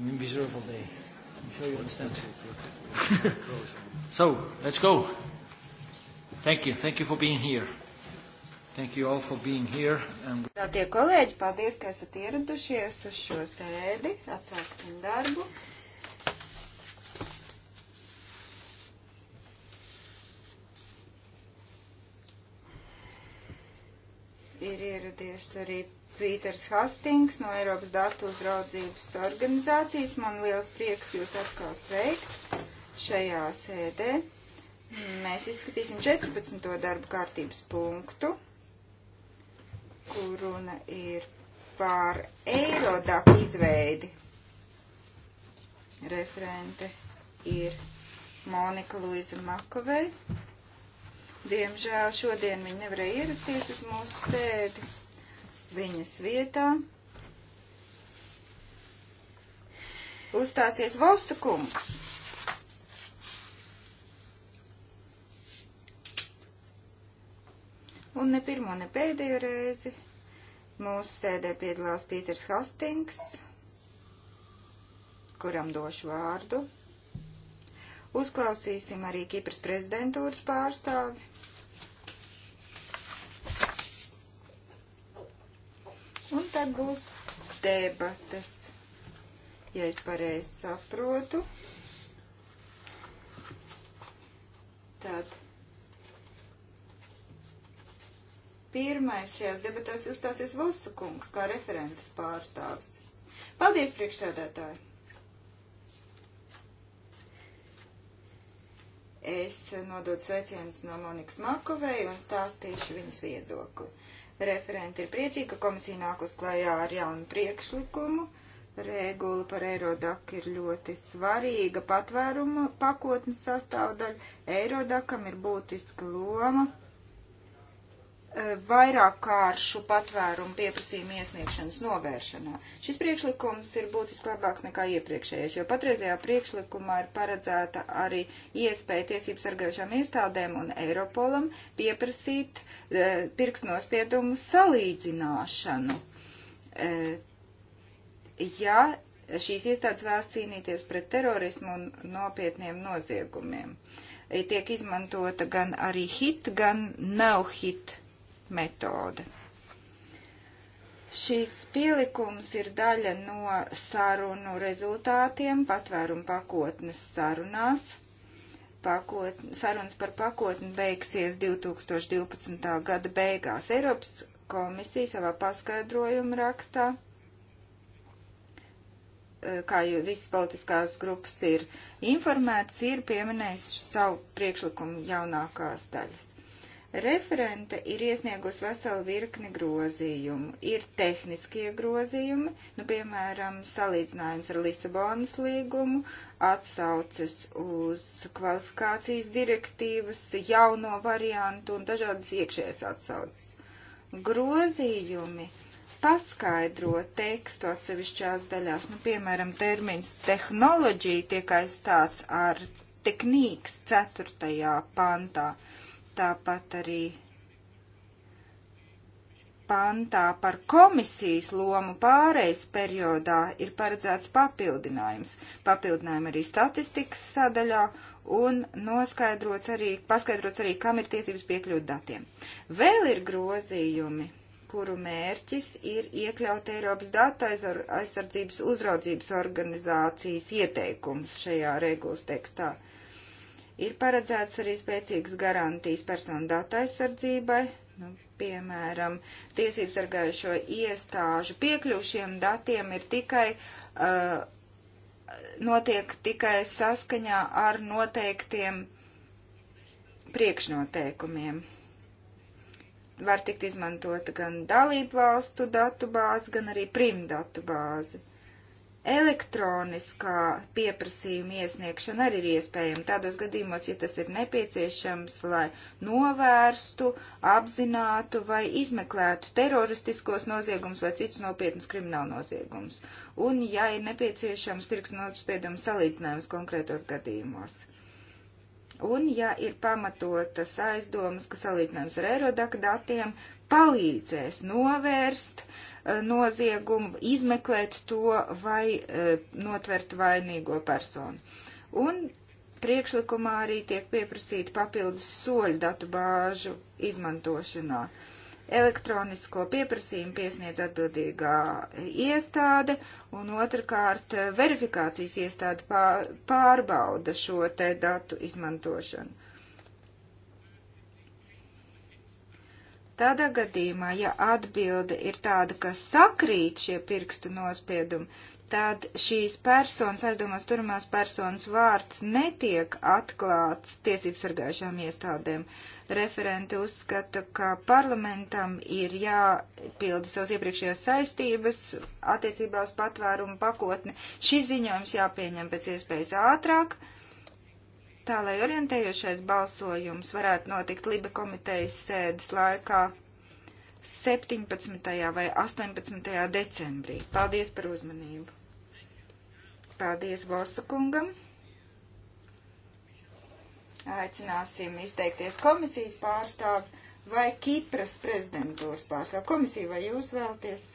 miserable day. I'm sure you understand. so, let's go. Thank you. Thank you for being here. Thank you all for being here. And... Tātie kolēģi, paldies, ka esat ieradušies uz šo sēdi. Atsāksim darbu. ieradies arī Pīters Hastings no Eiropas datu uzraudzības organizācijas. Man liels prieks jūs atkal sveikt šajā sēdē. Mēs izskatīsim 14. darba kārtības punktu, kur runa ir par Eirodaku izveidi. Referente ir Monika Luiza Makovei. Diemžēl šodien viņa nevarēja ierasties uz mūsu sēdi viņas vietā. Uzstāsies Vosta kungs. Un ne pirmo, ne pēdējo reizi mūsu sēdē piedalās Pīters Hastings, kuram došu vārdu. Uzklausīsim arī Kipras prezidentūras pārstāvi. Un tad būs debatas, ja es pareizi saprotu. Tad pirmais šajās debatēs uzstāsies Vosu kungs kā referentes pārstāvs. Paldies, priekšsēdētāji! Es nododu sveicienus no Monikas Makovei un stāstīšu viņas viedokli. Referenti ir priecīgi, ka komisija nāk uz klājā ar jaunu priekšlikumu. Regula par Eirodaku ir ļoti svarīga patvēruma pakotnes sastāvdaļa. Eirodakam ir būtiska loma E, vairāk kāršu patvērumu pieprasījumu iesniegšanas novēršanā. Šis priekšlikums ir būtiski labāks nekā iepriekšējais, jo patreizajā priekšlikumā ir paredzēta arī iespēja tiesību sargājušām iestādēm un Eiropolam pieprasīt e, pirksnospiedumu salīdzināšanu. E, ja šīs iestādes vēlas cīnīties pret terorismu un nopietniem noziegumiem. E, tiek izmantota gan arī hit, gan nav hit metode. Šis pielikums ir daļa no sarunu rezultātiem patvērumu pakotnes sarunās. Pakot, sarunas par pakotni beigsies 2012. gada beigās. Eiropas komisija savā paskaidrojuma rakstā, e, kā jau visas politiskās grupas ir informētas, ir pieminējusi savu priekšlikumu jaunākās daļas. Referente ir iesniegus veselu virkni grozījumu. Ir tehniskie grozījumi, nu, piemēram, salīdzinājums ar Lisabonas līgumu, atsaucas uz kvalifikācijas direktīvas, jauno variantu un dažādas iekšējās atsaucas. Grozījumi paskaidro tekstu atsevišķās daļās, nu, piemēram, termins tehnoloģija tiek aizstāts ar teknīks ceturtajā pantā Tāpat arī pantā par komisijas lomu pārejas periodā ir paredzēts papildinājums. Papildinājumi arī statistikas sadaļā un noskaidrots arī, paskaidrots arī, kam ir tiesības piekļūt datiem. Vēl ir grozījumi, kuru mērķis ir iekļaut Eiropas datu aizsardzības uzraudzības organizācijas ieteikums šajā regulas tekstā. Ir paredzēts arī spēcīgas garantijas personu datu aizsardzībai, nu, piemēram, tiesību sargājušo iestāžu piekļūšiem datiem ir tikai, uh, notiek tikai saskaņā ar noteiktiem priekšnoteikumiem. Var tikt izmantota gan dalību valstu datubāze, gan arī prim datubāze. Uh, Elektroniskā pieprasījuma iesniegšana arī ir iespējama tādos gadījumos, ja tas ir nepieciešams, lai novērstu, apzinātu vai izmeklētu teroristiskos noziegumus vai citus nopietnus kriminālu noziegumus. Un, ja ir nepieciešams, pirkstu nospiedumu salīdzinājums konkrētos gadījumos. Un, ja ir pamatotas aizdomas, ka salīdzinājums ar Eirodaka datiem palīdzēs novērst noziegumu, izmeklēt to vai e, notvert vainīgo personu. Un priekšlikumā arī tiek pieprasīta papildus soļu datu bāžu izmantošanā. Elektronisko pieprasījumu piesniedz atbildīgā iestāde, un otrkārt e, verifikācijas iestāde pārbauda šo te datu izmantošanu. Tādā gadījumā, ja atbilde ir tāda, ka sakrīt šie pirkstu nospiedumi, tad šīs personas, aizdomās turamās personas vārds netiek atklāts tiesības sargājušām iestādēm. Referenti uzskata, ka parlamentam ir jāpilda savas iepriekšējās saistības attiecībā uz patvērumu pakotni. Šis ziņojums jāpieņem pēc iespējas ātrāk. Uh, tā, lai orientējošais balsojums varētu notikt Libe komitejas sēdes laikā 17. vai 18. decembrī. Paldies par uzmanību! Paldies Vosakungam! Aicināsim izteikties komisijas pārstāvi vai Kipras prezidentūras pārstāvi. Komisija, vai jūs vēlties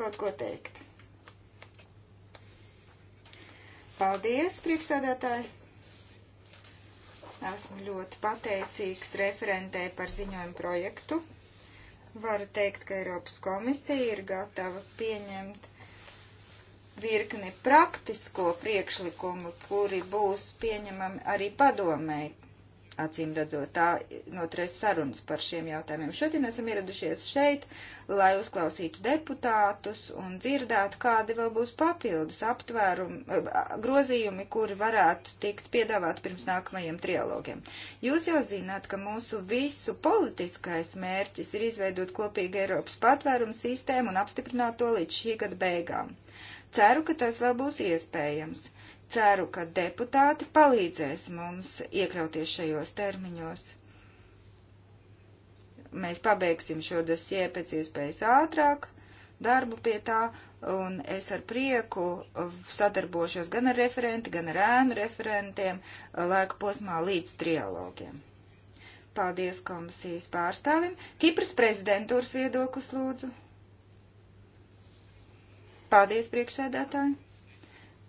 kaut ko teikt? Paldies, priekšsēdētāji! Esmu ļoti pateicīgs referentē par ziņojumu projektu. Varu teikt, ka Eiropas komisija ir gatava pieņemt virkni praktisko priekšlikumu, kuri būs pieņemami arī padomēji acīm redzot, tā noturēs sarunas par šiem jautājumiem. Šodien esam ieradušies šeit, lai uzklausītu deputātus un dzirdētu, kādi vēl būs papildus aptvērumi, eh, grozījumi, kuri varētu tikt piedāvāt pirms nākamajiem trialogiem. Jūs jau zināt, ka mūsu visu politiskais mērķis ir izveidot kopīgu Eiropas patvērumu sistēmu un apstiprināt to līdz šī gada beigām. Ceru, ka tas vēl būs iespējams. Ceru, ka deputāti palīdzēs mums iekļauties šajos termiņos. Mēs pabeigsim šo dosie pēc iespējas ātrāk, darbu pie tā, un es ar prieku sadarbošos gan ar referenti, gan ar ēnu referentiem laika posmā līdz trialogiem. Paldies komisijas pārstāvim. Kipras prezidentūras viedoklis lūdzu. Paldies priekšsēdētāji.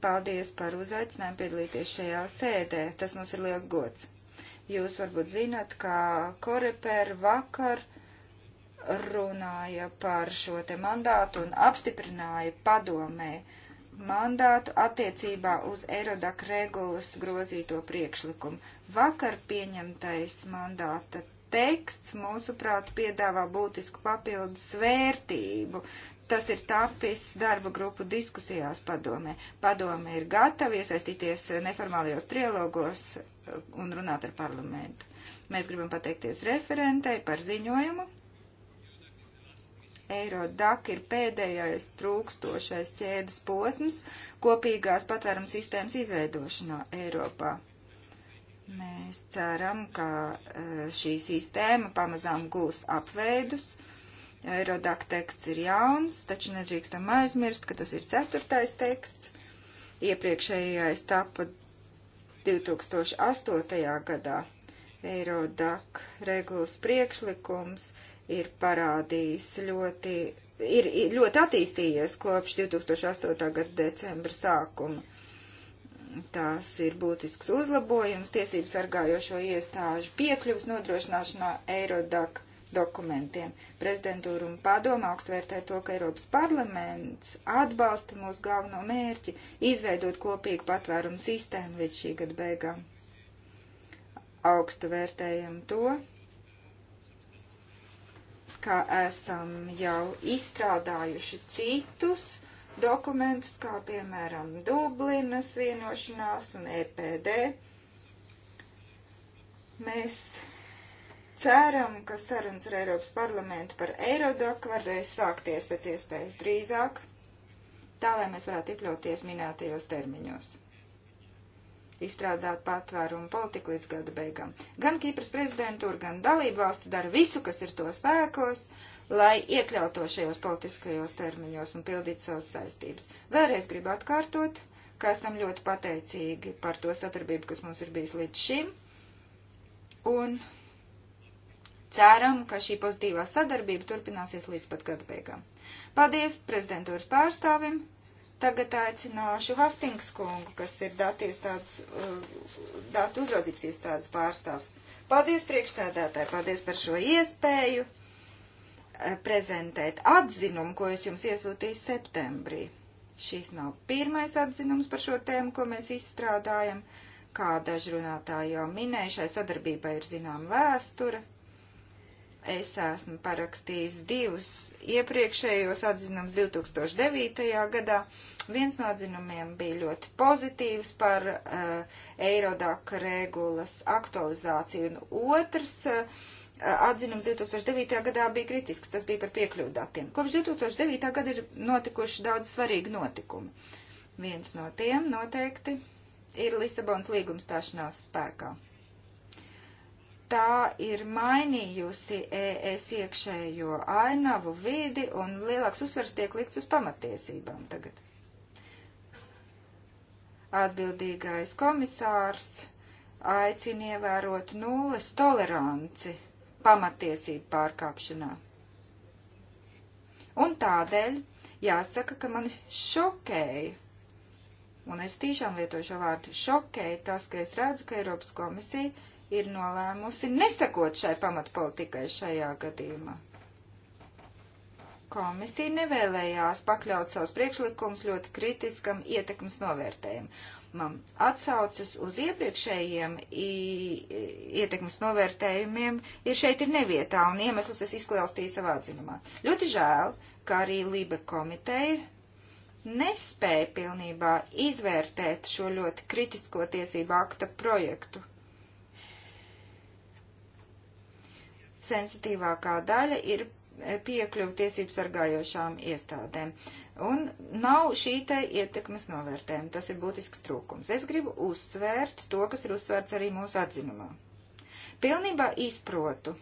Paldies par uzaicinājumu piedalīties šajā sēdē. Tas mums ir liels gods. Jūs varbūt zinat, ka Koreper vakar runāja par šo te mandātu un apstiprināja padomē mandātu attiecībā uz Eirodak regulas grozīto priekšlikumu. Vakar pieņemtais mandāta teksts, mūsuprāt, piedāvā būtisku papildus vērtību Tas ir tapis darba grupu diskusijās padomē. Padome ir gatava iesaistīties neformālajos trialogos uh, un runāt ar parlamentu. Mēs gribam pateikties referentei par ziņojumu. Eirodak ir pēdējais trūkstošais ķēdes posms kopīgās patvērums sistēmas izveidošanā Eiropā. Mēs ceram, ka uh, šī sistēma pamazām gūs apveidus. Uh, Eirodak teksts ir jauns, taču nedrīkstam aizmirst, ka tas ir ceturtais teksts. Iepriekšējais tapa 2008. gadā. Eirodak regulas priekšlikums ir parādījis ļoti, ir, ir ļoti attīstījies kopš 2008. gada decembra sākuma. Tās ir būtisks uzlabojums tiesību sargājošo iestāžu piekļuvas nodrošināšanā Eirodak dokumentiem. Prezidentūra un padoma augstvērtē to, ka Eiropas parlaments atbalsta mūsu galveno mērķi izveidot kopīgu patvērumu sistēmu līdz šī gada beigām. Augstu vērtējam to, ka esam jau izstrādājuši citus dokumentus, kā piemēram Dublinas vienošanās un EPD. Mēs Ceram, ka sarunas ar Eiropas parlamentu par Eirodoku varēs sākties pēc iespējas drīzāk, tā lai mēs varētu iekļauties minētajos termiņos. Izstrādāt patvērumu politiku līdz gada beigām. Gan Kipras prezidentūra, gan dalība valsts dara visu, kas ir to spēkos, lai iekļautos šajos politiskajos termiņos un pildītu savas saistības. Vēlreiz gribu atkārtot, ka esam ļoti pateicīgi par to sadarbību, kas mums ir bijis līdz šim. Un ceram, ka šī pozitīvā sadarbība turpināsies līdz pat gada beigām. Paldies prezidentūras pārstāvim. Tagad aicināšu Hastings kungu, kas ir datu, iestādes, uh, datu uzraudzības iestādes pārstāvs. Paldies priekšsēdētāji, paldies par šo iespēju uh, prezentēt atzinumu, ko es jums iesūtīju septembrī. Šis nav pirmais atzinums par šo tēmu, ko mēs izstrādājam. Kā daži runātāji jau minēja, šai sadarbībai ir zināma vēsture. Es esmu parakstījis divus iepriekšējos atzinumus 2009. gadā. Viens no atzinumiem bija ļoti pozitīvs par uh, eh, Eirodaka regulas aktualizāciju, un otrs uh, atzinums 2009. gadā bija kritisks, tas bija par piekļuvu datiem. Kopš 2009. gada ir notikuši daudz svarīgi notikumi. Viens no tiem noteikti ir Lisabonas līguma stāšanās spēkā tā ir mainījusi ES iekšējo ainavu vidi un lielāks uzsvers tiek likts uz pamatiesībām tagad. Atbildīgais komisārs aicina ievērot nulles toleranci pamatiesību pārkāpšanā. Un tādēļ jāsaka, ka mani šokēja, un es tiešām lietoju šo vārdu, šokēja tas, ka es redzu, ka Eiropas komisija ir nolēmusi nesakot šai pamatpolitikai šajā gadījumā. Komisija nevēlējās pakļaut savus priekšlikumus ļoti kritiskam ietekmes novērtējumam. Atsaucas uz iepriekšējiem ietekmes novērtējumiem ir šeit ir nevietā, un iemesls es izklāstīju savā atzinumā. Ļoti žēl, ka arī Libe komiteja nespēja pilnībā izvērtēt šo ļoti kritisko tiesību akta projektu sensitīvākā daļa ir e, piekļuvu tiesību sargājošām iestādēm. Un nav šī te ietekmes novērtējuma. Tas ir būtisks trūkums. Es gribu uzsvērt to, kas ir uzsvērts arī mūsu atzinumā. Pilnībā izprotu,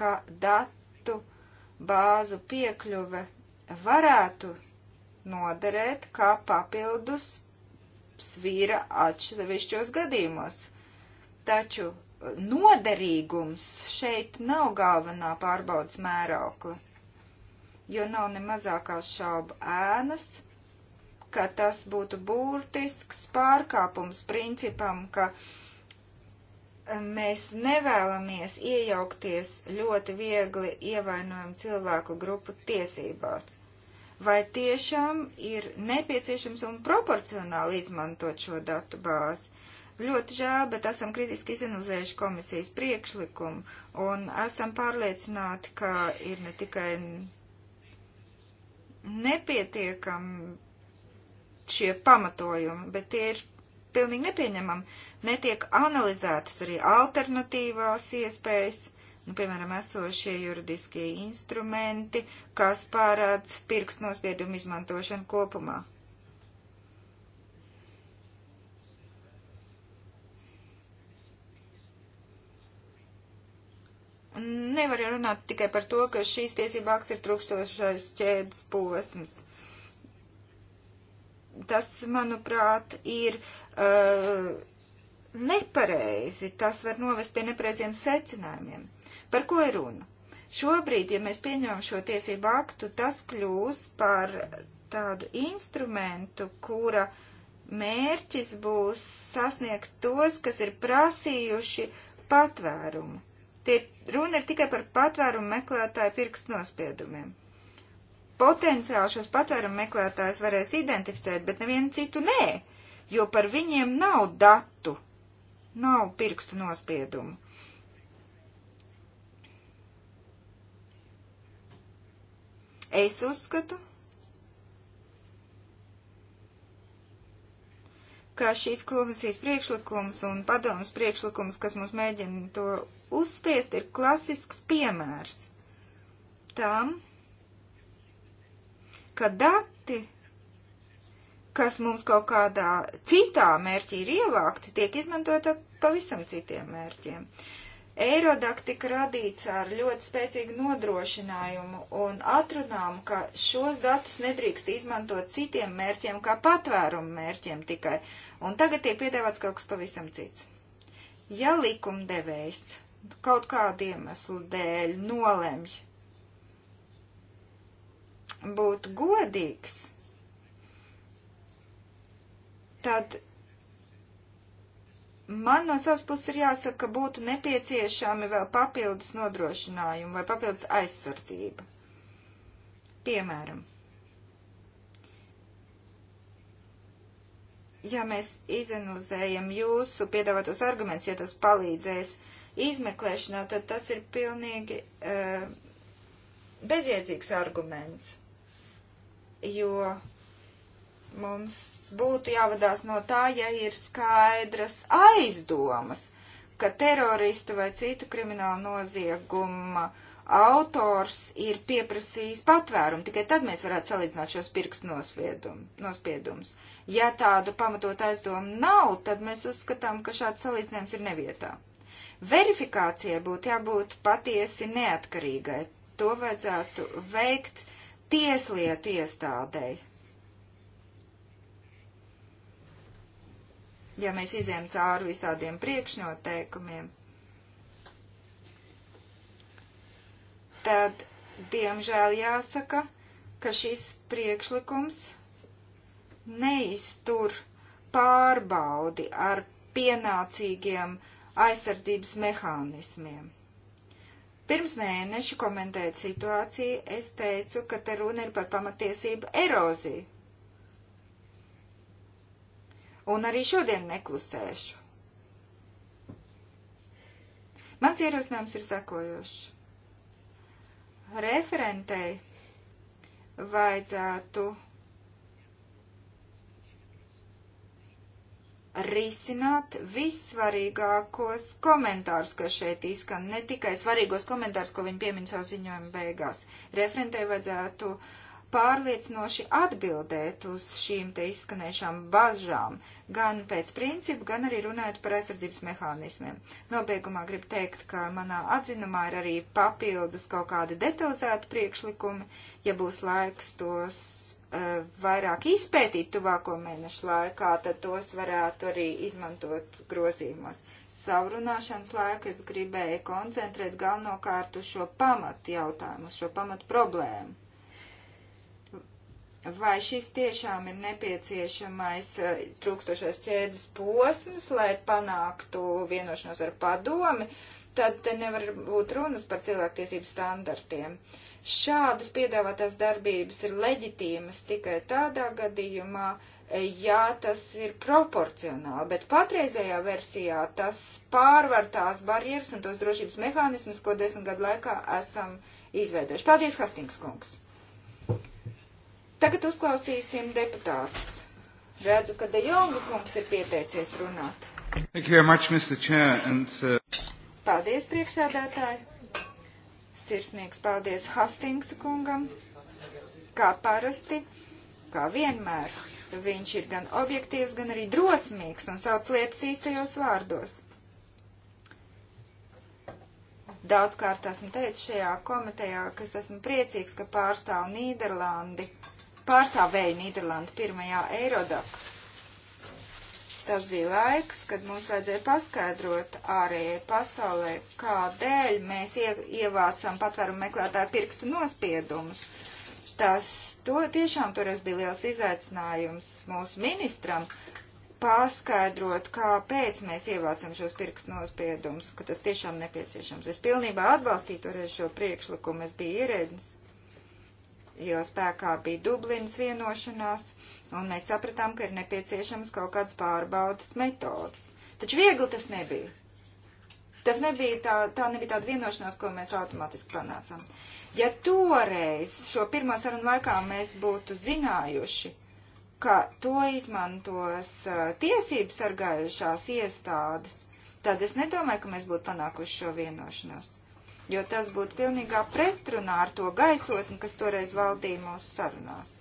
ka datu bāzu piekļuve varētu noderēt kā papildus svīra atsevišķos gadījumos. Taču noderīgums šeit nav galvenā pārbaudas mēraukla, jo nav ne mazākās šaubu ēnas, ka tas būtu būtisks pārkāpums principam, ka eh, mēs nevēlamies iejaukties ļoti viegli ievainojumu cilvēku grupu tiesībās. Vai tiešām ir nepieciešams un proporcionāli izmantot šo datu bāzi? Ļoti žēl, bet esam kritiski izanalizējuši komisijas priekšlikumu un esam pārliecināti, ka ir ne tikai nepietiekami šie pamatojumi, bet tie ir pilnīgi nepieņemami. Netiek analizētas arī alternatīvās iespējas, nu, piemēram, esošie juridiskie instrumenti, kas pārāds pirkstnospiedumu izmantošanu kopumā. nevar jau runāt tikai par to, ka šīs tiesība akts ir trūkstošais ķēdes posms. Tas, manuprāt, ir uh, nepareizi. Tas var novest pie nepareiziem secinājumiem. Par ko ir runa? Šobrīd, ja mēs pieņemam šo tiesību aktu, tas kļūs par tādu instrumentu, kura mērķis būs sasniegt tos, kas ir prasījuši patvērumu. Tie runa ir tikai par patvērumu meklētāju pirkstu nospiedumiem. Potenciāli šos patvērumu meklētājus varēs identificēt, bet nevienu citu nē, jo par viņiem nav datu, nav pirkstu nospiedumu. Es uzskatu, ka šīs komisijas priekšlikums un padomas priekšlikums, kas mums mēģina to uzspiest, ir klasisks piemērs tam, ka dati, kas mums kaut kādā citā mērķī ir ievākti, tiek izmantota pavisam citiem mērķiem. Uh, Eirodak tika radīts ar ļoti spēcīgu nodrošinājumu un atrunām, ka šos datus nedrīkst izmantot citiem mērķiem, kā patvērumu mērķiem tikai. Un tagad tiek piedāvāts kaut kas pavisam cits. Ja likumdevējs kaut kādu iemeslu dēļ nolemj būt godīgs, tad Man no savas puses ir jāsaka, ka būtu nepieciešami vēl papildus nodrošinājumi vai papildus aizsardzība. Piemēram, ja mēs izanalizējam jūsu piedāvātos argumentus, ja tas palīdzēs izmeklēšanā, tad tas ir pilnīgi uh, bezjēdzīgs arguments, jo mums būtu jāvadās no tā, ja ir skaidras aizdomas, ka terorista vai citu kriminālu nozieguma autors ir pieprasījis patvērumu. Tikai tad mēs varētu salīdzināt šos pirkstu nospiedumus. Ja tādu pamatot aizdomu nav, tad mēs uzskatām, ka šāds salīdzinājums ir nevietā. Verifikācijai būtu jābūt patiesi neatkarīgai. To vajadzētu veikt tieslietu iestādēji, ja mēs izējām cauri visādiem priekšnoteikumiem, tad, diemžēl, jāsaka, ka šis priekšlikums neiztur pārbaudi ar pienācīgiem aizsardzības mehānismiem. Pirms mēneša komentējot situāciju, es teicu, ka te runa ir par pamatiesību eroziju. Un arī šodien neklusēšu. Mans ierosinājums ir sekojošs. Referentei vajadzētu risināt vissvarīgākos komentārus, kas šeit izskan, ne tikai svarīgos komentārus, ko viņi piemin savu ziņojumu beigās. Referentei vajadzētu uh, pārliecinoši atbildēt uz šīm te izskanējušām bažām, gan pēc principu, gan arī runājot par aizsardzības mehānismiem. Nobeigumā gribu teikt, ka manā atzinumā ir arī papildus kaut kādi detalizēti priekšlikumi, ja būs laiks tos uh, vairāk izpētīt tuvāko mēnešu laikā, tad tos varētu arī izmantot grozījumos. Savu runāšanas laiku es gribēju koncentrēt galvenokārt uz šo pamatu jautājumu, uz šo pamatu problēmu vai šis tiešām ir nepieciešamais e, trūkstošais ķēdes posms, lai panāktu vienošanos ar padomi, tad te nevar būt runas par cilvēktiesību standartiem. Šādas piedāvātās darbības ir leģitīmas tikai tādā gadījumā, e, ja tas ir proporcionāli, bet patreizējā versijā tas pārvar tās barjeras un tos drošības mehānismus, ko desmit gadu laikā esam izveidojuši. Paldies, Hastings kungs! Tagad uzklausīsim deputātus. Redzu, ka De Jonga kungs ir pieteicies runāt. Thank you very much, Mr. Chair, and, uh... Paldies, priekšsēdētāji. Sirsnīgs paldies Hastings kungam. Kā parasti, kā vienmēr, viņš ir gan objektīvs, gan arī drosmīgs un sauc lietas īstajos vārdos. Daudzkārt esmu teicis šajā komitejā, ka es esmu priecīgs, ka pārstāv Nīderlandi pārstāvēju Nīderlandu pirmajā Eirodak. Tas bija laiks, kad mums vajadzēja paskaidrot ārējai pasaulē, kādēļ mēs ie, ievācam patvērumu meklētāju pirkstu nospiedumus. Tas to, tiešām toreiz bija liels izaicinājums mūsu ministram, paskaidrot, kāpēc mēs ievācam šos pirkstu nospiedumus, ka tas tiešām nepieciešams. Es pilnībā atbalstīju toreiz šo priekšlikumu, es biju ierēdnis jo spēkā bija Dublinas vienošanās, un mēs sapratām, ka ir nepieciešams kaut kāds pārbaudas metodas. Taču viegli tas nebija. Tas nebija tā, tā nebija tāda vienošanās, ko mēs automātiski panācām. Ja toreiz šo pirmo sarunu laikā mēs būtu zinājuši, ka to izmantos uh, tiesības sargājušās iestādes, tad es nedomāju, ka mēs būtu panākuši šo vienošanos jo tas būtu pilnīgā pretrunā ar to gaisotni, kas toreiz valdīja mūsu sarunās.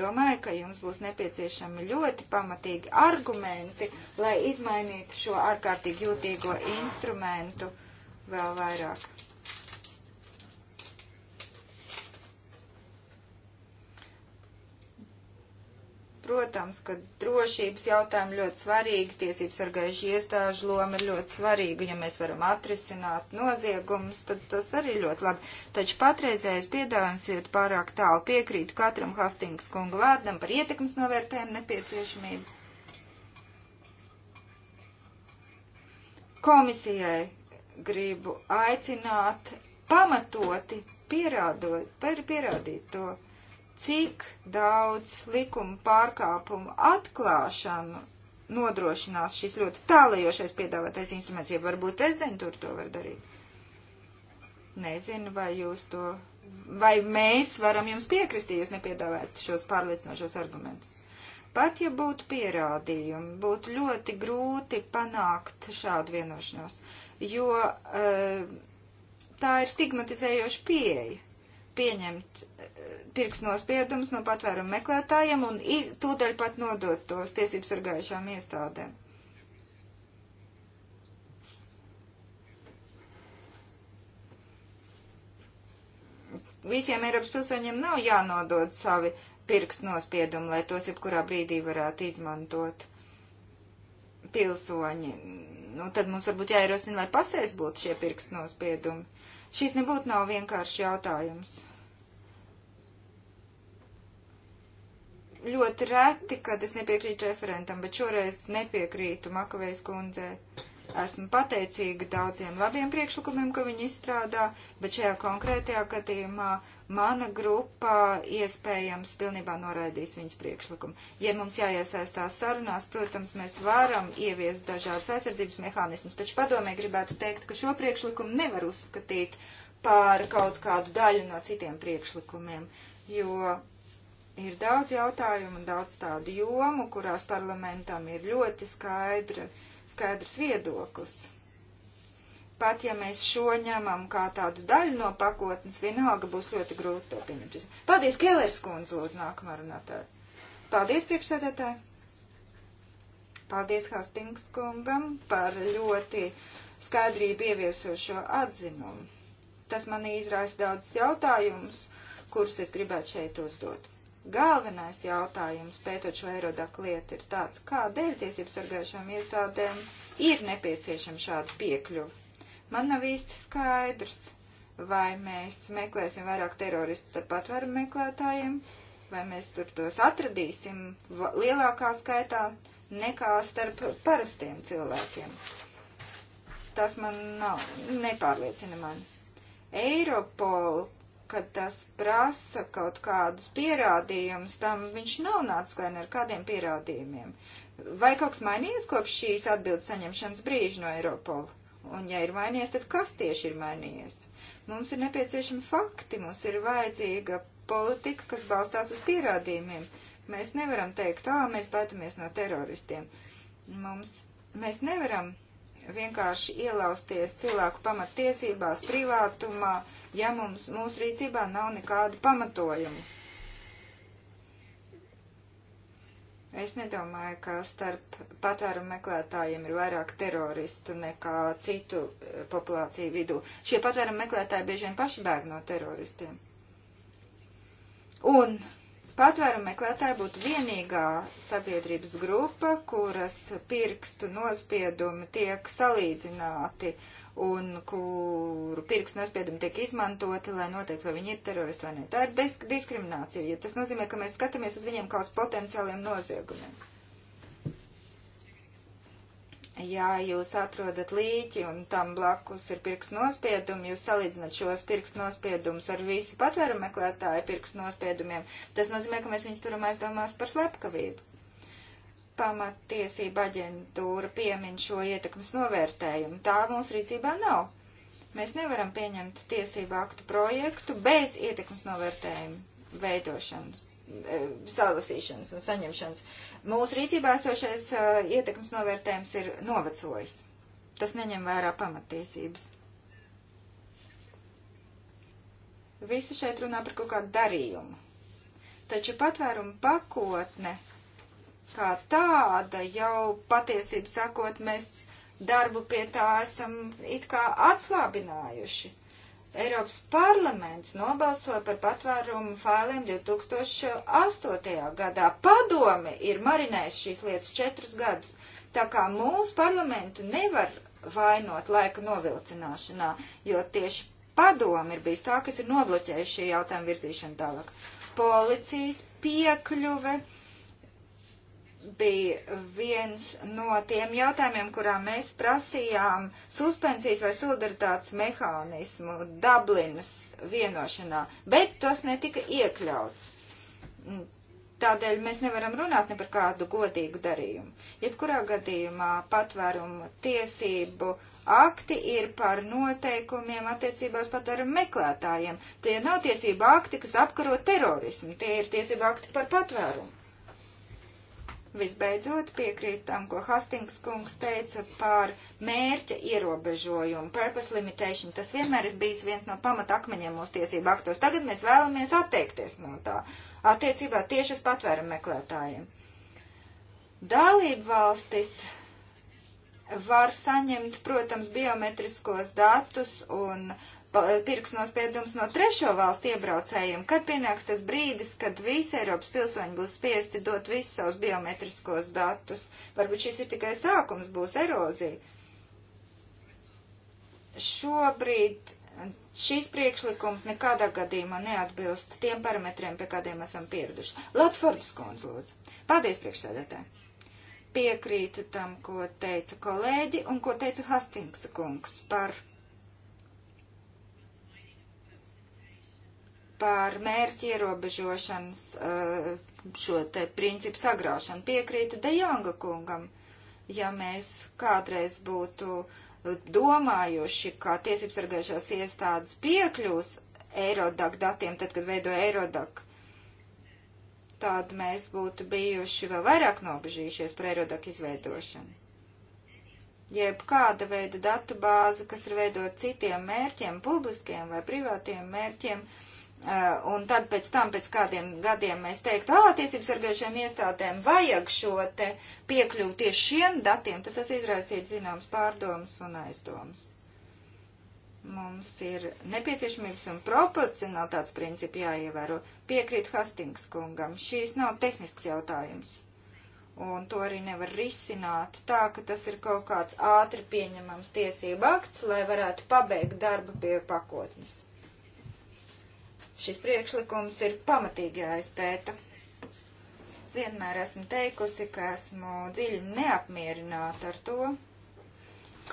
Domāju, ka jums būs nepieciešami ļoti pamatīgi argumenti, lai izmainītu šo ārkārtīgi jūtīgo instrumentu vēl vairāk. Protams, ka drošības jautājumi ļoti svarīgi, tiesības sargājuši iestāžu loma ir ļoti svarīga. Ja mēs varam atrisināt noziegumus, tad tas arī ļoti labi. Taču patreizējais piedāvājums iet pārāk tālu. Piekrītu katram Hastings kunga vārdam par ietekmes novērtējumu nepieciešamību. Komisijai gribu aicināt pamatoti pierādot, pierādīt to cik daudz likuma pārkāpumu atklāšanu nodrošinās šis ļoti tālajošais piedāvātais instruments, ja varbūt prezidentūra to var darīt. Nezinu, vai jūs to, vai mēs varam jums piekrist, ja jūs nepiedāvājat šos pārliecinošos argumentus. Pat ja būtu pierādījumi, būtu ļoti grūti panākt šādu vienošanos, jo uh, tā ir stigmatizējoša pieeja pieņemt eh, pirksnospiedumus no patvērumu meklētājiem un tūdaļ pat nodot tos tiesību sargājušām iestādēm. Visiem Eiropas pilsoņiem nav jānodod savi pirksnospiedumi, lai tos jebkurā brīdī varētu izmantot pilsoņi. Nu, tad mums varbūt jāierosina, lai pasēs būtu šie pirksnospiedumi Šis nebūtu nav vienkāršs jautājums. Ļoti reti, kad es nepiekrītu referentam, bet šoreiz nepiekrītu Makavejas kundzei Esmu pateicīga daudziem labiem priekšlikumiem, ko viņi izstrādā, bet šajā konkrētajā gadījumā mana grupa iespējams pilnībā noraidīs viņas priekšlikumu. Ja mums jāiesaistās sarunās, protams, mēs varam ieviest dažādas aizsardzības mehānismus, taču padomē gribētu teikt, ka šo priekšlikumu nevar uzskatīt par kaut kādu daļu no citiem priekšlikumiem, jo ir daudz jautājumu un daudz tādu jomu, kurās parlamentam ir ļoti skaidra uh, skaidrs viedoklis. Pat ja mēs šo ņemam kā tādu daļu no pakotnes, vienalga būs ļoti grūti to pieņemt. Paldies, Kēlērs kundze, lūdzu, nākamā runātāja. Paldies, priekšsēdētāji. Paldies Hastings kungam par ļoti skaidrību ieviesošo atzinumu. Tas man izraisa daudz jautājumus, kurus es gribētu šeit uzdot. Galvenais jautājums pētot šo Eirodaku lietu ir tāds, kādēļ tiesības sargājušām iestādēm ir nepieciešama šāda piekļuva. Man nav īsti skaidrs, vai mēs meklēsim vairāk teroristu starp patvaru meklētājiem, vai mēs tur tos atradīsim lielākā skaitā nekā starp parastiem cilvēkiem. Tas man nav, nepārliecina mani. Eiropola kad tas prasa kaut kādus pierādījumus, tam viņš nav nācis klēn ar kādiem pierādījumiem. Vai kaut kas mainījies kopš šīs atbildes saņemšanas brīža no Eiropola? Un, ja ir mainījies, tad kas tieši ir mainījies? Mums ir nepieciešami fakti, mums ir vajadzīga politika, kas balstās uz pierādījumiem. Mēs nevaram teikt, ā, mēs baidamies no teroristiem. Mums, mēs nevaram vienkārši ielausties cilvēku pamattiesībās, privātumā, uh, ja mums mūsu rīcībā nav nekādu pamatojumu. Es nedomāju, ka starp patvērumu meklētājiem ir vairāk teroristu nekā citu eh, populāciju vidū. Šie patvērumu meklētāji bieži vien paši bēg no teroristiem. Un patvērumu meklētāji būtu vienīgā sabiedrības grupa, kuras pirkstu nospiedumi tiek salīdzināti uh, un kuru pirkstu nospiedumi tiek izmantoti, lai noteiktu, vai viņi ir teroristi vai ne. Tā ir disk diskriminācija, jo tas nozīmē, ka mēs skatāmies uz viņiem kā uz potenciāliem noziegumiem. Ja jūs atrodat līķi un tam blakus ir pirksts nospiedumi, jūs salīdzinat šos pirksts nospiedumus ar visu patvērumu meklētāju pirksts nospiedumiem, tas nozīmē, ka mēs viņus turam aizdomās par slepkavību pamattiesība aģentūra piemin šo ietekmes novērtējumu. Tā mūsu rīcībā nav. Mēs nevaram pieņemt tiesību aktu projektu bez ietekmes novērtējumu veidošanas e, salasīšanas un saņemšanas. Mūsu rīcībā esošais uh, ietekmes novērtējums ir novecojis. Tas neņem vērā pamatiesības. Visi šeit runā par kaut kādu darījumu. Taču patvērumu pakotne kā tāda jau patiesību sakot, mēs darbu pie tā esam it kā atslābinājuši. Eiropas parlaments nobalsoja par patvērumu failiem 2008. gadā. Padome ir marinējusi šīs lietas četrus gadus, tā kā mūsu parlamentu nevar vainot laika novilcināšanā, jo tieši padomi ir bijis tā, kas ir nobloķējuši šī jautājuma virzīšanu tālāk. Policijas piekļuve, uh, bija viens no tiem jautājumiem, kurā mēs prasījām suspensijas vai solidaritātes mehānismu Dublinas vienošanā, bet tas netika iekļauts. Tādēļ mēs nevaram runāt ne par kādu godīgu darījumu. Jebkurā gadījumā patvērumu tiesību akti ir par noteikumiem attiecībās patvērumu meklētājiem. Tie nav tiesība akti, kas apkaro terorismu, tie ir tiesība akti par patvērumu. Visbeidzot, piekrīt tam, ko Hastings kungs teica par mērķa ierobežojumu, purpose limitation. Tas vienmēr ir bijis viens no pamatakmeņiem mūsu tiesību aktos. Tagad mēs vēlamies atteikties no tā attiecībā tieši uz patvērumu meklētājiem. Dalību valstis var saņemt, protams, biometriskos datus un uh, pirksnospiedums no trešo valstu iebraucējiem, kad pienāks tas brīdis, kad visi Eiropas pilsoņi būs spiesti dot visus savus biometriskos datus. Varbūt šis ir tikai sākums, būs erozija. Šobrīd šīs priekšlikums nekādā gadījumā neatbilst tiem parametriem, pie kādiem esam pieraduši. Latfordas kundze, lūdzu. Paldies, priekšsēdētāji. Piekrītu tam, ko teica kolēģi un ko teica Hastingsa kungs par par mērķi ierobežošanas eh, šo te principu sagraušanu. Piekrītu De Jonga kungam, ja mēs kādreiz būtu domājuši, ka tiesības sargājušās iestādes piekļūs Eirodak datiem, tad, kad veido Eirodak, tad mēs būtu bijuši vēl vairāk nobežījušies par Eirodak izveidošanu. Jeb kāda veida datu bāze, kas ir veidot citiem mērķiem, publiskiem vai privātiem mērķiem, uh, Eh, un tad pēc tam, pēc kādiem gadiem mēs teiktu, ā, tiesības sargājušiem iestādēm vajag šo te piekļuvu tieši šiem datiem, tad tas izraisītu zināms pārdomas un aizdomas. Mums ir nepieciešamības un proporcionālitātes principi jāievēro. Piekrīt Hastings kungam, šīs nav tehnisks jautājums. Un to arī nevar risināt tā, ka tas ir kaut kāds ātri pieņemams tiesība akts, lai varētu pabeigt darbu pie pakotnes. Šis priekšlikums ir pamatīgi jāizpēta. Vienmēr esmu teikusi, ka esmu dziļi neapmierināta ar to,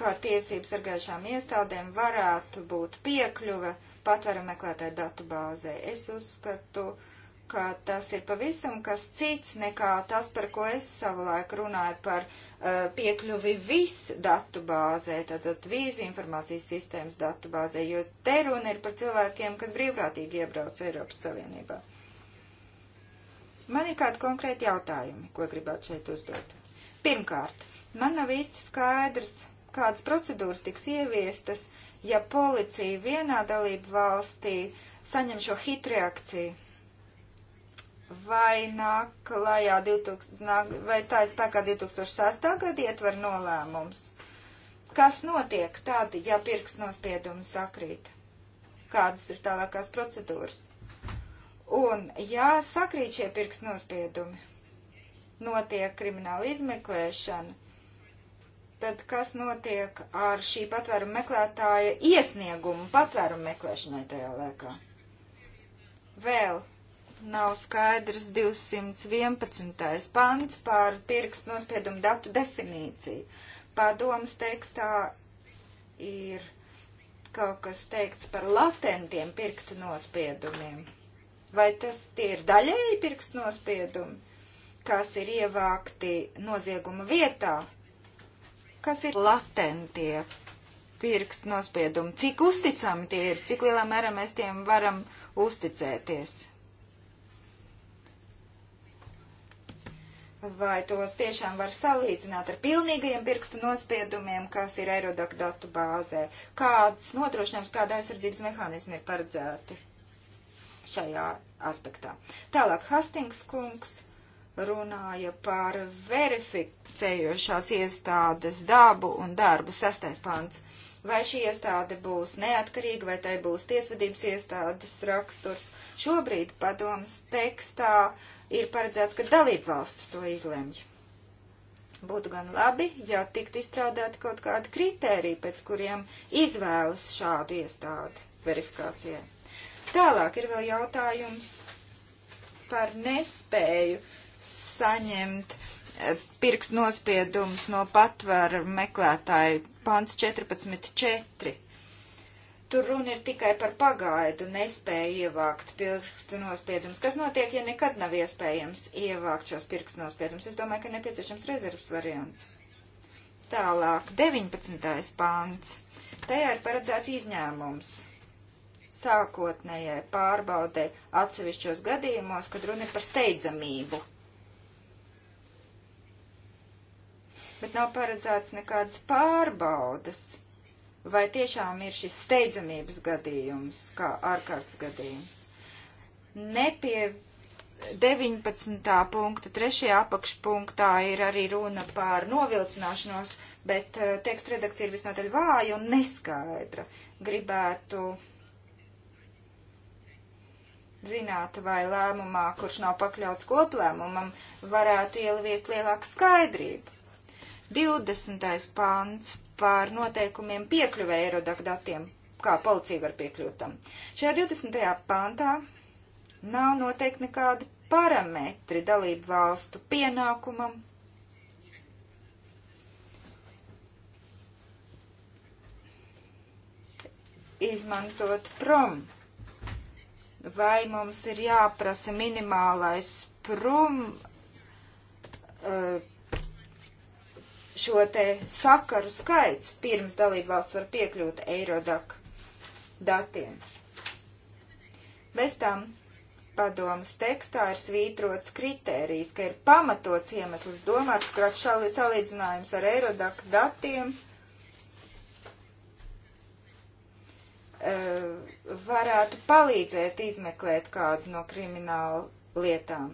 ka tiesības sargājušām iestādēm varētu būt piekļuve patvara meklētāju datu bāzē. Es uzskatu, uh, ka tas ir pavisam kas cits nekā tas, par ko es savulaik runāju par uh, piekļuvi vis datu bāzē, tātad vīzu informācijas sistēmas datu bāzē, jo te runa ir par cilvēkiem, kas brīvprātīgi iebrauc Eiropas Savienībā. Man ir kādi konkrēti jautājumi, ko gribētu šeit uzdot. Pirmkārt, man nav īsti skaidrs, kādas procedūras tiks ieviestas, ja policija vienā dalību valstī saņem šo hitreakciju vai nāk klajā 2000, nāk, vai stājas spēkā 2006. gada ietver nolēmums. Kas notiek tad, ja pirkstnospiedumi sakrīt? Kādas ir tālākās procedūras? Un, ja sakrīt šie pirkstnospiedumi, notiek krimināla izmeklēšana, tad kas notiek ar šī patvēruma meklētāja iesniegumu patvērumu meklēšanai tajā laikā? Vēl nav skaidrs 211. pants par pierakstu nospiedumu datu definīciju. Padomas tekstā ir kaut kas teikts par latentiem pirkstu nospiedumiem. Vai tas tie ir daļēji pirkstu nospiedumi, kas ir ievākti nozieguma vietā? Kas ir latentie pirkstu nospiedumi? Cik uzticami tie ir? Cik lielā mērā mēs tiem varam uzticēties? vai tos tiešām var salīdzināt ar pilnīgajiem pirkstu nospiedumiem, kas ir Eirodak datu bāzē. Kāds nodrošinājums, kāda aizsardzības mehānismi ir paredzēti šajā aspektā. Tālāk Hastings kungs runāja par verificējošās iestādes dabu un darbu sastais pants. Vai šī iestāde būs neatkarīga, vai tai būs tiesvedības iestādes raksturs. Šobrīd padomas tekstā uh, ir paredzēts, ka dalību valstis to izlemj. Būtu gan labi, ja tiktu izstrādāti kaut kādi kriteriji, pēc kuriem izvēlas šādu iestādi verifikācijai. Tālāk ir vēl jautājums par nespēju saņemt eh, pirkstu nospiedumus no patvēra meklētāju pants 14.4 tur runa ir tikai par pagaidu nespēju ievākt pirkstu nospiedumus. Kas notiek, ja nekad nav iespējams ievākt šos pirkstu nospiedumus? Es domāju, ka nepieciešams rezervs variants. Tālāk, 19. pāns. Tajā ir paredzēts izņēmums sākotnējai pārbaudē atsevišķos gadījumos, kad runa ir par steidzamību. Bet nav paredzēts nekādas pārbaudas vai tiešām ir šis steidzamības gadījums, kā ārkārtas gadījums. Nepie 19. punkta, 3. apakšpunktā ir arī runa par novilcināšanos, bet uh, teksta redakcija ir visnotaļ vāja un neskaidra. Gribētu zināt, vai lēmumā, kurš nav pakļauts koplēmumam, varētu ielviest lielāku skaidrību. 20. pants par noteikumiem piekļuvē Eirodak datiem, kā policija var piekļūt tam. Šajā 20. pāntā nav noteikti nekādi parametri dalību valstu pienākumam. Izmantot prom. Vai mums ir jāprasa minimālais prom uh, šo te sakaru skaits pirms dalībvalsts var piekļūt Eirodak datiem. Bez tam padomas tekstā ir svītrots kritērijs, ka ir pamatots iemesls domāt, ka salīdzinājums ar Eirodak datiem e, varētu palīdzēt izmeklēt kādu no krimināla lietām.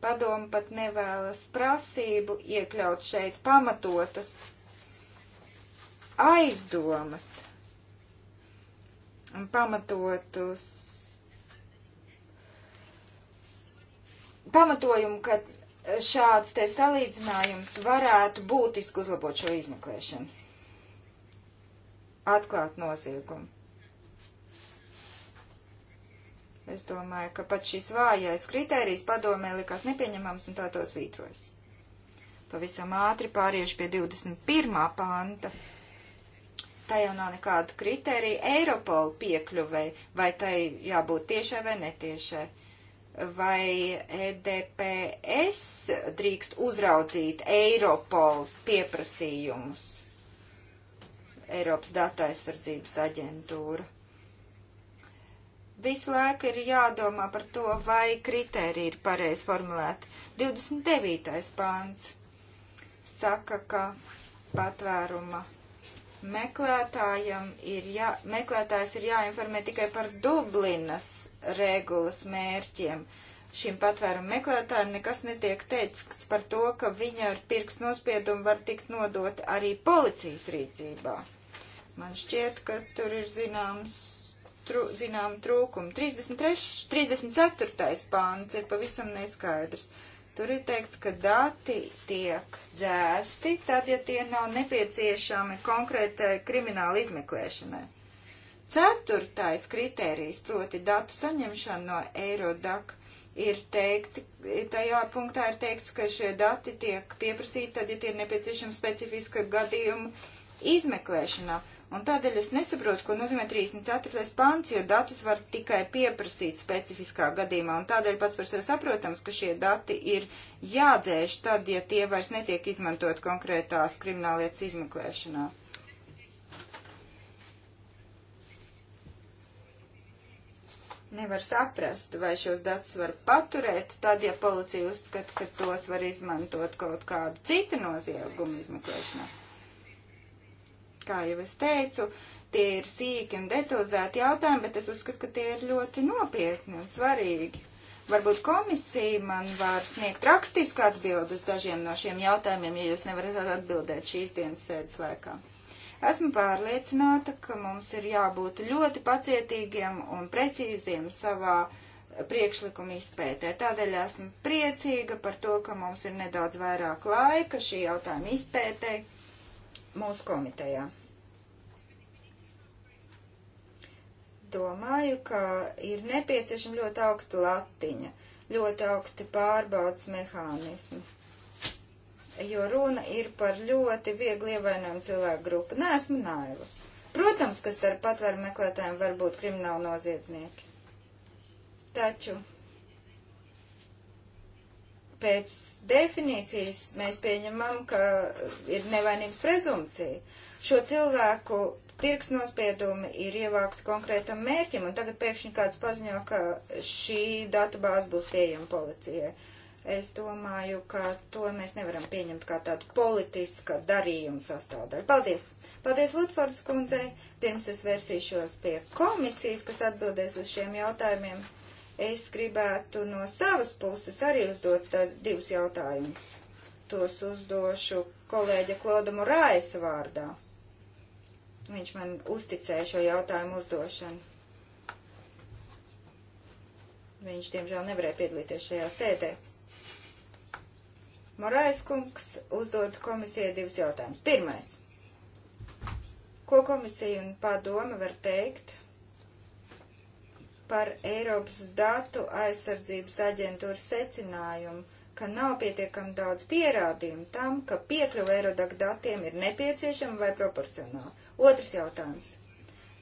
Padomu pat nevēlas prasību iekļaut šeit pamatotas aizdomas un pamatotus pamatojumu, ka šāds te salīdzinājums varētu būtiski uzlabot šo izmeklēšanu. Atklāt noziegumu. Es domāju, ka pat šis vājais kritērijs padomē likās nepieņemams un tā to svītrojas. Pavisam ātri pāriešu pie 21. panta. Tā jau nav nekādu kritēriju Eiropola piekļuvei, vai tai jābūt tiešai vai netiešai. Vai EDPS drīkst uzraudzīt Eiropola pieprasījumus? Eiropas data aizsardzības aģentūra Visu laiku ir jādomā par to, vai kriteriji ir pareizi formulēti. 29. pāns saka, ka patvēruma meklētājam ir jā, meklētājs ir jāinformē tikai par Dublinas regulas mērķiem. Šim patvērumu meklētājam nekas netiek teikts par to, ka viņa ar pirks nospiedumu var tikt nodot arī policijas rīcībā. Man šķiet, ka tur ir zināms trū, zinām trūkumu. 33, 34. pāns ir pavisam neskaidrs. Tur ir teikts, ka dati tiek dzēsti, tad, ja tie nav nepieciešami konkrētai krimināla izmeklēšanai. Ceturtais kritērijs, proti datu saņemšana no Eirodak, ir teikt, tajā punktā ir teikts, ka šie dati tiek pieprasīti, tad, ja tie ir nepieciešami specifiska gadījuma izmeklēšanā. Un tādēļ es nesaprotu, ko nozīmē 34. pants, jo datus var tikai pieprasīt specifiskā gadījumā. Un tādēļ pats par sevi saprotams, ka šie dati ir jādzēš tad, ja tie vairs netiek izmantot konkrētās krimināllietas izmeklēšanā. nevar saprast, vai šos datus var paturēt, tad, ja policija uzskata, ka tos var izmantot kaut kādu citu noziegumu izmeklēšanā. Kā jau es teicu, tie ir sīki un detalizēti jautājumi, bet es uzskatu, ka tie ir ļoti nopietni un svarīgi. Varbūt komisija man var sniegt rakstisku atbildi uz dažiem no šiem jautājumiem, ja jūs nevarat atbildēt šīs dienas sēdes laikā. Esmu pārliecināta, ka mums ir jābūt ļoti pacietīgiem un precīziem savā priekšlikuma izpētē. Tādēļ esmu priecīga par to, ka mums ir nedaudz vairāk laika šī jautājuma izpētē mūsu komitejā. Domāju, ka ir nepieciešama ļoti augsta latiņa, ļoti augsti pārbaudas mehānismi, jo runa ir par ļoti viegli ievainojumu cilvēku grupu. Nē, esmu naiva. Protams, ka starp patvēru meklētājiem var būt krimināli noziedznieki. Taču pēc definīcijas mēs pieņemam, ka ir nevainības prezumcija. Šo cilvēku pirksnospiedumi ir ievākti konkrētam mērķim, un tagad pēkšņi kāds paziņo, ka šī datubāze būs pieejama policijai. Es domāju, ka to mēs nevaram pieņemt kā tādu politiska darījuma sastāvdaļu. Paldies! Paldies Lutfords kundzei! Pirms es versīšos pie komisijas, kas atbildēs uz šiem jautājumiem. Es gribētu no savas puses arī uzdot tās, eh, divus jautājumus. Tos uzdošu kolēģa Klauda Morāisa vārdā. Viņš man uzticēja šo jautājumu uzdošanu. Viņš, diemžēl, nevarēja piedalīties šajā sēdē. Morais kungs uzdod komisijai divus jautājumus. Pirmais. Ko komisija un padoma var teikt par Eiropas datu aizsardzības aģentūras secinājumu, ka nav pietiekami daudz pierādījumu tam, ka piekļuva Eirodak datiem ir nepieciešama vai proporcionāla. Otrs jautājums.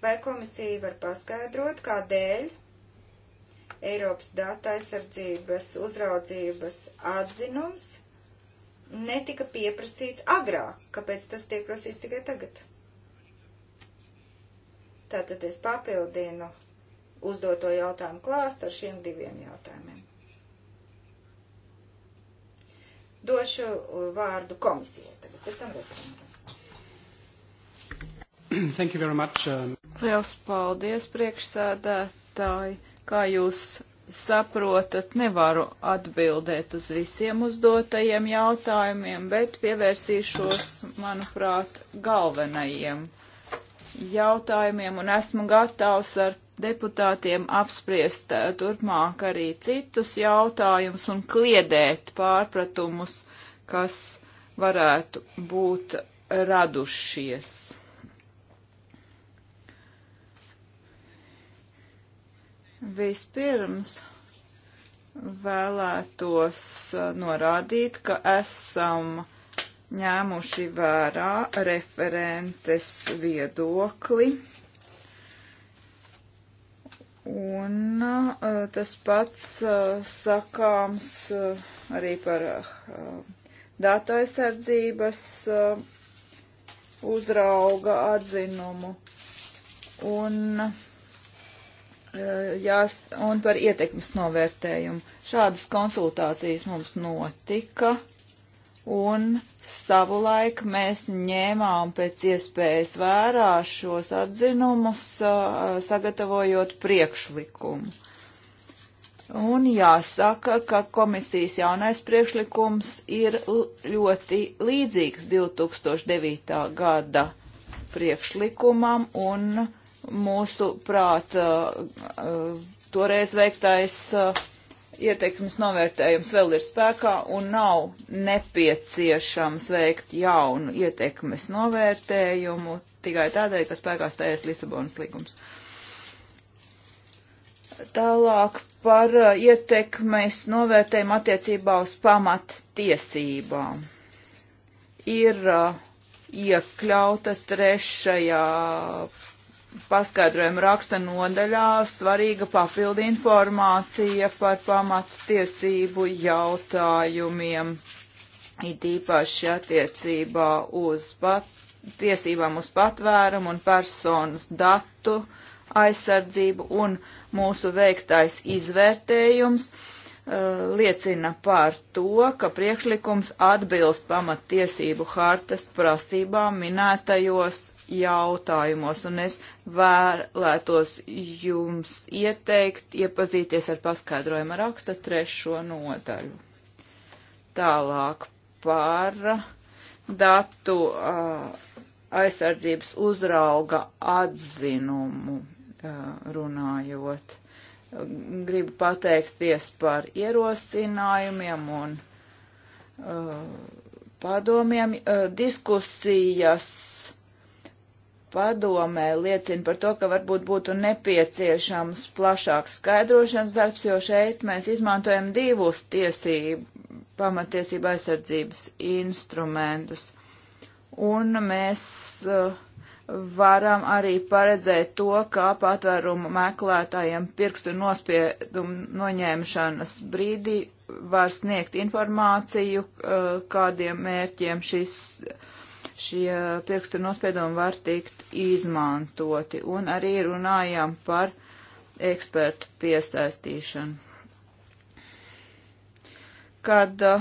Vai komisija var paskaidrot, kādēļ Eiropas datu aizsardzības uzraudzības atzinums netika pieprasīts agrāk? Kāpēc tas tiek prasīts tikai tagad? Tātad es papildinu uzdoto jautājumu klāstu ar šiem diviem jautājumiem. Došu uh, vārdu komisijai tagad, pēc tam referentam. Thank you very much. Uh, Liels paldies, priekšsēdētāji. Kā jūs saprotat, nevaru atbildēt uz visiem uzdotajiem jautājumiem, bet pievērsīšos, manuprāt, galvenajiem jautājumiem un esmu gatavs ar deputātiem apspriest eh, turpmāk arī citus jautājumus un kliedēt pārpratumus, kas varētu būt radušies. Vispirms vēlētos eh, norādīt, ka esam ņēmuši vērā referentes viedokli Un uh, tas pats uh, sakāms uh, arī par datu aizsardzības uzrauga atzinumu un, jās, un par ietekmes novērtējumu. Šādas konsultācijas mums notika un savulaik mēs ņēmām pēc iespējas vērā šos atzinumus, sagatavojot priekšlikumu. Un jāsaka, ka komisijas jaunais priekšlikums ir ļoti līdzīgs 2009. gada priekšlikumam, un mūsu prāta toreiz veiktais ieteikums novērtējums vēl ir spēkā un nav nepieciešams veikt jaunu ieteikumas novērtējumu tikai tādēļ, ka spēkā stājas Lisabonas līgums. Tālāk par uh, ietekmes novērtējumu attiecībā uz pamat tiesībām. Ir uh, iekļauta trešajā paskaidrojumu raksta nodaļā svarīga papildi informācija par pamatstiesību jautājumiem, it īpaši attiecībā uz pat, tiesībām uz patvērumu un personas datu aizsardzību un mūsu veiktais izvērtējums uh, liecina par to, ka priekšlikums atbilst pamattiesību hartas prasībām minētajos jautājumos, un es vēlētos jums ieteikt iepazīties ar paskaidrojumu raksta trešo nodaļu. Tālāk par datu uh, aizsardzības uzrauga atzinumu uh, runājot. Gribu pateikties par ierosinājumiem un uh, padomiem. Diskusijas padomē liecina par to, ka varbūt būtu nepieciešams plašāks skaidrošanas darbs, jo šeit mēs izmantojam divus tiesību, pamatiesību aizsardzības instrumentus. Un mēs uh, varam arī paredzēt to, kā patvērumu meklētājiem pirkstu nospiedumu noņemšanas brīdī var sniegt informāciju, uh, kādiem mērķiem šis šie pirkstu nospiedumi var tikt izmantoti. Un arī runājām par ekspertu piesaistīšanu. Kad uh,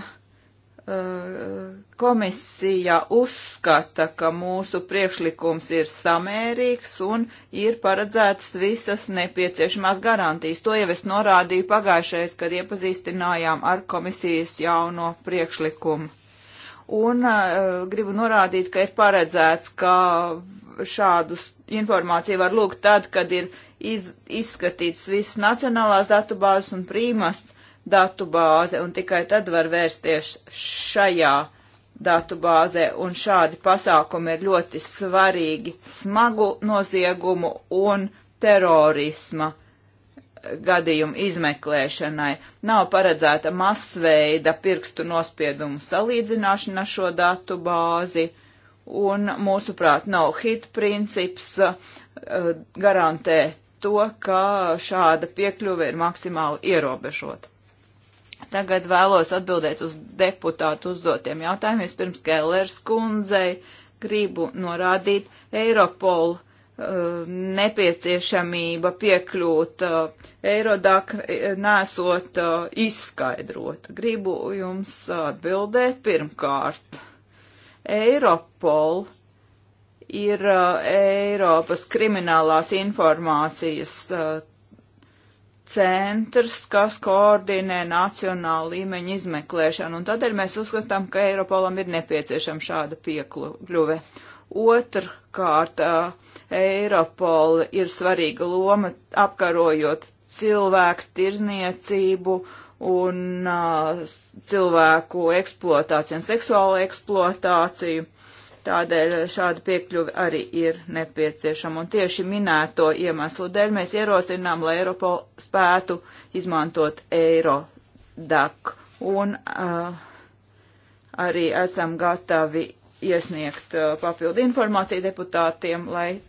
komisija uzskata, ka mūsu priekšlikums ir samērīgs un ir paredzētas visas nepieciešamās garantijas. To jau es norādīju pagājušais, kad iepazīstinājām ar komisijas jauno priekšlikumu un uh, gribu norādīt, ka ir paredzēts, ka šādu informāciju var lūgt tad, kad ir iz, izskatīts viss nacionālās datubāzes un prīmas datubāze, un tikai tad var vērsties šajā datubāzē, un šādi pasākumi ir ļoti svarīgi smagu noziegumu un terorisma gadījumu izmeklēšanai. Nav paredzēta masveida pirkstu nospiedumu salīdzināšana šo datu bāzi, un mūsuprāt nav hit princips uh, garantē to, ka šāda piekļuve ir maksimāli ierobežota. Tagad vēlos atbildēt uz deputātu uzdotiem jautājumiem. Pirms Kellers kundzei gribu norādīt Eiropolu nepieciešamība piekļūt eh, Eirodak eh, nesot eh, izskaidrot. Gribu jums atbildēt pirmkārt. Eiropol ir Eiropas kriminālās informācijas centrs, kas koordinē nacionālu līmeņu izmeklēšanu, un tādēļ mēs uzskatām, ka Eiropolam ir nepieciešama šāda piekļuve. Otrkārt, Eiropola ir svarīga loma apkarojot cilvēku tirzniecību un uh, cilvēku eksploatāciju un seksuālu eksploatāciju. Tādēļ šāda piekļuve arī ir nepieciešama. Un tieši minēto iemeslu dēļ mēs ierosinām, lai Eiropola spētu izmantot Eirodak. Un uh, arī esam gatavi iesniegt uh, papildu informāciju deputātiem, lai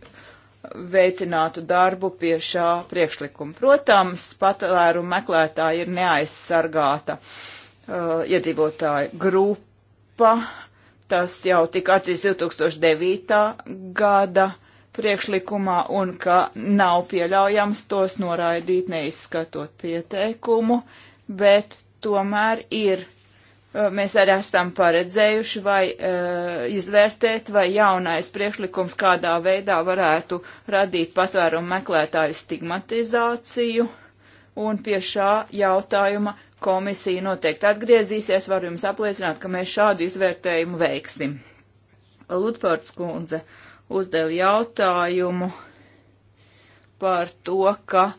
veicinātu darbu pie šā priekšlikuma. Protams, patvērumu meklētāji ir neaizsargāta uh, iedzīvotāja grupa. Tas jau tika atzīst 2009. gada priekšlikumā un ka nav pieļaujams tos noraidīt neizskatot pieteikumu, bet tomēr ir Eh, mēs arī esam paredzējuši vai uh, izvērtēt, vai jaunais priekšlikums kādā veidā varētu radīt patvērumu meklētāju stigmatizāciju, un pie šā jautājuma komisija noteikti atgriezīsies, varu jums apliecināt, ka mēs šādu izvērtējumu veiksim. Lutfords kundze uzdeva jautājumu par to, ka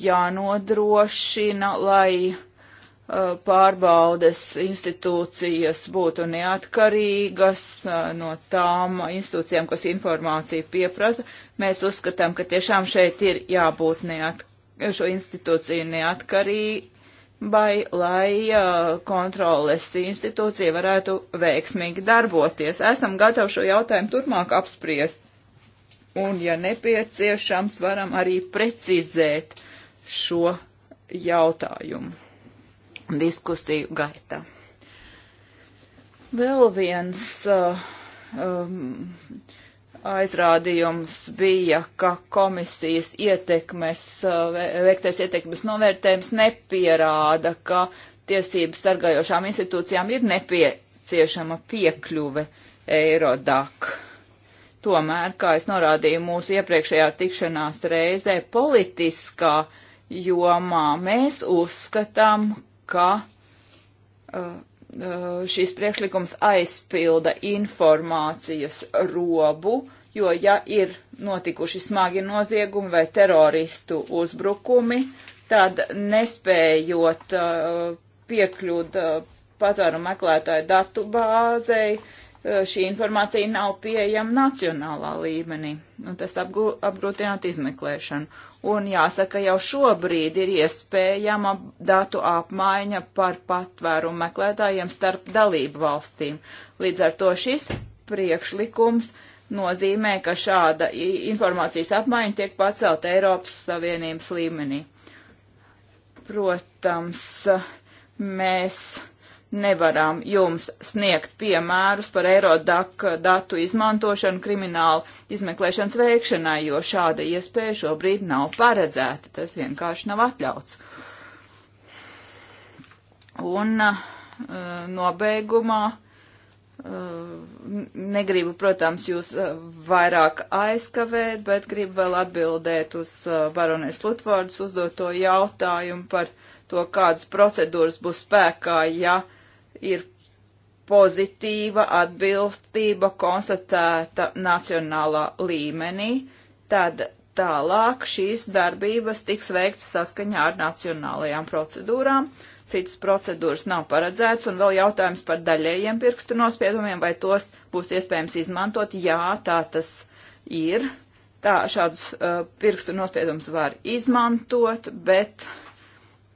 jānodrošina, lai uh, Eh, pārbaudes institūcijas būtu neatkarīgas eh, no tām institūcijām, kas informāciju pieprasa. Mēs uzskatām, ka tiešām šeit ir jābūt neat, šo institūciju neatkarībai, lai eh, kontroles institūcija varētu veiksmīgi darboties. Esam gatavi šo jautājumu turpmāk apspriest. Un, ja nepieciešams, varam arī precizēt šo jautājumu diskusiju gaitā. Vēl viens uh, um, aizrādījums bija, ka komisijas ietekmes, uh, veiktais ietekmes novērtējums nepierāda, ka tiesību sargājošām institūcijām ir nepieciešama piekļuve Eirodak. Tomēr, kā es norādīju mūsu iepriekšējā tikšanās reizē, politiskā jomā mēs uzskatām, ka uh, uh šīs priekšlikums aizpilda informācijas robu, jo ja ir notikuši smagi noziegumi vai teroristu uzbrukumi, tad nespējot uh, piekļūt uh, patvērumu meklētāju datu bāzei, Eh, šī informācija nav pieejama nacionālā līmenī, un tas apgrūtinātu izmeklēšanu. Un jāsaka, jau šobrīd ir iespējama datu apmaiņa par patvērumu meklētājiem starp dalību valstīm. Līdz ar to šis priekšlikums nozīmē, ka šāda informācijas apmaiņa tiek pacelt Eiropas Savienības līmenī. Protams, mēs nevaram jums sniegt piemērus par Eirodak datu izmantošanu kriminālu izmeklēšanas veikšanai, jo šāda iespēja šobrīd nav paredzēta. Tas vienkārši nav atļauts. Un uh, nobeigumā uh, negribu, protams, jūs uh, vairāk aizkavēt, bet gribu vēl atbildēt uz uh, baronēs Lutvārdas uzdoto jautājumu par to, kādas procedūras būs spēkā, ja uh, ir pozitīva atbilstība konstatēta nacionālā līmenī, tad tālāk šīs darbības tiks veikts saskaņā ar nacionālajām procedūrām. Citas procedūras nav paredzētas, un vēl jautājums par daļējiem pirkstu nospiedumiem, vai tos būs iespējams izmantot. Jā, tā tas ir. Tā šādus uh, pirkstu nospiedumus var izmantot, bet uh,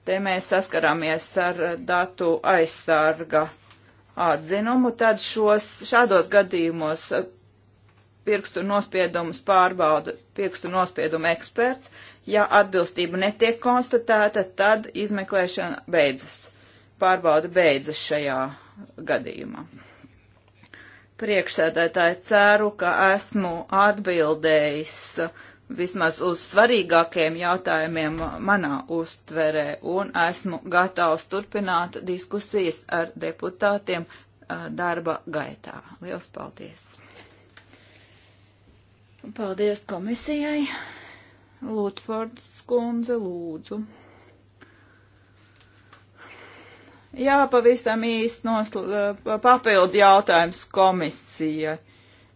te mēs saskarāmies ar datu aizsarga atzinumu, tad šos, šādos gadījumos pirkstu nospiedumus pārbauda pirkstu nospiedumu eksperts. Ja atbilstība netiek konstatēta, tad izmeklēšana beidzas. Pārbauda beidzas šajā gadījumā. Priekšsēdētāji ceru, ka esmu atbildējis vismaz uz svarīgākajiem jautājumiem manā uztverē, un esmu gatavs turpināt diskusijas ar deputātiem uh, darba gaitā. Lielas paldies! Paldies komisijai! Lutfords skundze, lūdzu! Jā, pavisam īsti uh, papildu jautājums komisijai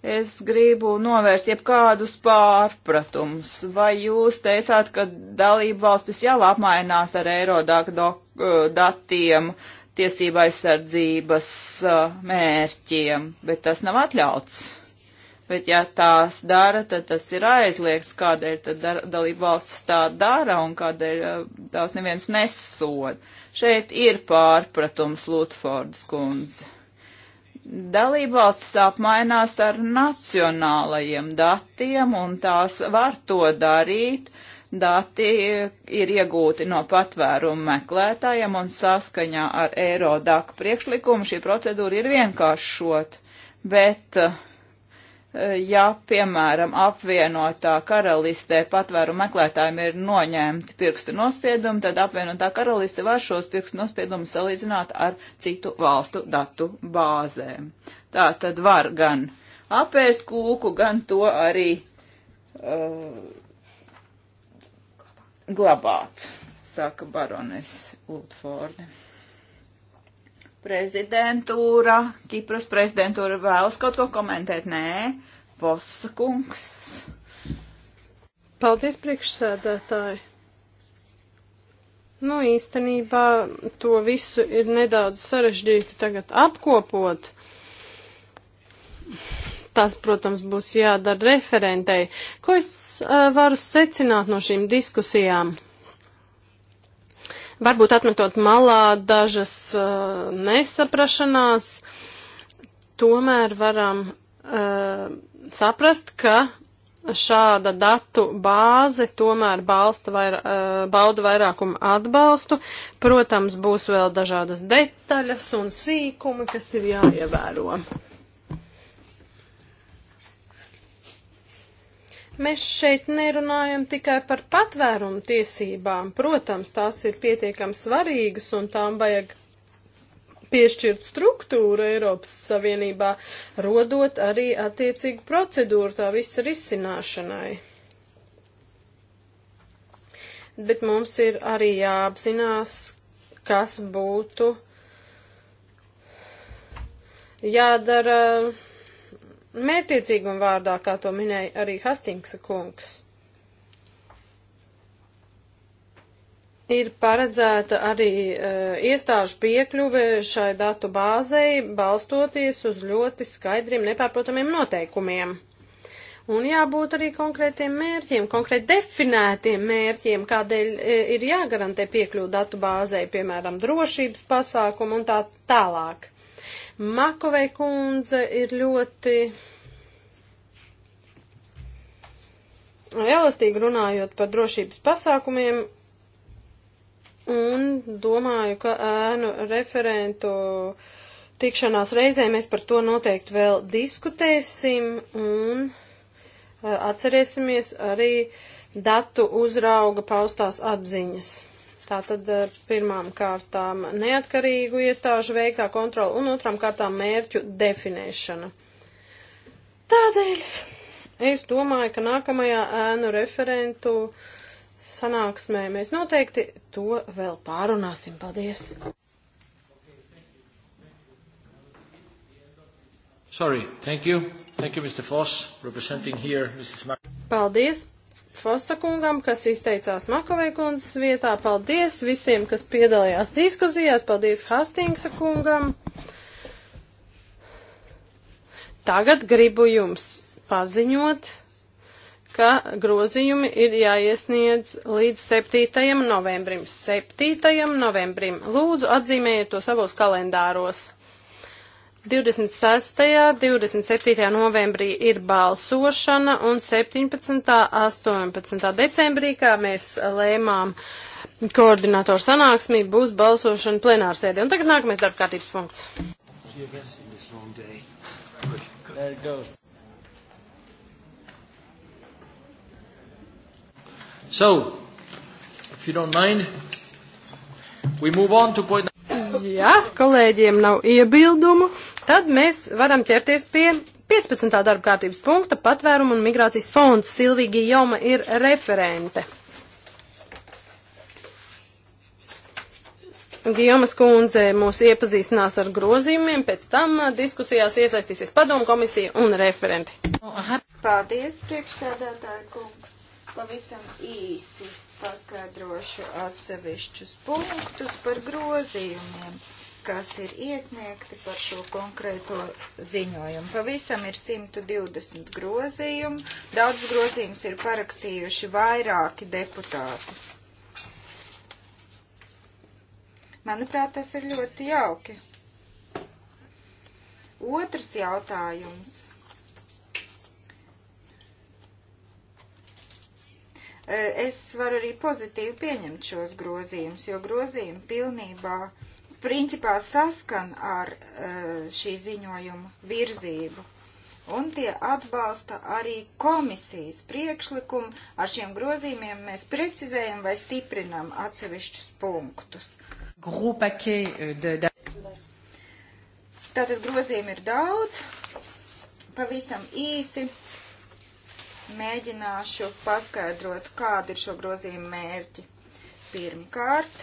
Es gribu novērst jebkādus pārpratumus. Vai jūs teicāt, ka dalību valstis jau apmainās ar Eirodāk eh, datiem tiesība aizsardzības eh, mērķiem, bet tas nav atļauts? bet ja tās dara, tad tas ir aizliegts, kādēļ tad dar, dalību valsts tā dara un kādēļ eh, tās neviens nesod. Šeit ir pārpratums Lutfords kundze. Dalībvalstis apmainās ar nacionālajiem datiem, un tās var to darīt. Dati ir iegūti no patvērumu meklētājiem, un saskaņā ar Eirodaku priekšlikumu šī procedūra ir vienkāršot, bet uh, ja, piemēram, apvienotā karalistē patvēru meklētājiem ir noņemti pirkstu nospiedumi, tad apvienotā karaliste var šos pirkstu nospiedumus salīdzināt ar citu valstu datu bāzēm. Tā tad var gan apēst kūku, gan to arī uh, glabāt, saka barones Lutforde. Prezidentūra, Kipras prezidentūra vēlas kaut ko komentēt? Nē, Vosakungs. Paldies, priekšsēdētāji. Nu, īstenībā to visu ir nedaudz sarežģīti tagad apkopot. Tas, protams, būs jādara referentei. Ko es uh, varu secināt no šīm diskusijām? varbūt atmetot malā dažas uh, nesaprašanās, tomēr varam uh, saprast, ka šāda datu bāze tomēr balsta vair, uh, bauda vairākumu atbalstu. Protams, būs vēl dažādas detaļas un sīkumi, kas ir jāievēro. Mēs šeit nerunājam tikai par patvērumu tiesībām. Protams, tās ir pietiekami svarīgas un tām vajag piešķirt struktūru Eiropas Savienībā, rodot arī attiecīgu procedūru tā visa risināšanai. Bet mums ir arī jāapzinās, kas būtu jādara mērtiecīguma vārdā, kā to minēja arī Hastingsa kungs. Ir paredzēta arī uh, iestāžu piekļuve šai datu bāzei, balstoties uz ļoti skaidriem, nepārprotamiem noteikumiem. Un jābūt arī konkrētiem mērķiem, konkrēti definētiem mērķiem, kādēļ eh, ir jāgarantē piekļuvu datu bāzei, piemēram, drošības pasākumu un tā tālāk. Makovei kundze ir ļoti elastīgi runājot par drošības pasākumiem un domāju, ka ēnu referentu tikšanās reizē mēs par to noteikti vēl diskutēsim un e, atcerēsimies arī datu uzrauga paustās atziņas. Tātad eh, pirmām kārtām neatkarīgu iestāžu veiktā kontrola un otrām kārtām mērķu definēšana. Tādēļ es domāju, ka nākamajā ēnu referentu sanāksmē mēs noteikti to vēl pārunāsim. Paldies! Sorry, thank you. Thank you, Mr. Foss, representing here Mrs. Mar Paldies, Fosakungam, kas izteicās Makavēkundas vietā. Paldies visiem, kas piedalījās diskusijās. Paldies Hastingsa kungam. Tagad gribu jums paziņot, ka grozījumi ir jāiesniedz līdz 7. novembrim. 7. novembrim. Lūdzu, atzīmējiet to savos kalendāros. 26. 27. novembrī ir balsošana un 17. 18. decembrī, kā mēs lēmām, koordinātoru sanāksmī būs balsošana plenārsēdē. Un tagad nākamais darbkārtības punkts. So, if you don't mind, we move on to point. Ja kolēģiem nav iebildumu, Tad mēs varam ķerties pie 15. darba kārtības punkta patvērumu un migrācijas fonds. Silvīgi Joma ir referente. Gijomas kundze mūs iepazīstinās ar grozījumiem, pēc tam uh, diskusijās iesaistīsies padomu komisija un referenti. Paldies, priekšsēdētāji kungs. Pavisam īsi paskaidrošu atsevišķus punktus par grozījumiem kas ir iesniegti par šo konkrēto ziņojumu. Pavisam ir 120 grozījumu. Daudz grozījumus ir parakstījuši vairāki deputāti. Manuprāt, tas ir ļoti jauki. Otrs jautājums. Es varu arī pozitīvi pieņemt šos grozījumus, jo grozījumi pilnībā uh, principā saskan ar eh, šī ziņojuma virzību. Un tie atbalsta arī komisijas priekšlikumu. Ar šiem grozījumiem mēs precizējam vai stiprinam atsevišķus punktus. Euh, Tātad grozījumi ir daudz. Pavisam īsi mēģināšu paskaidrot, kāda ir šo grozījumu mērķi. Pirmkārt,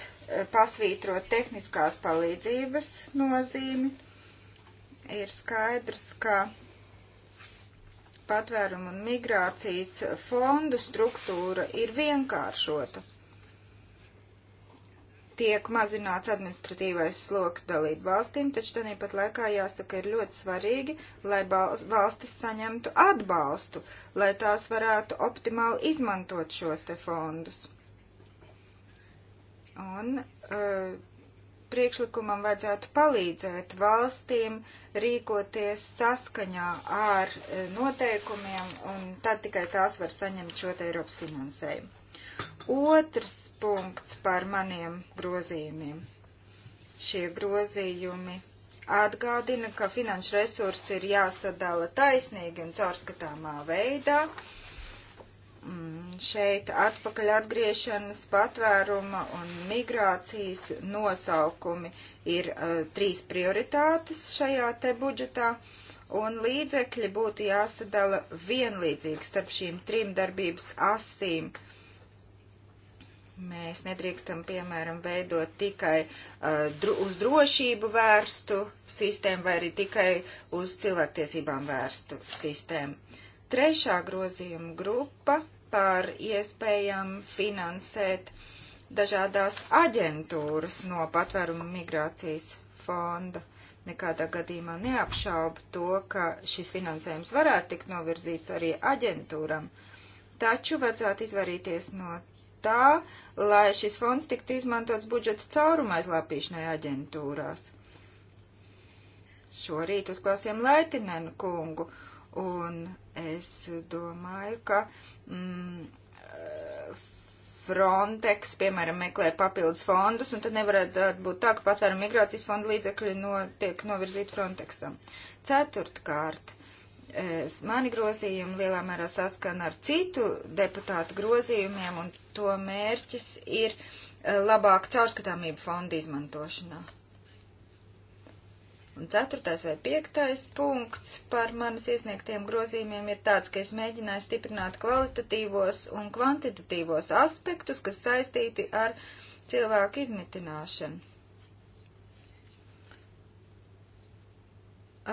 pasvītrot tehniskās palīdzības nozīmi. Ir skaidrs, ka patvērumu un migrācijas fondu struktūra ir vienkāršota. Tiek mazināts administratīvais sloks dalību valstīm, taču tāpat laikā jāsaka, ir ļoti svarīgi, lai valstis saņemtu atbalstu, lai tās varētu optimāli izmantot šos te fondus. Un uh, priekšlikumam vajadzētu palīdzēt valstīm rīkoties saskaņā ar uh, noteikumiem, un tad tikai tās var saņemt šo te Eiropas finansējumu. Otrs punkts par maniem grozījumiem. Šie grozījumi atgādina, ka finanšu resursi ir jāsadala taisnīgi un caurskatāmā veidā. Mm šeit atpakaļ atgriešanas patvēruma un migrācijas nosaukumi ir uh, trīs prioritātes šajā te budžetā, un līdzekļi būtu jāsadala vienlīdzīgi starp šīm trim darbības asīm. Mēs nedrīkstam, piemēram, veidot tikai uh, dro uz drošību vērstu sistēmu vai arī tikai uz cilvēktiesībām vērstu sistēmu. Trešā grozījuma grupa par iespējām finansēt dažādās aģentūras no patvērumu migrācijas fonda. Nekādā gadījumā neapšaubu to, ka šis finansējums varētu tikt novirzīts arī aģentūram. Taču vajadzētu izvairīties no tā, lai šis fonds tiktu izmantots budžeta caurumaizlāpīšanai aģentūrās. Šorīt uzklausījām Laitinenu kungu, Un es domāju, ka mm, Frontex, piemēram, meklē papildus fondus, un tad nevarētu būt tā, ka patvēru migrācijas fonda līdzekļi no, tiek novirzīti Frontexam. Ceturtkārt, es, mani grozījumi lielā mērā saskana ar citu deputātu grozījumiem, un to mērķis ir eh, labāk caurskatāmību fonda izmantošanā. Un ceturtais vai piektais punkts par manis iesniegtiem grozījumiem ir tāds, ka es mēģināju stiprināt kvalitatīvos un kvantitatīvos aspektus, kas saistīti ar cilvēku izmitināšanu.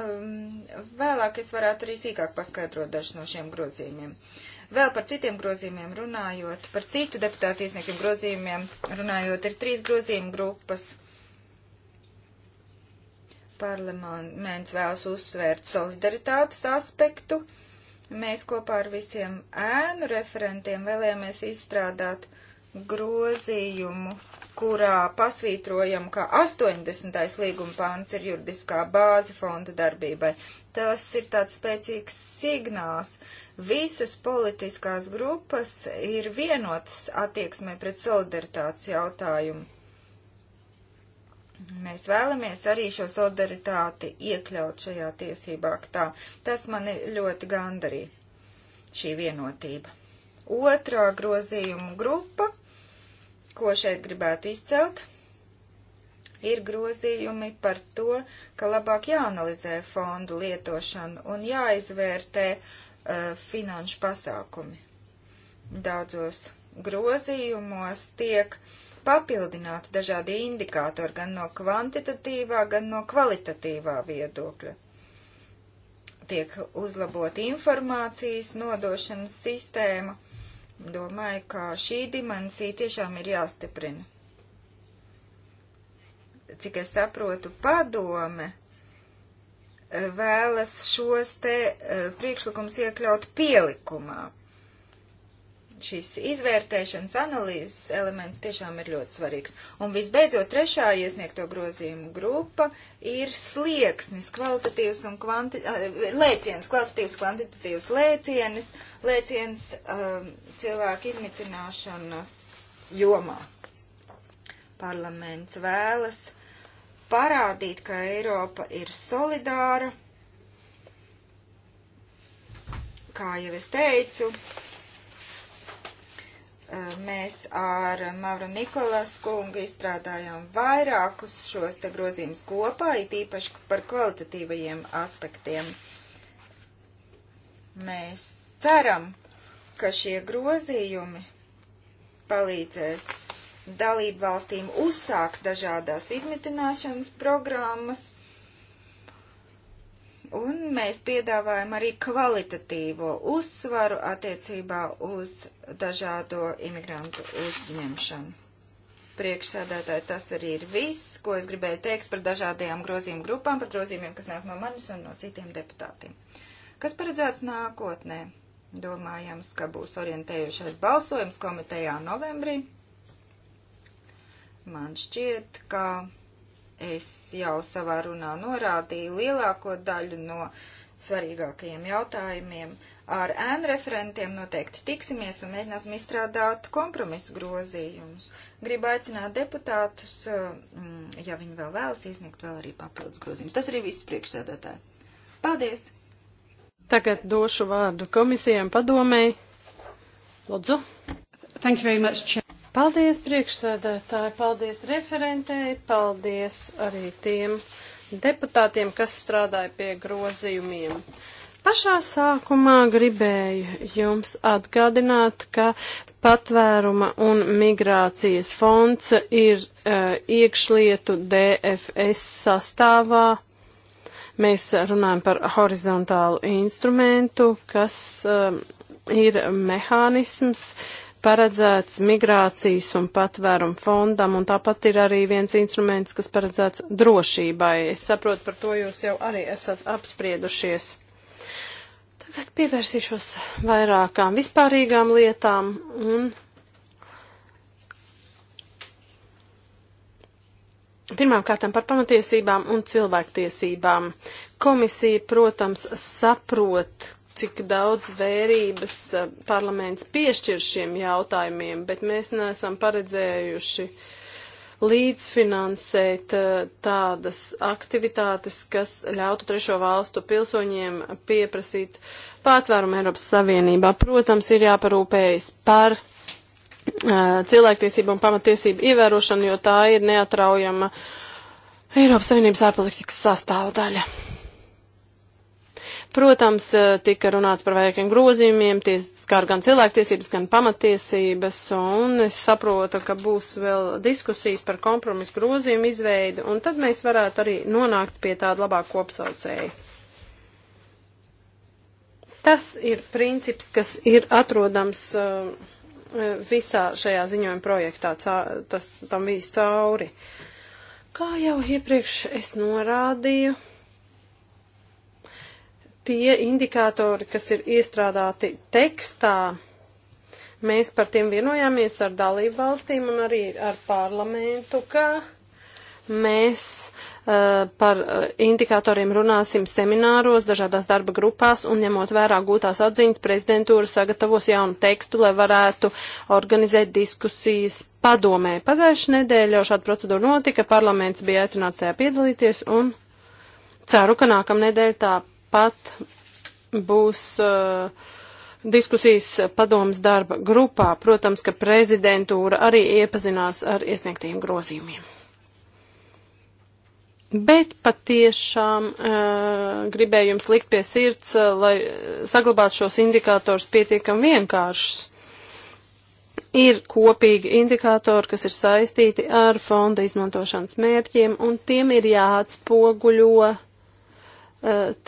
Um, vēlāk es varētu arī sīkāk paskaidrot dažus no šiem grozījumiem. Vēl par citiem grozījumiem runājot, par citu deputātu iesniegtiem grozījumiem runājot, ir trīs grozījuma grupas Parlaments vēlas uzsvērt solidaritātes aspektu. Mēs kopā ar visiem ēnu referentiem vēlējāmies izstrādāt grozījumu, kurā pasvītrojam, ka 80. līguma pāns ir juridiskā bāze fonda darbībai. Tas ir tāds spēcīgs signāls. Visas politiskās grupas ir vienotas attieksmē pret solidaritātes jautājumu Mēs vēlamies arī šo solidaritāti iekļaut šajā tiesībā aktā. Tas mani ļoti gandarīja, šī vienotība. Otrā grozījuma grupa, ko šeit gribētu izcelt, ir grozījumi par to, ka labāk jāanalizē fondu lietošanu un jāizvērtē uh, finanšu pasākumi. Daudzos grozījumos tiek uh, papildināti dažādi indikātori gan no kvantitatīvā, gan no kvalitatīvā viedokļa. Tiek uzlabot informācijas nodošanas sistēma. Domāju, ka šī dimensija tiešām ir jāstiprina. Cik es saprotu, padome eh, vēlas šos te eh, priekšlikums iekļaut pielikumā šis izvērtēšanas analīzes elements tiešām ir ļoti svarīgs. Un visbeidzot, trešā iesniegto grozījumu grupa ir slieksnis, kvalitatīvs un kvanti, lēciens, kvalitatīvs, kvantitatīvs lēciens, lēciens um, cilvēku izmitināšanas jomā. Parlaments vēlas parādīt, ka Eiropa ir solidāra, kā jau es teicu, mēs ar Mavru Nikolas kungu izstrādājām vairākus šos te grozījumus kopā, it īpaši par kvalitatīvajiem aspektiem. Mēs ceram, ka šie grozījumi palīdzēs dalību valstīm uzsākt dažādās izmitināšanas programmas, Un mēs piedāvājam arī kvalitatīvo uzsvaru attiecībā uz dažādo imigrantu uzņemšanu. Priekšsēdētāji, tas arī ir viss, ko es gribēju teikt par dažādajām grozījumu grupām, par grozījumiem, kas nāk no manis un no citiem deputātiem. Kas paredzēts nākotnē? Domājams, ka būs orientējušais balsojums komitejā novembrī. Man šķiet, ka Es jau savā runā norādīju lielāko daļu no svarīgākajiem jautājumiem. Ar ēnu referentiem noteikti tiksimies un mēģināsim izstrādāt kompromisu grozījumus. Gribu aicināt deputātus, eh, mm, ja viņi vēl vēlas, izniegt vēl arī papildus grozījumus. Tas arī viss priekšsēdētāji. Paldies! Tagad došu vārdu komisijām padomēji. Lūdzu. Thank you very much, Chair. Paldies priekšsēdētāji, paldies referentēji, paldies arī tiem deputātiem, kas strādāja pie grozījumiem. Pašā sākumā gribēju jums atgādināt, ka patvēruma un migrācijas fonds ir uh, iekšlietu DFS sastāvā. Mēs runājam par horizontālu instrumentu, kas uh, ir mehānisms, uh, paredzēts migrācijas un patvērumu fondam, un tāpat ir arī viens instruments, kas paredzēts drošībai. Es saprotu, par to jūs jau arī esat apspriedušies. Tagad pievērsīšos vairākām vispārīgām lietām un. Pirmkārt, par pamatiesībām un cilvēktiesībām. Komisija, protams, saprot, cik daudz vērības eh, parlaments piešķir šiem jautājumiem, bet mēs neesam paredzējuši līdzfinansēt eh, tādas aktivitātes, kas ļautu trešo valstu pilsoņiem pieprasīt pātvērumu Eiropas Savienībā. Protams, ir jāparūpējas par uh, cilvēktiesību un pamatiesību ievērošanu, jo tā ir neatraujama Eiropas Savienības ārpolitikas sastāvdaļa. Protams, eh, tika runāts par vairākiem grozījumiem, tie skar gan cilvēktiesības, gan pamatiesības, un es saprotu, ka būs vēl diskusijas par kompromisu grozījumu izveidu, un tad mēs varētu arī nonākt pie tāda labāka kopsaucēja. Tas ir princips, kas ir atrodams uh, visā šajā ziņojuma projektā, cā, tas tam viss cauri. Kā jau iepriekš es norādīju, tie indikātori, kas ir iestrādāti tekstā, mēs par tiem vienojāmies ar dalību valstīm un arī ar parlamentu, ka mēs uh, par uh, indikatoriem runāsim semināros, dažādās darba grupās un ņemot vērā gūtās atziņas, prezidentūra sagatavos jaunu tekstu, lai varētu organizēt diskusijas padomē. Pagājušajā nedēļā jau šāda procedūra notika, parlaments bija aicināts tajā piedalīties un ceru, ka nākamnedēļ tā pat būs uh, diskusijas padomas darba grupā. Protams, ka prezidentūra arī iepazinās ar iesniegtiem grozījumiem. Bet patiešām uh, gribēju jums likt pie sirds, uh, lai saglabātu šos indikātors pietiekam vienkāršus. Ir kopīgi indikātori, kas ir saistīti ar fonda izmantošanas mērķiem, un tiem ir jāatspoguļo uh,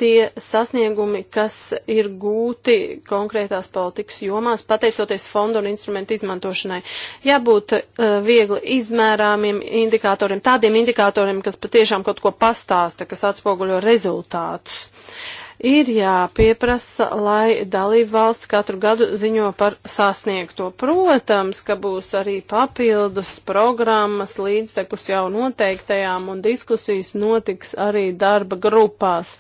tie sasniegumi, kas ir gūti konkrētās politikas jomās, pateicoties fondu un instrumentu izmantošanai. Jābūt uh, viegli izmērāmiem indikatoriem, tādiem indikatoriem, kas patiešām kaut ko pastāsta, kas atspoguļo rezultātus ir jāpieprasa, lai dalību valsts katru gadu ziņo par sasniegto. Protams, ka būs arī papildus programmas līdztekus jau noteiktajām un diskusijas notiks arī darba grupās.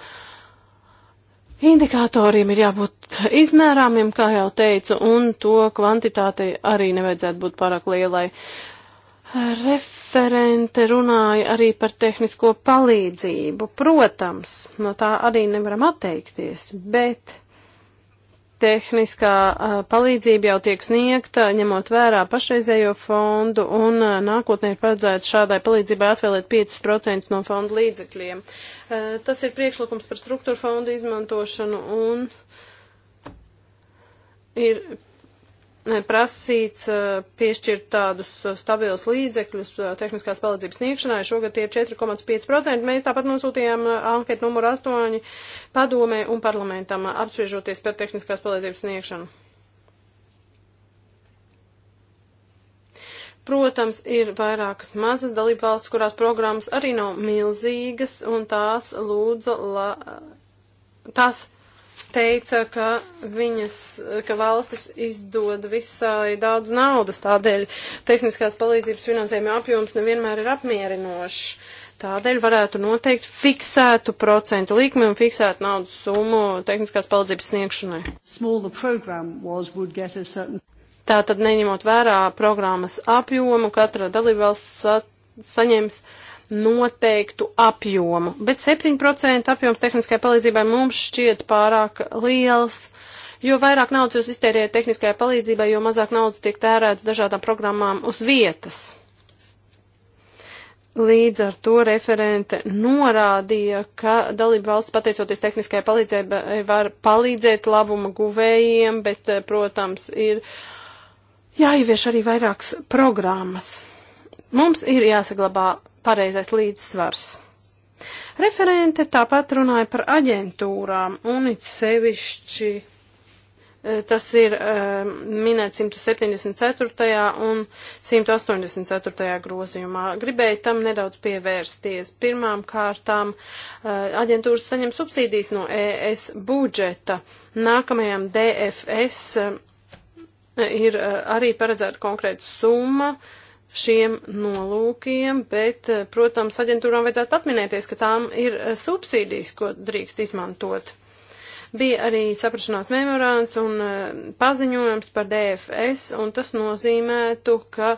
Indikatoriem ir jābūt izmērāmiem, kā jau teicu, un to kvantitātei arī nevajadzētu būt pārāk lielai. Uh, Referente runāja arī par tehnisko palīdzību. Protams, no tā arī nevaram atteikties, bet tehniskā palīdzība jau tiek sniegta, ņemot vērā pašreizējo fondu, un nākotnē ir paredzēts šādai palīdzībai atvēlēt 5% no fonda līdzekļiem. Tas ir priekšlikums par struktūra fondu izmantošanu un ir prasīts eh, piešķirt tādus eh, stabilus līdzekļus eh, tehniskās palīdzības sniegšanai. Šogad tie ir 4,5%. Mēs tāpat nosūtījām anketu numuru 8 padomē un parlamentam apspriežoties par tehniskās palīdzības sniegšanu. Protams, ir vairākas mazas dalībvalsts, kurās programmas arī nav milzīgas, un tās lūdza, la, tās teica, ka viņas, ka valstis izdod visai daudz naudas, tādēļ tehniskās palīdzības finansējuma apjoms nevienmēr ir apmierinošs. Tādēļ varētu noteikt fiksētu procentu likmi un fiksētu naudas summu tehniskās palīdzības sniegšanai. Was, certain... Tā tad neņemot vērā programmas apjomu, katra dalībvalsts sa saņems uh, noteiktu apjomu, bet 7% apjoms tehniskai palīdzībai mums šķiet pārāk liels. Jo vairāk naudas jūs iztērējat tehniskajai palīdzībai, jo mazāk naudas tiek tērēts dažādām programmām uz vietas. Līdz ar to referente norādīja, ka dalība valsts pateicoties tehniskajai palīdzībai var palīdzēt labuma guvējiem, bet, eh, protams, ir jāievieš arī vairākas programmas. Mums ir jāsaglabā pareizais līdzsvars. Referente tāpat runāja par aģentūrām un it sevišķi e, tas ir e, minēts 174. un 184. grozījumā. Gribēju tam nedaudz pievērsties. Pirmām kārtām e, aģentūras saņem subsīdijas no ES budžeta. Nākamajam DFS ir arī paredzēta konkrēta summa. Uh, šiem nolūkiem, bet, eh, protams, aģentūrām vajadzētu atminēties, ka tām ir eh, subsīdijas, ko drīkst izmantot. Bija arī saprašanās memorāns un eh, paziņojums par DFS, un tas nozīmētu, ka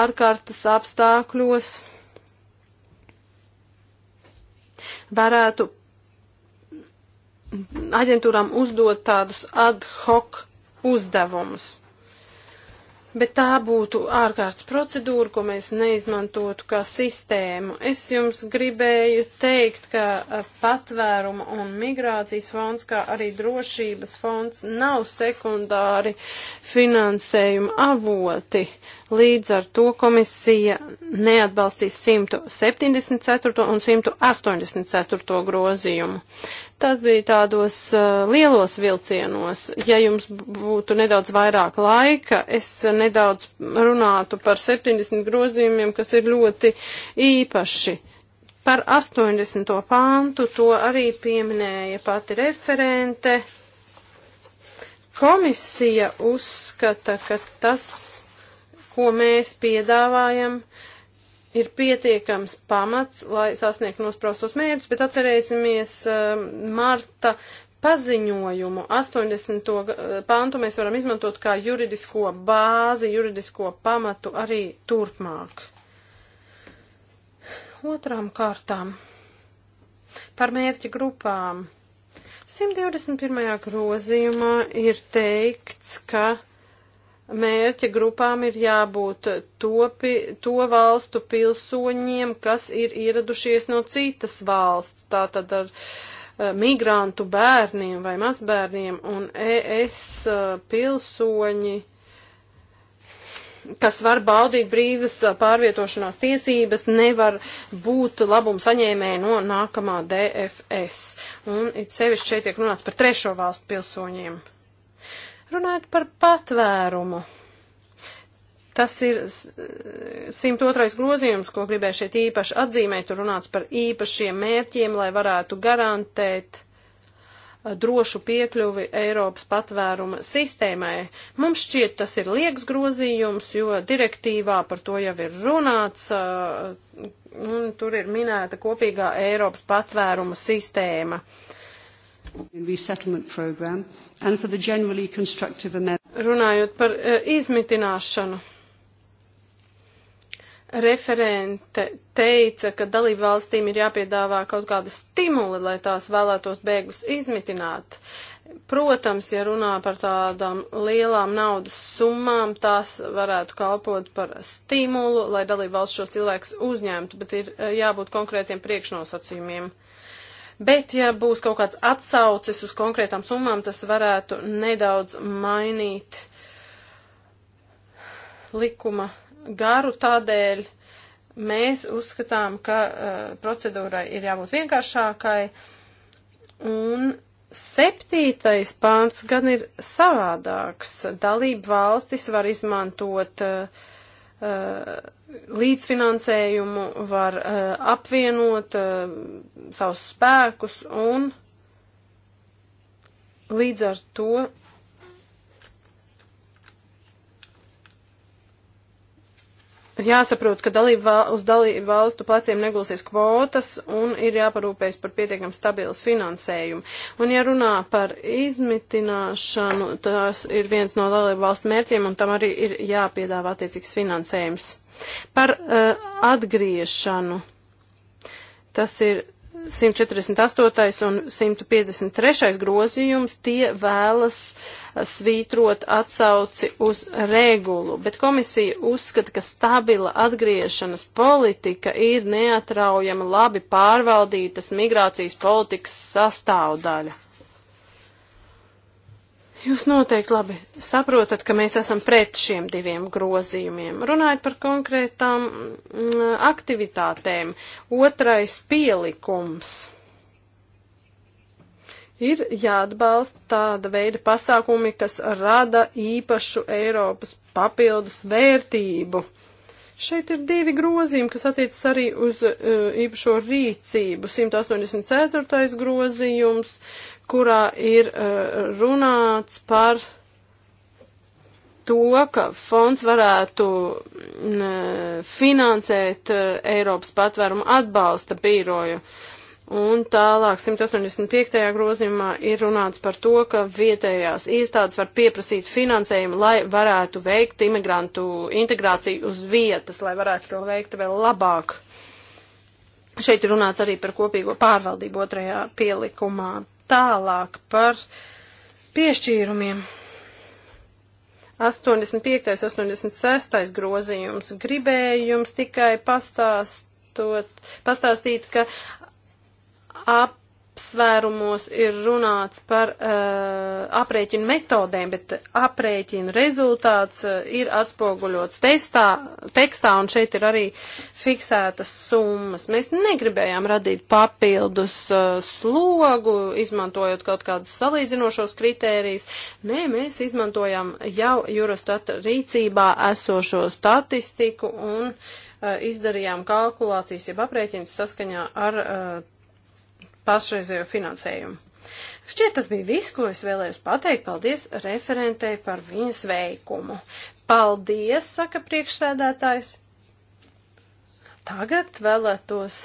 ārkārtas apstākļos varētu aģentūrām uzdot tādus ad hoc uzdevumus bet tā būtu ārkārtas procedūra, ko mēs neizmantotu kā sistēmu. Es jums gribēju teikt, ka patvēruma un migrācijas fonds, kā arī drošības fonds nav sekundāri finansējuma avoti. Uh, Līdz ar to komisija neatbalstīs 174. un 184. grozījumu. Tas bija tādos uh, lielos vilcienos. Ja jums būtu nedaudz vairāk laika, es nedaudz runātu par 70 grozījumiem, kas ir ļoti īpaši. Par 80. pāntu to arī pieminēja pati referente. Komisija uzskata, ka tas ko mēs piedāvājam, ir pietiekams pamats, lai sasniegtu nospraustos mērķus, bet atcerēsimies uh, Marta paziņojumu 80. Uh, pantu mēs varam izmantot kā juridisko bāzi, juridisko pamatu arī turpmāk. Otrām kārtām par mērķa grupām. 121. grozījumā ir teikts, ka mērķa grupām ir jābūt topi, to valstu pilsoņiem, kas ir ieradušies no citas valsts, tātad ar uh, migrantu bērniem vai mazbērniem un ES uh, eh, pilsoņi kas var baudīt brīvas eh, pārvietošanās tiesības, nevar būt labuma saņēmēji no nākamā DFS. Un it sevišķi šeit tiek runāts par trešo valstu pilsoņiem. Runājot par patvērumu. Tas ir 102. grozījums, ko gribēju šeit īpaši atzīmēt. Tur runāts par īpašiem mērķiem, lai varētu garantēt uh, drošu piekļuvi Eiropas patvēruma sistēmai. Mums šķiet, tas ir liegs grozījums, jo direktīvā par to jau ir runāts, uh, un tur ir minēta kopīgā Eiropas patvēruma sistēma. Uh, Runājot par eh, izmitināšanu, referente teica, ka dalību valstīm ir jāpiedāvā kaut kādi stimuli, lai tās vēlētos bēgus izmitināt. Protams, ja runā par tādām lielām naudas summām, tās varētu kalpot par stimulu, lai dalību valsts šo cilvēku uzņemtu, bet ir eh, jābūt konkrētiem priekšnosacījumiem. Uh, Bet, ja būs kaut kāds atsaucis uz konkrētām summām, tas varētu nedaudz mainīt likuma garu tādēļ. Mēs uzskatām, ka uh, procedūrai ir jābūt vienkāršākai, un septītais pāns gan ir savādāks. Dalība valstis var izmantot uh, uh, līdzfinansējumu var uh, apvienot uh, savus spēkus un līdz ar to jāsaprot, ka dalību val, uz dalību valstu pleciem negulsies kvotas un ir jāparūpējas par pietiekam stabilu finansējumu. Un ja runā par izmitināšanu, tas ir viens no dalību valstu mērķiem un tam arī ir jāpiedāvā attiecīgs finansējums. Par uh, atgriešanu. Tas ir 148. un 153. grozījums tie vēlas eh, svītrot atsauci uz regulu, bet komisija uzskata, ka stabila atgriešanas politika ir neatraujama labi pārvaldītas migrācijas politikas sastāvdaļa. Jūs noteikti labi saprotat, ka mēs esam pret šiem diviem grozījumiem. Runājot par konkrētām mm, aktivitātēm, otrais pielikums ir jāatbalsta tāda veida pasākumi, kas rada īpašu Eiropas papildus vērtību. Šeit ir divi grozījumi, kas attiecas arī uz uh, īpašo rīcību. 184. grozījums, kurā ir eh, runāts par to, ka fonds varētu mm, eh, finansēt eh, Eiropas patvērumu atbalsta bīroju. Un tālāk 185. grozījumā ir runāts par to, ka vietējās iestādes var pieprasīt finansējumu, lai varētu veikt imigrantu integrāciju uz vietas, lai varētu to veikt vēl labāk. Šeit runāts arī par kopīgo pārvaldību otrajā pielikumā. Tālāk par piešķīrumiem. 85. 86. grozījums. Gribēju jums tikai pastāstot, pastāstīt, ka ap apsvērumos ir runāts par uh, aprēķinu metodēm, bet aprēķinu rezultāts uh, ir atspoguļots testā, tekstā, un šeit ir arī fiksētas summas. Mēs negribējām radīt papildus uh, slogu, izmantojot kaut kādus salīdzinošos kritērijus. Nē, mēs izmantojam jau Eurostat rīcībā esošo statistiku un uh, izdarījām kalkulācijas, jeb aprēķins saskaņā ar uh, pašreizējo finansējumu. Šķiet, tas bija viss, ko es vēlējos pateikt. Paldies referentei par viņas veikumu. Paldies, saka priekšsēdētājs. Tagad vēlētos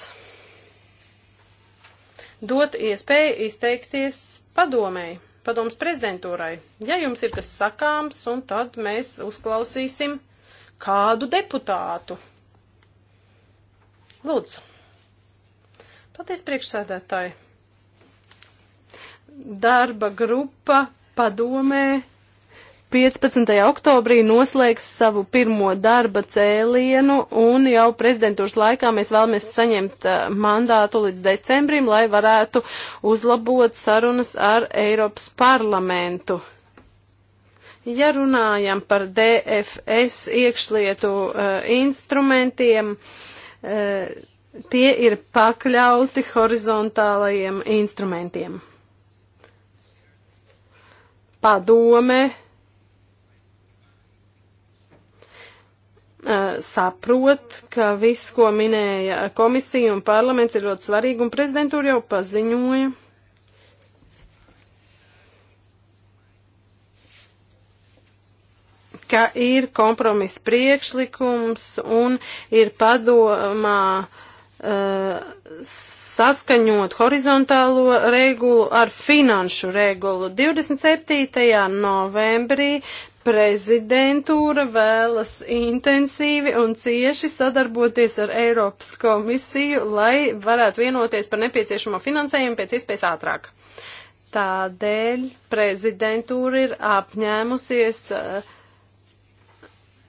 dot iespēju izteikties padomēji, padomas prezidentūrai. Ja jums ir kas sakāms, un tad mēs uzklausīsim kādu deputātu. Lūdzu. Paldies, priekšsēdētāji. Darba grupa padomē 15. oktobrī noslēgs savu pirmo darba cēlienu, un jau prezidentūras laikā mēs vēlamies saņemt eh, mandātu līdz decembrim, lai varētu uzlabot sarunas ar Eiropas parlamentu. Ja runājam par DFS iekšlietu uh, instrumentiem, uh, tie ir pakļauti horizontālajiem instrumentiem. Padome eh, saprot, ka viss, ko minēja komisija un parlaments, ir ļoti svarīgi, un prezidentūra jau paziņoja. ka ir kompromiss priekšlikums un ir padomā uh, Uh, saskaņot horizontālo regulu ar finanšu regulu. 27. novembrī prezidentūra vēlas intensīvi un cieši sadarboties ar Eiropas komisiju, lai varētu vienoties par nepieciešamo finansējumu pēc iespējas ātrāk. Tādēļ prezidentūra ir apņēmusies uh,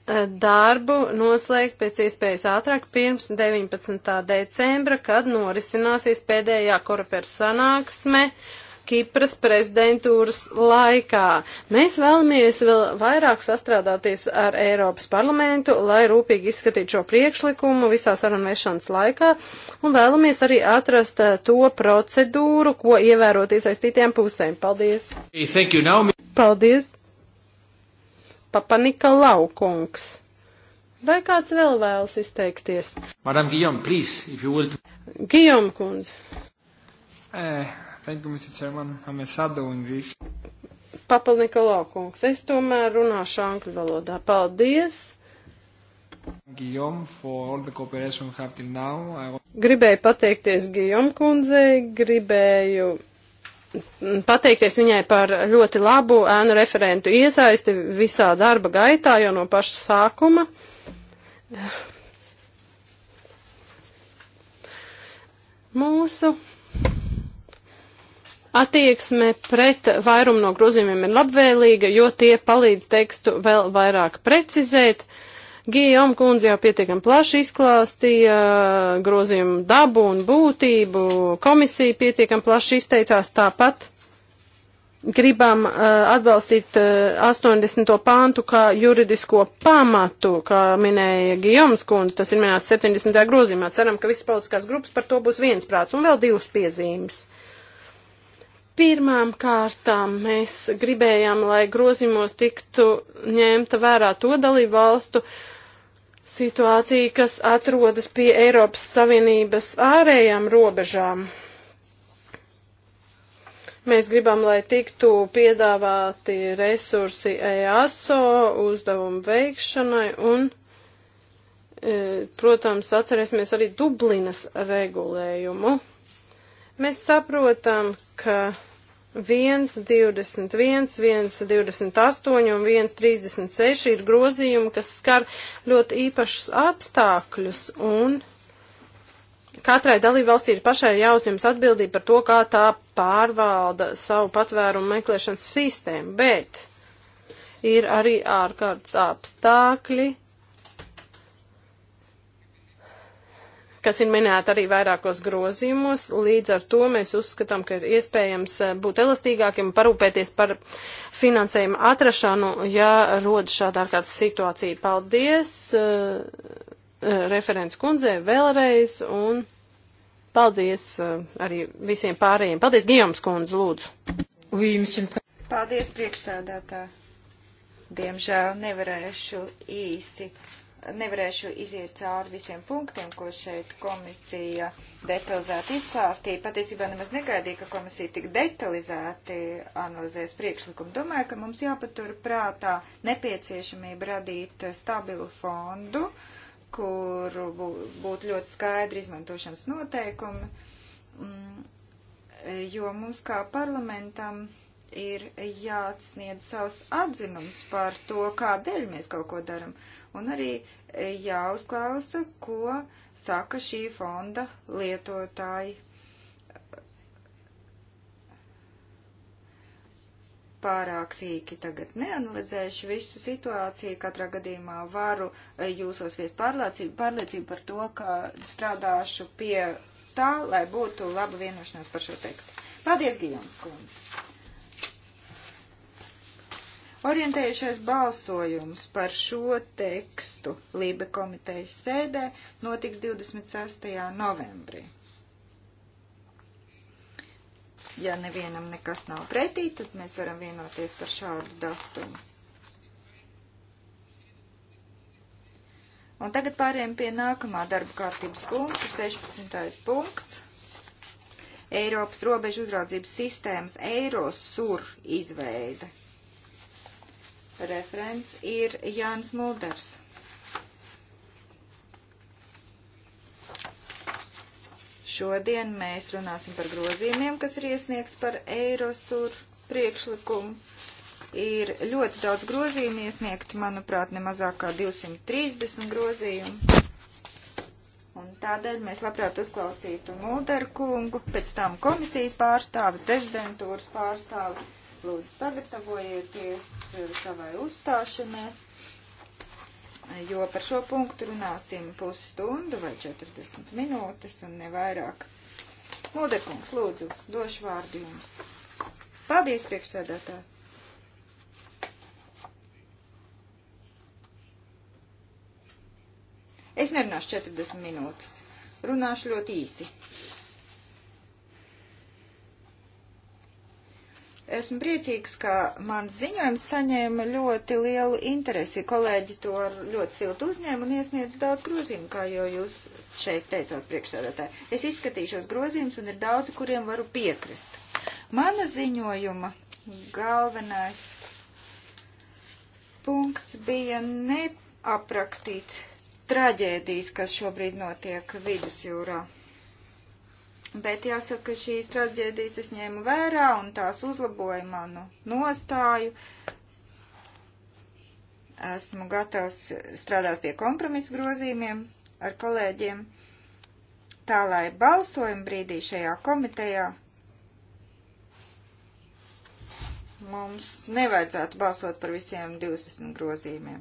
Eh, darbu noslēgt pēc iespējas ātrāk pirms 19. decembra, kad norisināsies pēdējā korupēra sanāksme. Kipras prezidentūras laikā. Mēs vēlamies vēl vairāk sastrādāties ar Eiropas parlamentu, lai rūpīgi izskatītu šo priekšlikumu visā sarunvešanas laikā, un vēlamies arī atrast eh, to procedūru, ko ievērot iesaistītiem pusēm. Paldies! Paldies! Papanika Laukungs. Vai kāds vēl vēlas izteikties? Madam Gijom, please, if you will. Gijom kundze. Uh, thank you, Mr. Chairman. I'm a shadow in this. Papalnika Laukungs. Es tomēr runāšu angļu valodā. Paldies! Gribēju pateikties Gijom kundzei, gribēju pateikties viņai par ļoti labu ēnu referentu iesaisti visā darba gaitā jau no paša sākuma. Mūsu attieksme pret vairumu no grozījumiem ir labvēlīga, jo tie palīdz tekstu vēl vairāk precizēt. Uh, Gijom kundze jau pietiekam plaši izklāstīja grozījumu dabu un būtību, komisija pietiekam plaši izteicās tāpat. Gribam uh, atbalstīt uh, 80. pāntu kā juridisko pamatu, kā minēja Gijoms kundze, tas ir minēts 70. grozījumā. Ceram, ka visas politiskās grupas par to būs viensprāts un vēl divas piezīmes. Pirmām kārtām mēs gribējām, lai grozījumos tiktu ņemta vērā to dalību valstu uh, situācija, kas atrodas pie Eiropas Savienības ārējām robežām. Mēs gribam, lai tiktu piedāvāti resursi EASO uzdevumu veikšanai un, e, protams, atcerēsimies arī Dublinas regulējumu. Mēs saprotam, ka 1, 21, 1, 28 un 1, 36 ir grozījumi, kas skar ļoti īpašus apstākļus un katrai dalībvalstī ir pašai jāuzņemas atbildība par to, kā tā pārvalda savu patvērumu meklēšanas sistēmu, bet ir arī ārkārtas apstākļi, kas ir minēta arī vairākos grozījumos. Līdz ar to mēs uzskatām, ka ir iespējams eh, būt elastīgākiem, parūpēties par finansējumu atrašanu, ja rod šāda ārkārtas situācija. Paldies uh, referents kundzē vēlreiz un paldies uh, arī visiem pārējiem. Paldies, Gijoms kundze, lūdzu. Paldies, priekšsēdētā. Diemžēl nevarēšu īsi nevarēšu iziet cauri visiem punktiem, ko šeit komisija detalizēti izklāstīja. Patiesībā nemaz negaidīju, ka komisija tik detalizēti analizēs priekšlikumu. Domāju, ka mums jāpatur prātā nepieciešamība radīt stabilu fondu, kur būtu ļoti skaidri izmantošanas noteikumi, mm, jo mums kā parlamentam ir jāsniedz savs atzinums par to, kādēļ mēs kaut ko daram, un arī jāuzklausa, ko saka šī fonda lietotāji pārāk sīki tagad neanalizēšu visu situāciju. Katrā gadījumā varu eh, jūsos vies pārliecību, pārliecību par to, ka strādāšu pie tā, lai būtu laba vienošanās par šo tekstu. Paldies, Gijoms Kundze! Orientējušais balsojums par šo tekstu Lībe komitejas sēdē notiks 26. novembrī. Ja nevienam nekas nav pretī, tad mēs varam vienoties par šādu datumu. Un tagad pārējiem pie nākamā darba kārtības punkta, 16. punkts. Eiropas robežu uzraudzības sistēmas Eirosur izveida. Referents ir Jānis Mulders. Šodien mēs runāsim par grozījumiem, kas ir iesniegts par Eirosur priekšlikumu. Ir ļoti daudz grozījumu iesniegt, manuprāt, nemazāk kā 230 grozījumu. Un tādēļ mēs labprāt uzklausītu Mulderkungu, pēc tam komisijas pārstāvi, prezidentūras pārstāvi lūdzu sagatavojieties eh, savai uzstāšanai, eh, jo par šo punktu runāsim pusstundu vai 40 minūtes un nevairāk. Mūdekungs, lūdzu, došu vārdu jums. Paldies, priekšsēdētāji! Es nerunāšu 40 minūtes. Runāšu ļoti īsi. Esmu priecīgs, ka mans ziņojums saņēma ļoti lielu interesi. Kolēģi to ļoti silti uzņēma un iesniedz daudz grozījumu, kā jau jūs šeit teicāt priekšsēdētāji. Es izskatīšos grozījumus un ir daudzi, kuriem varu piekrist. Mana ziņojuma galvenais punkts bija neaprakstīt traģēdijas, kas šobrīd notiek vidusjūrā. Bet jāsaka, ka šīs traģēdijas es ņēmu vērā un tās uzlaboja manu nostāju. Esmu gatavs strādāt pie kompromisu grozījumiem ar kolēģiem, tā lai balsojuma brīdī šajā komitejā mums nevajadzētu balsot par visiem 20 grozījumiem.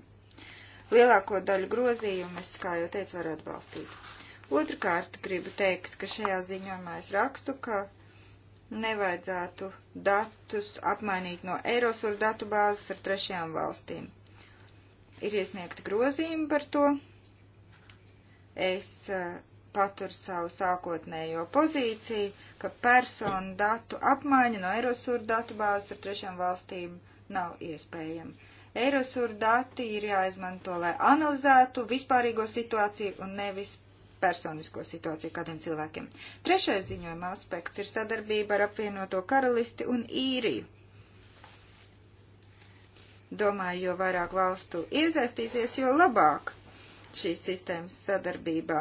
Lielāko daļu grozījumu es, kā jau teicu, varu atbalstīt. Otrkārt, gribu teikt, ka šajā ziņojumā es rakstu, ka nevajadzētu datus apmainīt no Eirosur datu bāzes ar trešajām valstīm. Ir iesniegti grozījumi par to. Es uh, paturu savu sākotnējo pozīciju, ka personu datu apmaiņa no Eirosur datu bāzes ar trešajām valstīm nav iespējama. Eirosur dati ir jāizmanto, lai analizētu vispārīgo situāciju un nevis personisko situāciju kādiem cilvēkiem. Trešais ziņojuma aspekts ir sadarbība ar apvienoto karalisti un īriju. Domāju, jo vairāk valstu iesaistīsies, jo labāk šīs sistēmas sadarbībā.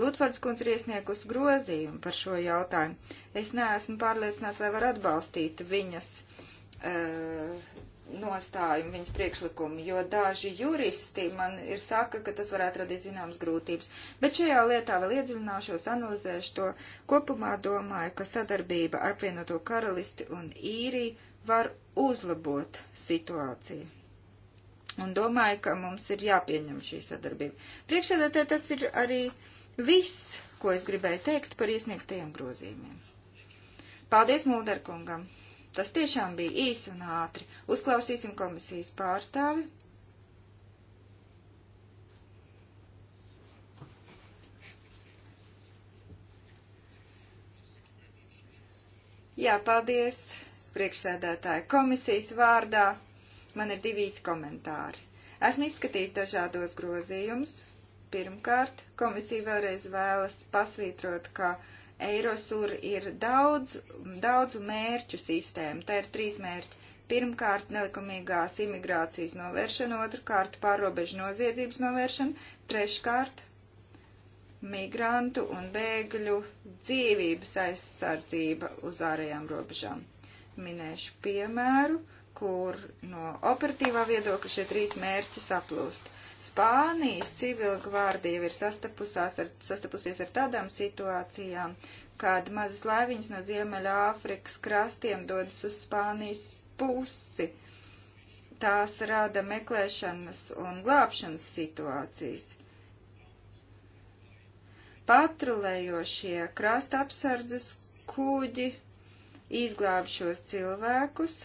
Lutvards kundze ir iesniegusi grozījumu par šo jautājumu. Es neesmu pārliecināts, vai var atbalstīt viņas uh, nostājumu, viņas priekšlikumu, jo daži juristi man ir saka, ka tas varētu radīt zināmas grūtības. Bet šajā lietā vēl iedziļināšos, analizēšu to. Kopumā domāju, ka sadarbība ar pienoto karalisti un īriju var uzlabot situāciju. Un domāju, ka mums ir jāpieņem šī sadarbība. Priekšsēdētē tas ir arī viss, ko es gribēju teikt par iesniegtajiem grozījumiem. Paldies Mulderkungam! Tas tiešām bija īsi un ātri. Uzklausīsim komisijas pārstāvi. Jā, paldies priekšsēdētāja komisijas vārdā. Man ir divi īsi komentāri. Esmu izskatījis dažādos grozījumus. Pirmkārt, komisija vēlreiz vēlas pasvītrot, ka uh, Eirosur ir daudz, daudzu mērķu sistēma. Tā ir trīs mērķi. Pirmkārt, nelikumīgās imigrācijas novēršana, otrkārt, pārobežu noziedzības novēršana, treškārt, migrantu un bēgļu dzīvības aizsardzība uz ārējām robežām. Minēšu piemēru, kur no operatīvā viedokļa šie trīs mērķi saplūst. Spānijas civilgvārdija ir ar, sastapusies ar tādām situācijām, kad mazas laiviņas no Ziemeļa Āfrikas krastiem dodas uz Spānijas pusi. Tās rada meklēšanas un glābšanas situācijas. Patrulējošie krasta apsardzes kuģi izglāb šos cilvēkus,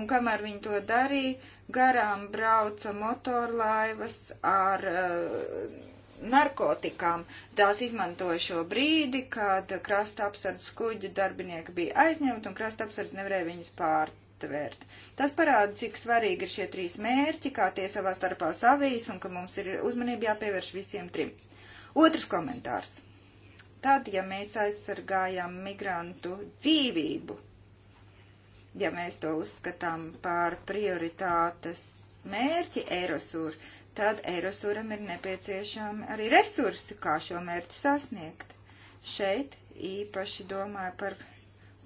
un kamēr viņi to darīja, garām brauca motorlaivas ar uh, narkotikām. Tās izmantoja šo brīdi, kad krasta apsardzes kuģa darbinieki bija aizņemti un krasta apsardzes nevarēja viņus pārtvērt. Tas parāda, cik svarīgi ir šie trīs mērķi, kā tie savā starpā savijas un ka mums ir uzmanība jāpievērš visiem trim. Otrs komentārs. Tad, ja mēs aizsargājam migrantu dzīvību, ja mēs to uzskatām par prioritātes mērķi Eirosūra, tad Eirosūram ir nepieciešami arī resursi, kā šo mērķi sasniegt. Šeit īpaši domāju par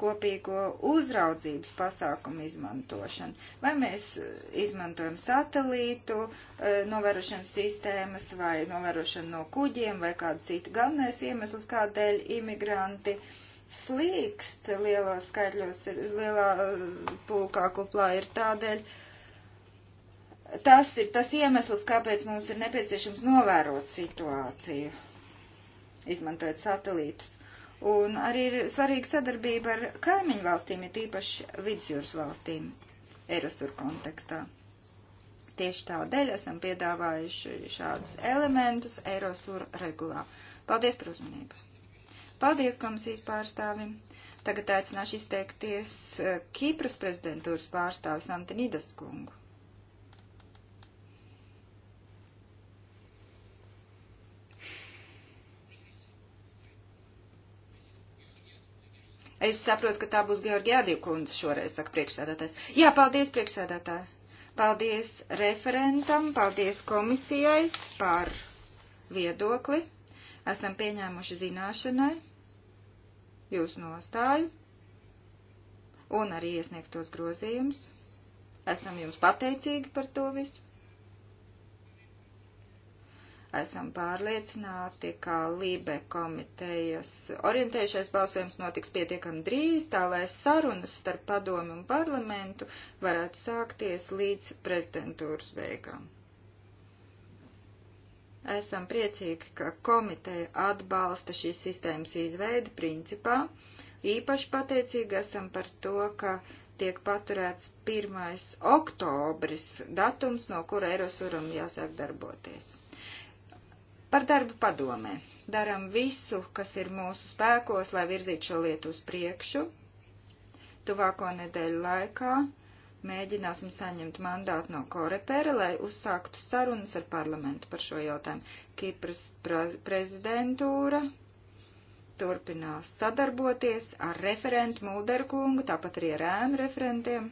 kopīgo uzraudzības pasākumu izmantošanu. Vai mēs eh, izmantojam satelītu eh, novērošanas sistēmas vai novērošanu no kuģiem vai kādu citu galvenais iemesls, kādēļ imigranti uh, slīkst lielos skaitļos, ir lielā eh, pulkā kuplā ir tādēļ. Tas ir tas iemesls, kāpēc mums ir nepieciešams novērot situāciju, izmantojot satelītus. Un arī ir svarīga sadarbība ar kaimiņu valstīm, ir tīpaši vidusjūras valstīm, Eirosur kontekstā. Tieši tādēļ esam piedāvājuši šādus elementus Eirosur regulā. Paldies par uzmanību! Paldies komisijas pārstāvim. Tagad aicināšu izteikties eh, Kīpras prezidentūras pārstāvis Antinīdas kungu. Es saprotu, ka tā būs Georgiādija kundze šoreiz, saka priekšsēdētājs. Jā, paldies priekšsēdētāji. Paldies referentam, paldies komisijai par viedokli. Esam pieņēmuši zināšanai, jūsu nostāju un arī iesniegtos grozījumus. Esam jums pateicīgi par to visu. Esam pārliecināti, ka Lībe komitejas orientējušais balsojums notiks pietiekami drīz, tā lai sarunas starp padomu un parlamentu varētu sākties līdz prezidentūras beigām. Esam priecīgi, ka komiteja atbalsta šīs sistēmas izveidi principā. Īpaši pateicīgi esam par to, ka tiek paturēts 1. oktobris datums, no kura Eirosuram jāsāk darboties. Par darbu padomē. Daram visu, kas ir mūsu spēkos, lai virzītu šo lietu uz priekšu. Tuvāko nedēļu laikā mēģināsim saņemt mandātu no Korepera, lai uzsāktu sarunas ar parlamentu par šo jautājumu. Kipras prezidentūra turpinās sadarboties ar referentu Mulderkungu, tāpat arī ar ēnu referentiem,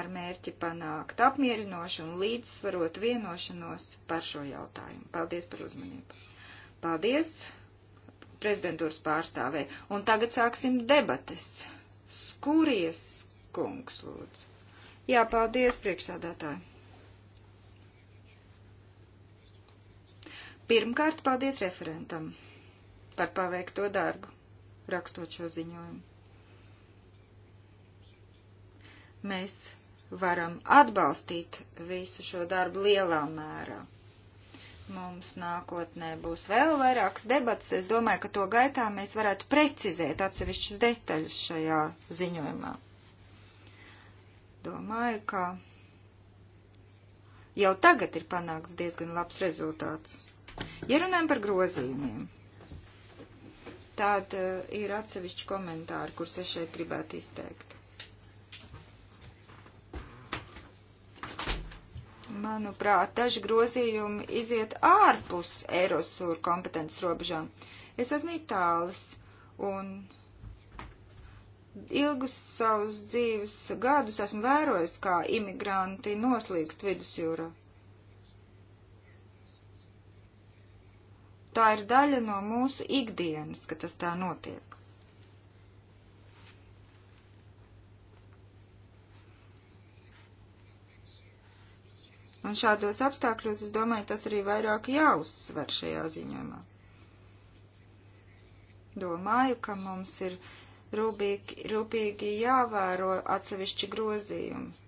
ar mērķi panākt apmierinošu un līdzsvarot vienošanos par šo jautājumu. Paldies par uzmanību. Paldies prezidentūras pārstāvē. Un tagad sāksim debates. Skūries kungs lūdzu. Jā, paldies, priekšsādātāji. Pirmkārt, paldies referentam par paveikto darbu, rakstot šo ziņojumu. Mēs varam atbalstīt visu šo darbu lielā mērā. Mums nākotnē būs vēl vairākas debatas. Es domāju, ka to gaitā mēs varētu precizēt atsevišķas detaļas šajā ziņojumā. Domāju, ka jau tagad ir panākts diezgan labs rezultāts. Ja runājam par grozījumiem, tad eh, ir atsevišķi komentāri, kurus es šeit gribētu izteikt. Manuprāt, daži grozījumi iziet ārpus Eirosūra kompetences robežām. Es esmu itālis, un ilgus savus dzīves gadus esmu vērojis, kā imigranti noslīkst vidusjūrā. Tā ir daļa no mūsu ikdienas, ka tas tā notiek. Un šādos apstākļos, es domāju, tas arī vairāk jāuzsver šajā ziņojumā. Domāju, ka mums ir rūpīgi, rūpīgi jāvēro atsevišķi grozījumi.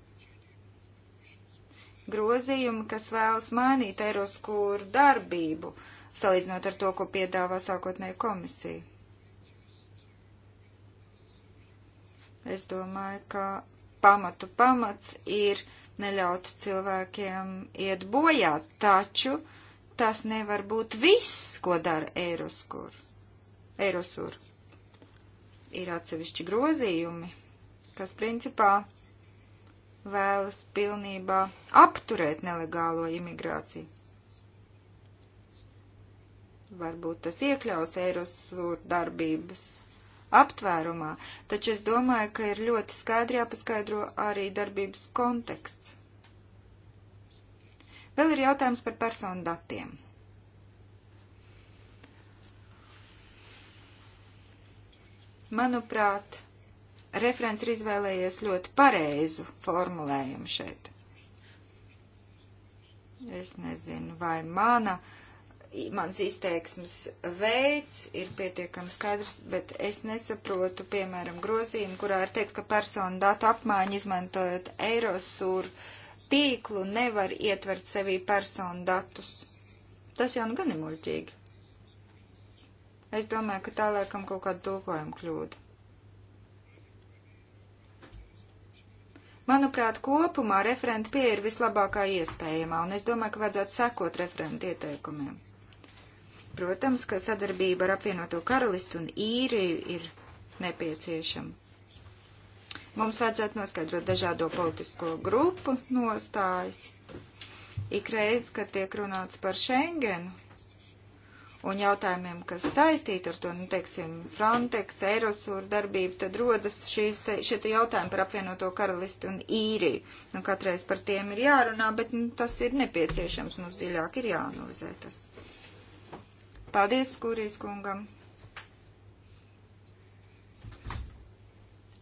Grozījumi, kas vēlas mainīt Eiroskūru darbību, salīdzinot ar to, ko piedāvā sākotnēji komisija. Es domāju, ka pamatu pamats ir neļaut cilvēkiem iet bojā, taču tas nevar būt viss, ko dara Eiroskur. Eirosur. Eirosur ir atsevišķi grozījumi, kas principā vēlas pilnībā apturēt nelegālo imigrāciju. Varbūt tas iekļaus Eirosur darbības aptvērumā, taču es domāju, ka ir ļoti skaidri jāpaskaidro arī darbības konteksts. Vēl ir jautājums par personu datiem. Manuprāt, referents ir izvēlējies ļoti pareizu formulējumu šeit. Es nezinu, vai mana, mans izteiksmes veids ir pietiekami skaidrs, bet es nesaprotu, piemēram, grozījumu, kurā ir teikts, ka personu datu apmaiņa izmantojot Eirosūru tīklu nevar ietvert sevī personu datus. Tas jau nu gan ir muļķīgi. Es domāju, ka tā laikam kaut kāda tulkojuma kļūda. Manuprāt, kopumā referenta pieeja ir vislabākā iespējamā, un es domāju, ka vajadzētu sekot referenta ieteikumiem. Protams, ka sadarbība ar apvienoto karalistu un īriju ir nepieciešama. Mums vajadzētu noskaidrot dažādo politisko grupu nostājas. Ikreiz, kad tiek runāts par Schengenu, un jautājumiem, kas saistīti ar to, nu, teiksim, Frontex, Eirosur darbību, tad rodas šīs, šie te jautājumi par apvienoto karalisti un īriju. Nu, katreiz par tiem ir jārunā, bet nu, tas ir nepieciešams, mums nu, dziļāk ir jāanalizē tas. Paldies, Skurijas kungam.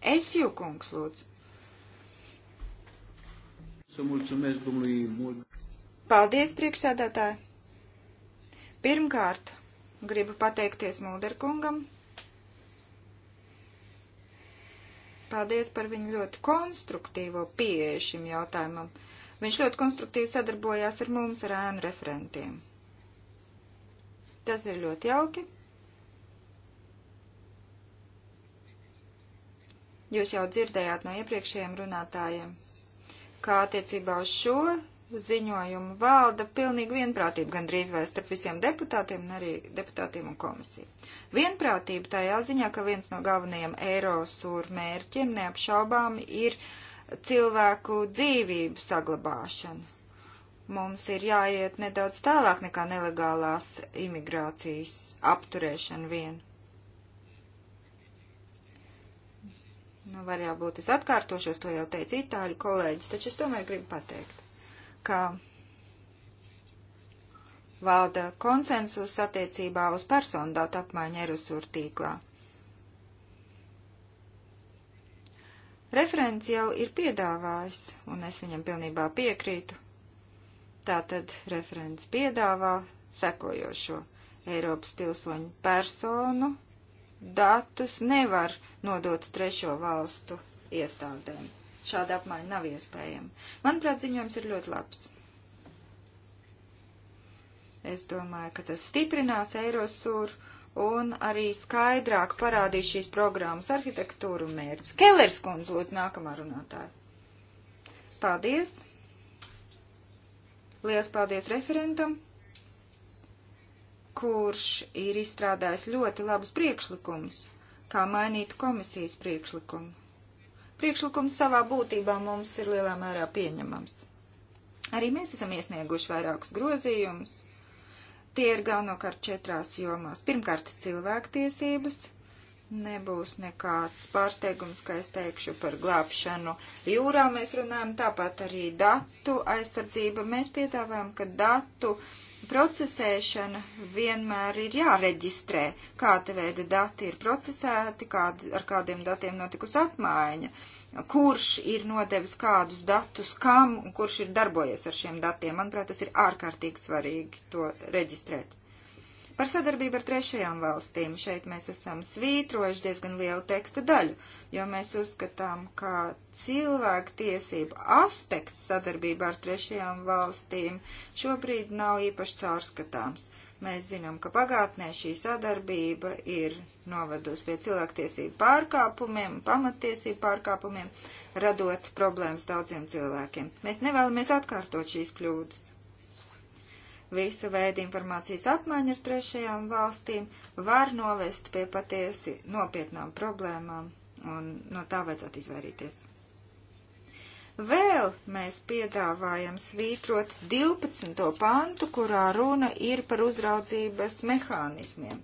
Es jau kungs lūdzu. Paldies, priekšsēdētāji. Pirmkārt, gribu pateikties Mulderkungam. Paldies par viņu ļoti konstruktīvo pieeju šim jautājumam. Viņš ļoti konstruktīvi sadarbojās ar mums, ar ēnu referentiem. Tas ir ļoti jauki. Jūs jau dzirdējāt no iepriekšējiem runātājiem, kā attiecībā uz šo ziņojumu valda pilnīgi vienprātība gandrīz vai starp visiem deputātiem un arī deputātiem un komisiju. Vienprātība tajā ziņā, ka viens no galvenajiem Eirosūra mērķiem neapšaubām ir cilvēku dzīvību saglabāšana. Mums ir jāiet nedaudz tālāk nekā nelegālās imigrācijas apturēšana vien. Nu, var jau būt, es atkārtošos, to jau teica itāļu kolēģis, taču es tomēr gribu pateikt ka valda konsensus attiecībā uz personu datu apmaiņu e-resursu tīklā. Referents jau ir piedāvājis, un es viņam pilnībā piekrītu. Tātad referents piedāvā sekojošo Eiropas pilsoņu personu datus nevar nodot trešo valstu iestādēm šāda apmaiņa nav iespējama. Manuprāt, ziņojums ir ļoti labs. Es domāju, ka tas stiprinās Eirosūru un arī skaidrāk parādīs šīs programmas arhitektūru un mērķus. Kellers kundze, lūdzu, nākamā runātāja. Paldies! Lielas paldies referentam, kurš ir izstrādājis ļoti labus priekšlikumus, kā mainīt komisijas priekšlikumu. Priekšlikums savā būtībā mums ir lielā mērā pieņemams. Arī mēs esam iesnieguši vairākus grozījumus. Tie ir galvenokārt četrās jomās. Pirmkārt, cilvēktiesības. Nebūs nekāds pārsteigums, ka es teikšu par glābšanu. Jūrā mēs runājam tāpat arī datu aizsardzība. Mēs piedāvājam, ka datu uh, procesēšana vienmēr ir jāreģistrē, kāda veida dati ir procesēti, kād, ar kādiem datiem notikusi apmaiņa, kurš ir nodevis kādus datus kam un kurš ir darbojies ar šiem datiem. Manuprāt, tas ir ārkārtīgi svarīgi to reģistrēt. Par sadarbību ar trešajām valstīm šeit mēs esam svītrojuši diezgan lielu teksta daļu, jo mēs uzskatām, ka cilvēku tiesību aspekts sadarbībā ar trešajām valstīm šobrīd nav īpaši caurskatāms. Mēs zinām, ka pagātnē šī sadarbība ir novedusi pie cilvēktiesību pārkāpumiem, pamatiesību pārkāpumiem, radot problēmas daudziem cilvēkiem. Mēs nevēlamies atkārtot šīs kļūdas visu veidu informācijas apmaiņa ar trešajām valstīm var novest pie patiesi nopietnām problēmām, un no tā vajadzētu izvairīties. Vēl mēs piedāvājam svītrot 12. pantu, kurā runa ir par uzraudzības mehānismiem,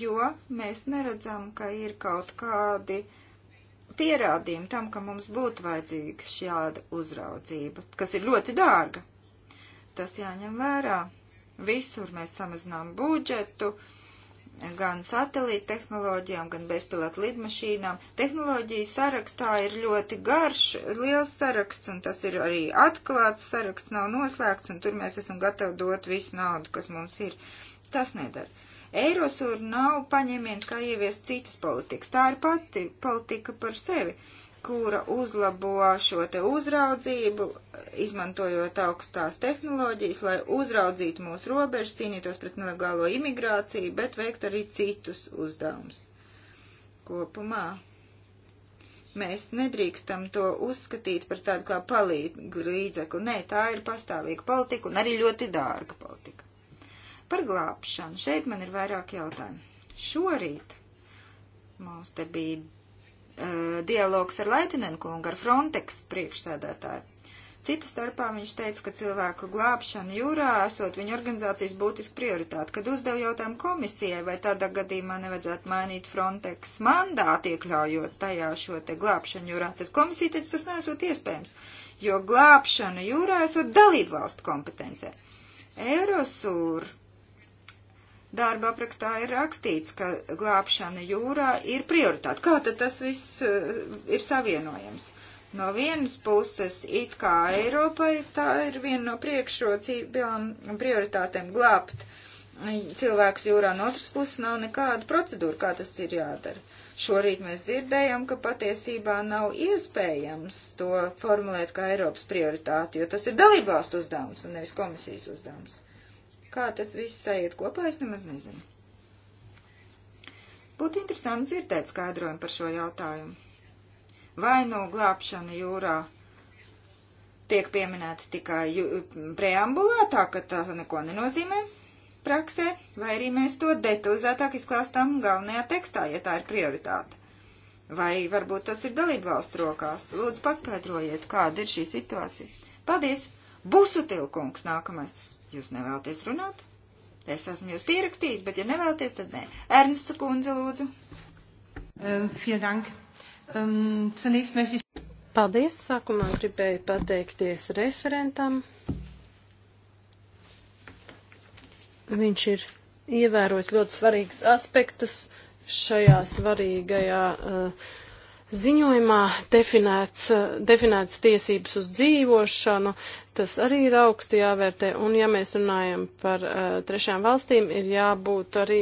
jo mēs neredzam, ka ir kaut kādi pierādījumi tam, ka mums būtu vajadzīga šāda uzraudzība, kas ir ļoti dārga. Tas jāņem vērā Visur mēs samazinām budžetu, gan satelīta tehnoloģijām, gan bezpilota lidmašīnām. Tehnoloģija sarakstā ir ļoti garš, liels saraksts, un tas ir arī atklāts saraksts, nav noslēgts, un tur mēs esam gatavi dot visu naudu, kas mums ir. Tas nedara. Eirosur nav paņēmiens, kā ieviest citas politikas. Tā ir pati politika par sevi. Uh, kura uzlabo šo te uzraudzību, izmantojot augstās tehnoloģijas, lai uzraudzītu mūsu robežas, cīnītos pret nelegālo imigrāciju, bet veikt arī citus uzdevumus. Kopumā mēs nedrīkstam to uzskatīt par tādu kā palīdzekli. Nē, tā ir pastāvīga politika un arī ļoti dārga politika. Par glābšanu. Šeit man ir vairāk jautājumu. Šorīt mums te bija Uh, dialogs ar Laitinenku un ar Frontex priekšsēdētāju. Cita starpā viņš teica, ka cilvēku glābšana jūrā esot viņa organizācijas būtiska prioritāte. Kad uzdev jautājumu komisijai, vai tādā gadījumā nevajadzētu mainīt Frontex mandātu, iekļaujot tajā šo te glābšanu jūrā, tad komisija teica, tas nesot iespējams, jo glābšana jūrā esot dalību valstu kompetencē. Eurosūr Darba aprakstā ir rakstīts, ka glābšana jūrā ir prioritāte. Kā tad tas viss eh, ir savienojams? No vienas puses, it kā Eiropai tā ir viena no priekšrocībām prioritātēm glābt eh, cilvēks jūrā, no otras puses nav nekāda procedūra, kā tas ir jādara. Šorīt mēs dzirdējām, ka patiesībā nav iespējams to formulēt kā Eiropas prioritāti, jo tas ir dalībvalstu uzdevums un nevis komisijas uzdevums. Kā tas viss sajiet kopā, es nemaz nezinu. Būtu interesanti dzirdēt skaidrojumu par šo jautājumu. Vai nu glābšana jūrā tiek pieminēta tikai preambulā, tā ka tā neko nenozīmē praksē, vai arī mēs to detalizētāk izklāstām galvenajā tekstā, ja tā ir prioritāte. Vai varbūt tas ir dalību valstu rokās? Lūdzu, paskaidrojiet, kāda ir šī situācija. Paldies! Busutilkungs nākamais. Jūs nevēlaties runāt? Es esmu jūs pierakstījis, bet ja nevēlaties, tad nē. Ernsts Kundze, lūdzu. Paldies. Sākumā gribēju pateikties referentam. Viņš ir ievērojis ļoti svarīgus aspektus šajā svarīgajā uh, Ziņojumā definēts, definēts tiesības uz dzīvošanu, tas arī ir augsti jāvērtē, un ja mēs runājam par uh, eh, trešām valstīm, ir jābūt arī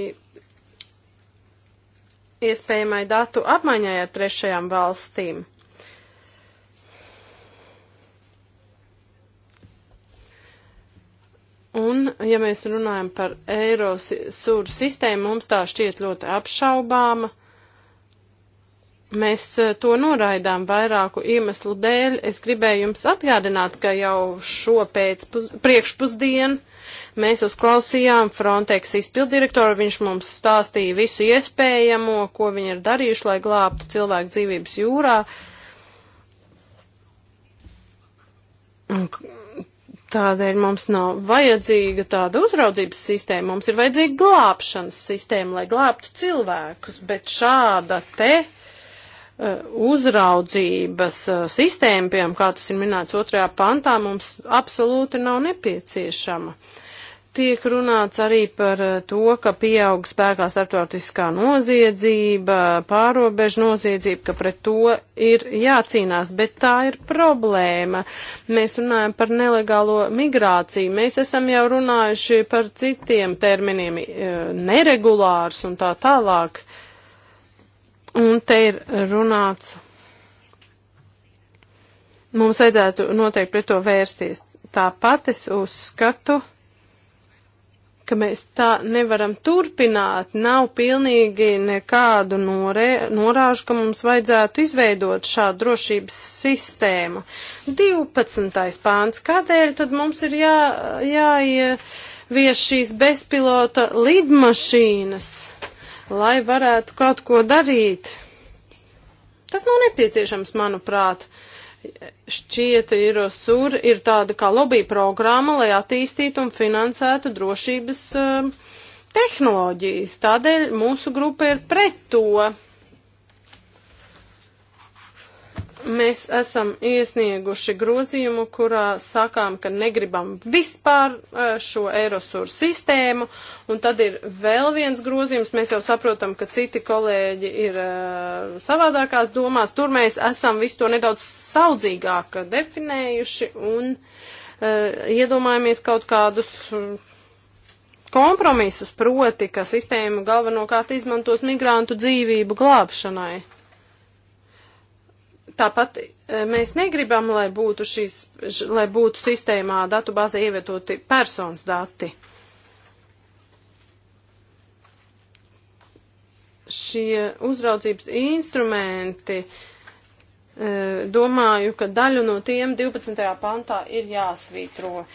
iespējamai datu apmaiņai ar trešajām valstīm. Un, ja mēs runājam par Eirosūru sistēmu, mums tā šķiet ļoti apšaubāma. Uh, Mēs e, to noraidām vairāku iemeslu dēļ. Es gribēju jums atgādināt, ka jau šo pēcpus, priekšpusdienu mēs uzklausījām Frontex izpildirektoru. Viņš mums stāstīja visu iespējamo, ko viņi ir darījuši, lai glābtu cilvēku dzīvības jūrā. Tādēļ mums nav vajadzīga tāda uzraudzības sistēma. Mums ir vajadzīga glābšanas sistēma, lai glābtu cilvēkus, bet šāda te Eh, uzraudzības eh, sistēma, piemēram, kā tas ir minēts otrajā pantā, mums absolūti nav nepieciešama. Tiek runāts arī par eh, to, ka pieaug spēkā starptautiskā noziedzība, pārobežu noziedzība, ka pret to ir jācīnās, bet tā ir problēma. Mēs runājam par nelegālo migrāciju, mēs esam jau runājuši par citiem terminiem, neregulārs un tā tālāk. Un te ir runāts, mums vajadzētu noteikti pret to vērsties. Tāpat es uzskatu, ka mēs tā nevaram turpināt, nav pilnīgi nekādu norē, norāžu, ka mums vajadzētu izveidot šādu drošības sistēmu. 12. pāns, kādēļ tad mums ir jā, jāievieš šīs bezpilota lidmašīnas? lai varētu kaut ko darīt. Tas nav nepieciešams, manuprāt. Šķiet, ir sur, ir tāda kā lobby programma, lai attīstītu un finansētu drošības uh, tehnoloģijas. Tādēļ mūsu grupa ir pret to. mēs esam iesnieguši grozījumu, kurā sakām, ka negribam vispār šo Eirosur sistēmu, un tad ir vēl viens grozījums, mēs jau saprotam, ka citi kolēģi ir savādākās domās, tur mēs esam visu to nedaudz saudzīgāk definējuši un iedomājamies kaut kādus kompromisus, proti, ka sistēmu galvenokārt izmantos migrantu dzīvību glābšanai. Tāpat e, mēs negribam, lai būtu, šīs, lai būtu sistēmā datu bāzē ievietoti personas dati. Šie uzraudzības instrumenti, e, domāju, ka daļu no tiem 12. pantā ir jāsvītro.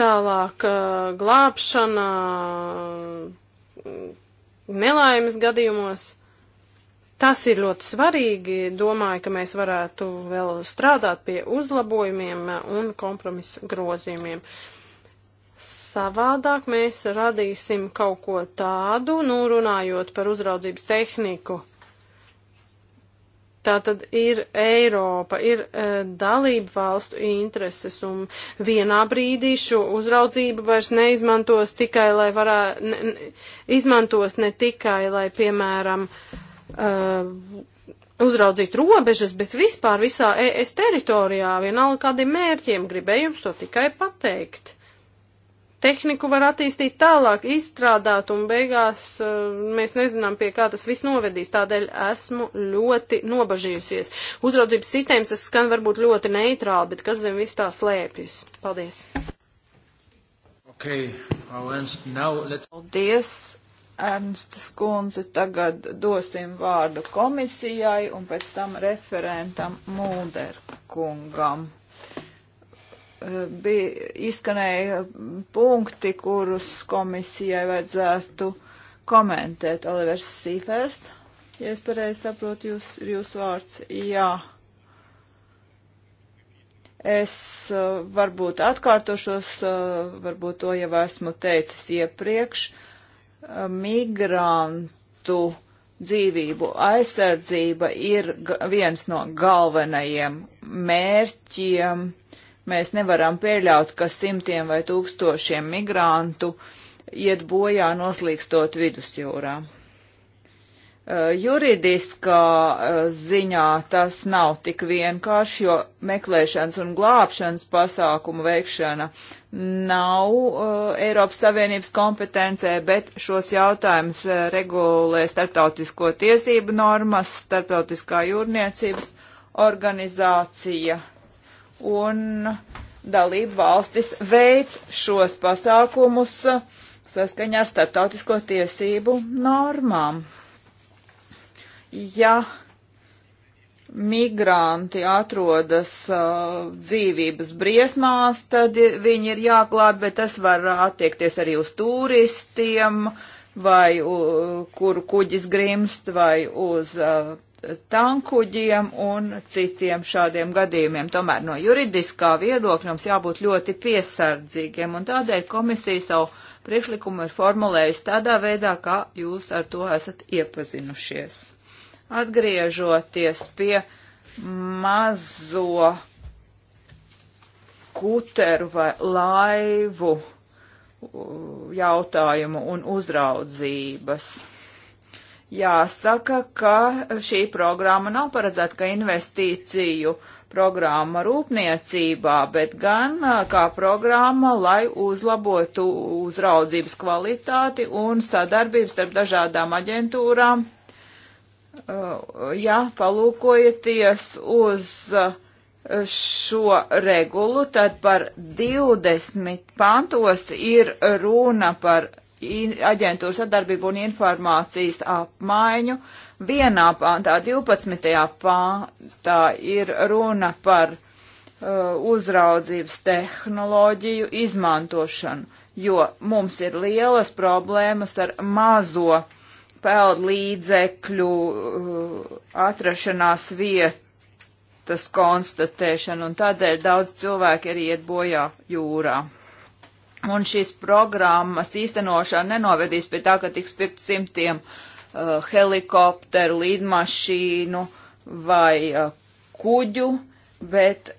Tālāk e, glābšana nelaimes gadījumos. Tas ir ļoti svarīgi. Domāju, ka mēs varētu vēl strādāt pie uzlabojumiem un kompromisu grozījumiem. Savādāk mēs radīsim kaut ko tādu, nu runājot par uzraudzības tehniku, Tā tad ir Eiropa, ir e, dalību valstu intereses, un vienā brīdī šo uzraudzību vairs neizmantos tikai, lai varā, ne, ne, izmantos ne tikai, lai, piemēram, e, uzraudzīt robežas, bet vispār visā ES teritorijā, vienalga kādiem mērķiem, gribēju jums to tikai pateikt tehniku var attīstīt tālāk, izstrādāt, un beigās eh, mēs nezinām, pie kā tas viss novedīs. Tādēļ esmu ļoti nobažījusies. Uzraudzības sistēmas tas skan varbūt ļoti neitrāli, bet kas zem viss tā slēpjas? Paldies! Okay, now, Paldies! Ernstas kundze, tagad dosim vārdu komisijai un pēc tam referentam Mūder kungam bija izskanēja punkti, kurus komisijai vajadzētu komentēt. Olivers Sīfers, ja es pareizi saprotu, jūs, jūs vārds, jā. Es uh, varbūt atkārtošos, uh, varbūt to jau esmu teicis iepriekš, uh, migrantu dzīvību aizsardzība ir viens no galvenajiem mērķiem Mēs nevaram pieļaut, ka simtiem vai tūkstošiem migrantu iet bojā noslīkstot vidusjūrā. Eh, juridiskā eh, ziņā tas nav tik vienkārši, jo meklēšanas un glābšanas pasākumu veikšana nav uh, Eiropas Savienības kompetencē, bet šos jautājumus regulē starptautisko tiesību normas, starptautiskā jūrniecības organizācija. Uh, un dalību valstis veic šos pasākumus saskaņā ar starptautisko tiesību normām. Ja migranti atrodas uh, dzīvības briesmās, tad viņi ir jāklāt, bet tas var attiekties arī uz turistiem, vai uh, kur kuģis grimst, vai uz uh, tankuģiem un citiem šādiem gadījumiem. Tomēr no juridiskā viedokļa mums jābūt ļoti piesardzīgiem, un tādēļ komisija savu priekšlikumu ir formulējusi tādā veidā, kā jūs ar to esat iepazinušies. Atgriežoties pie mazo kuteru vai laivu jautājumu un uzraudzības jāsaka, ka šī programma nav paredzēta kā investīciju programma rūpniecībā, bet gan kā programma, lai uzlabotu uzraudzības kvalitāti un sadarbības starp dažādām aģentūrām. Ja palūkojaties uz šo regulu, tad par 20 pantos ir runa par aģentūru sadarbību un informācijas apmaiņu. Vienā pāntā, 12. pāntā ir runa par uh, uzraudzības tehnoloģiju izmantošanu, jo mums ir lielas problēmas ar mazo peld līdzekļu uh, atrašanās vietas konstatēšanu, un tādēļ daudz cilvēki arī iet bojā jūrā un šīs programmas īstenošana nenovedīs pie tā, ka tiks pirkt simtiem uh, helikopteru, līdmašīnu vai uh, kuģu, bet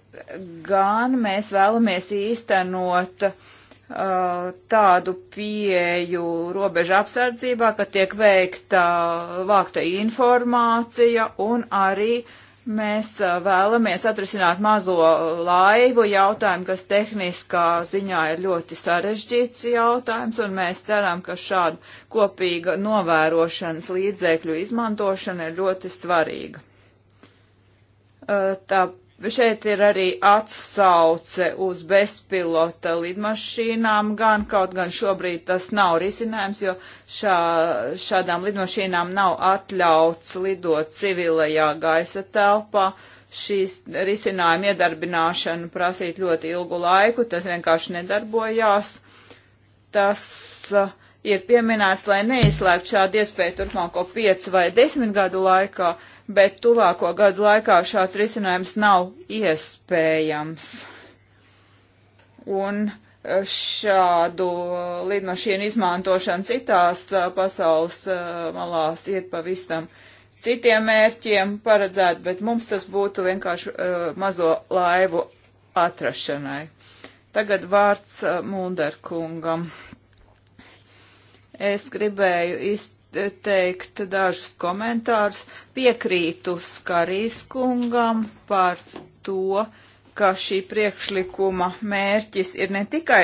gan mēs vēlamies īstenot uh, tādu pieju robežu apsardzībā, ka tiek veikta uh, vākta informācija un arī uh, Mēs vēlamies atrisināt mazo laivu jautājumu, kas tehniskā ziņā ir ļoti sarežģīts jautājums, un mēs ceram, ka šāda kopīga novērošanas līdzēkļu izmantošana ir ļoti svarīga. Tā Šeit ir arī atsauce uz bezpilota lidmašīnām, gan kaut gan šobrīd tas nav risinājums, jo šā, šādām lidmašīnām nav atļauts lidot civilajā gaisa telpā. Šīs risinājuma iedarbināšana prasīt ļoti ilgu laiku, tas vienkārši nedarbojās. Tas uh, ir pieminēts, lai neizslēgt šādu iespēju turpmāko 5 vai 10 gadu laikā, bet tuvāko gadu laikā šāds risinājums nav iespējams. Un e, šādu lidmašīnu izmantošana citās e, pasaules e, malās ir pavisam citiem mērķiem paredzēta, bet mums tas būtu vienkārši mazo laivu atrašanai. Tagad vārds Mulderkungam. Es gribēju izteikt dažus komentārus. Piekrītu Skarīs kungam par to, ka šī priekšlikuma mērķis ir ne tikai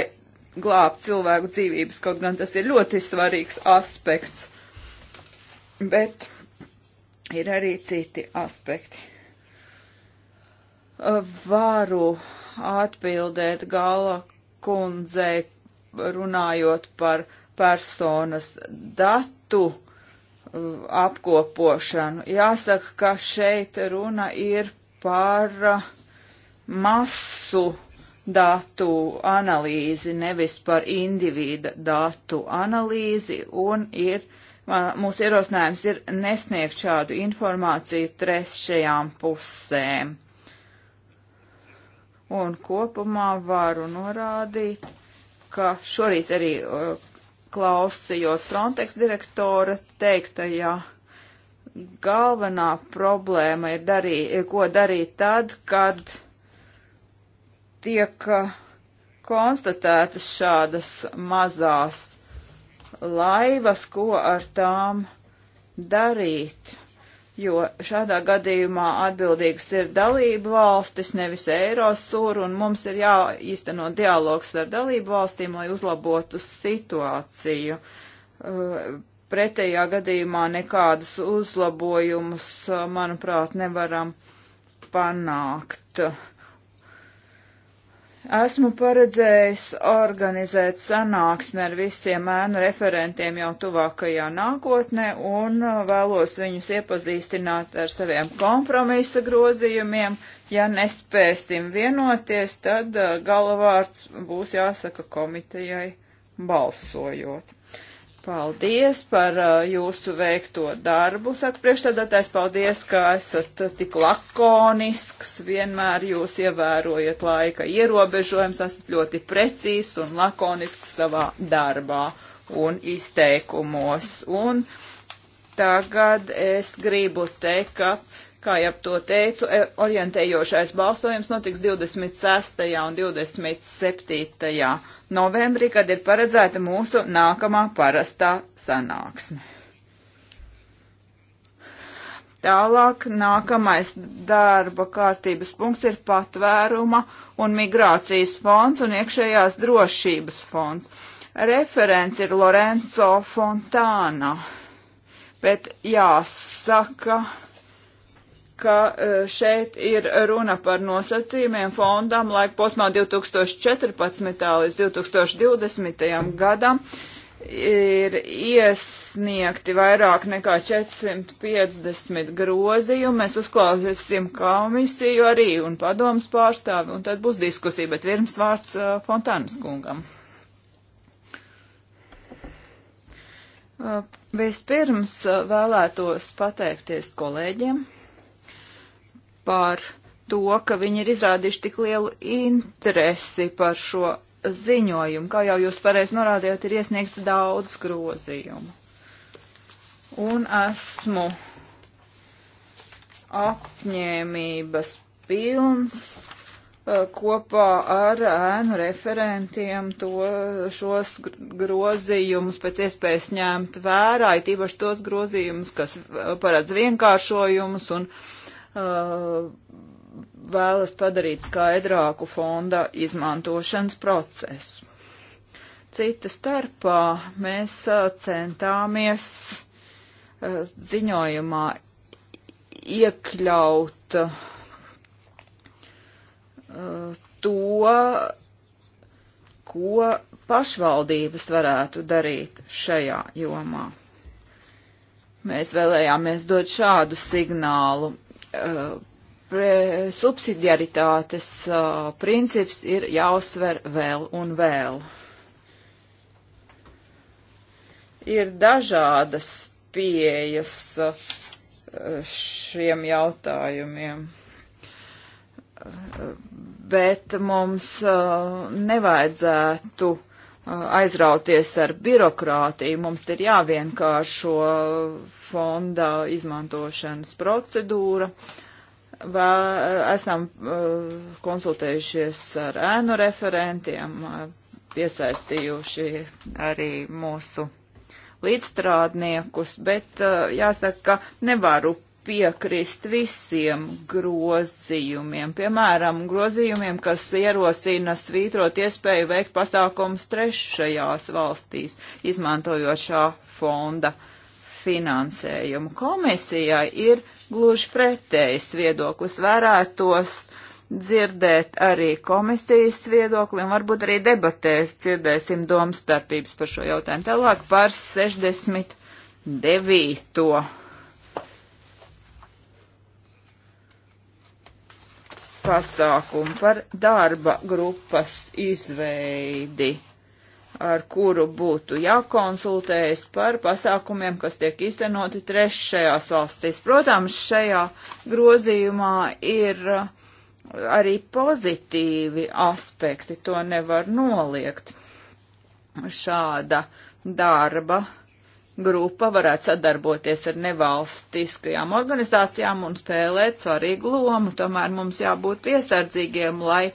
glābt cilvēku dzīvības, kaut gan tas ir ļoti svarīgs aspekts, bet ir arī citi aspekti. Varu atbildēt gala kundzei runājot par personas datu uh, apkopošanu. Jāsaka, ka šeit runa ir par uh, masu datu analīzi, nevis par individa datu analīzi, un ir, man, mūsu ierosinājums ir nesniegt šādu informāciju trešajām pusēm. Un kopumā varu norādīt, ka šorīt arī uh, klausījos Frontex direktora teiktajā. Ja galvenā problēma ir darī, ko darīt tad, kad tiek uh, konstatētas šādas mazās laivas, ko ar tām darīt jo šādā gadījumā atbildīgas ir dalību valstis, nevis Eirosur, un mums ir jāīsteno dialogs ar dalību valstīm, lai uzlabotu situāciju. Uh, pretējā gadījumā nekādus uzlabojumus, uh, manuprāt, nevaram panākt. Uh, Esmu paredzējis organizēt sanāksmi ar visiem ēnu referentiem jau tuvākajā nākotnē un uh, vēlos viņus iepazīstināt ar saviem kompromisa grozījumiem. Ja nespēsim vienoties, tad uh, galvārds būs jāsaka komitejai balsojot. Paldies par uh, jūsu veikto darbu, saka priekšstādātājs. Paldies, ka esat uh, tik lakonisks, vienmēr jūs ievērojat laika ierobežojums, esat ļoti precīzs un lakonisks savā darbā un izteikumos. Un, uh, Tagad es gribu teikt, ka, kā jau to teicu, e, orientējošais balsojums notiks 26. un 27. novembrī, kad ir paredzēta mūsu nākamā parastā sanāksme. Tālāk nākamais darba kārtības punkts ir patvēruma un migrācijas fonds un iekšējās drošības fonds. Referents ir Lorenzo Fontāna bet jāsaka, ka e, šeit ir runa par nosacījumiem fondam laika posmā 2014. līdz 2020. gadam ir iesniegti vairāk nekā 450 grozījumi. Mēs uzklausīsim komisiju arī un padomas pārstāvi, un tad būs diskusija, bet pirms vārds uh, Fontānas kungam. Uh, vispirms uh, vēlētos pateikties kolēģiem par to, ka viņi ir izrādījuši tik lielu interesi par šo ziņojumu. Kā jau jūs pareizi norādījāt, ir iesniegts daudz grozījumu. Un esmu apņēmības pilns Uh, kopā ar ēnu referentiem to, šos grozījumus pēc iespējas ņemt vērā, it īpaši tos grozījumus, kas uh, paredz vienkāršojumus un uh, vēlas padarīt skaidrāku fonda izmantošanas procesu. Cita starpā mēs uh, centāmies uh, ziņojumā iekļaut uh, to, ko pašvaldības varētu darīt šajā jomā. Mēs vēlējāmies dot šādu signālu. Eh, subsidiaritātes eh, princips ir jāuzsver vēl un vēl. Ir dažādas pieejas eh, šiem jautājumiem bet mums nevajadzētu aizrauties ar birokrātiju. Mums ir jāvienkāršo fonda izmantošanas procedūra. Vā, esam konsultējušies ar ēnu referentiem, piesaistījuši arī mūsu līdzstrādniekus, bet jāsaka, ka nevaru piekrist visiem grozījumiem, piemēram, grozījumiem, kas ierosina svītrot iespēju veikt pasākumus trešajās valstīs, izmantojot šā fonda finansējumu. Komisijai ir gluži pretējs viedoklis, vērētos dzirdēt arī komisijas viedokli un varbūt arī debatēs dzirdēsim domstarpības par šo jautājumu. Tālāk par 69. pasākumu par darba grupas izveidi, ar kuru būtu jākonsultējas par pasākumiem, kas tiek iztenoti trešajās valstīs. Protams, šajā grozījumā ir uh, arī pozitīvi aspekti, to nevar noliegt. Šāda darba uh, grupa varētu sadarboties ar nevalstiskajām organizācijām un spēlēt svarīgu lomu. Tomēr mums jābūt piesardzīgiem, lai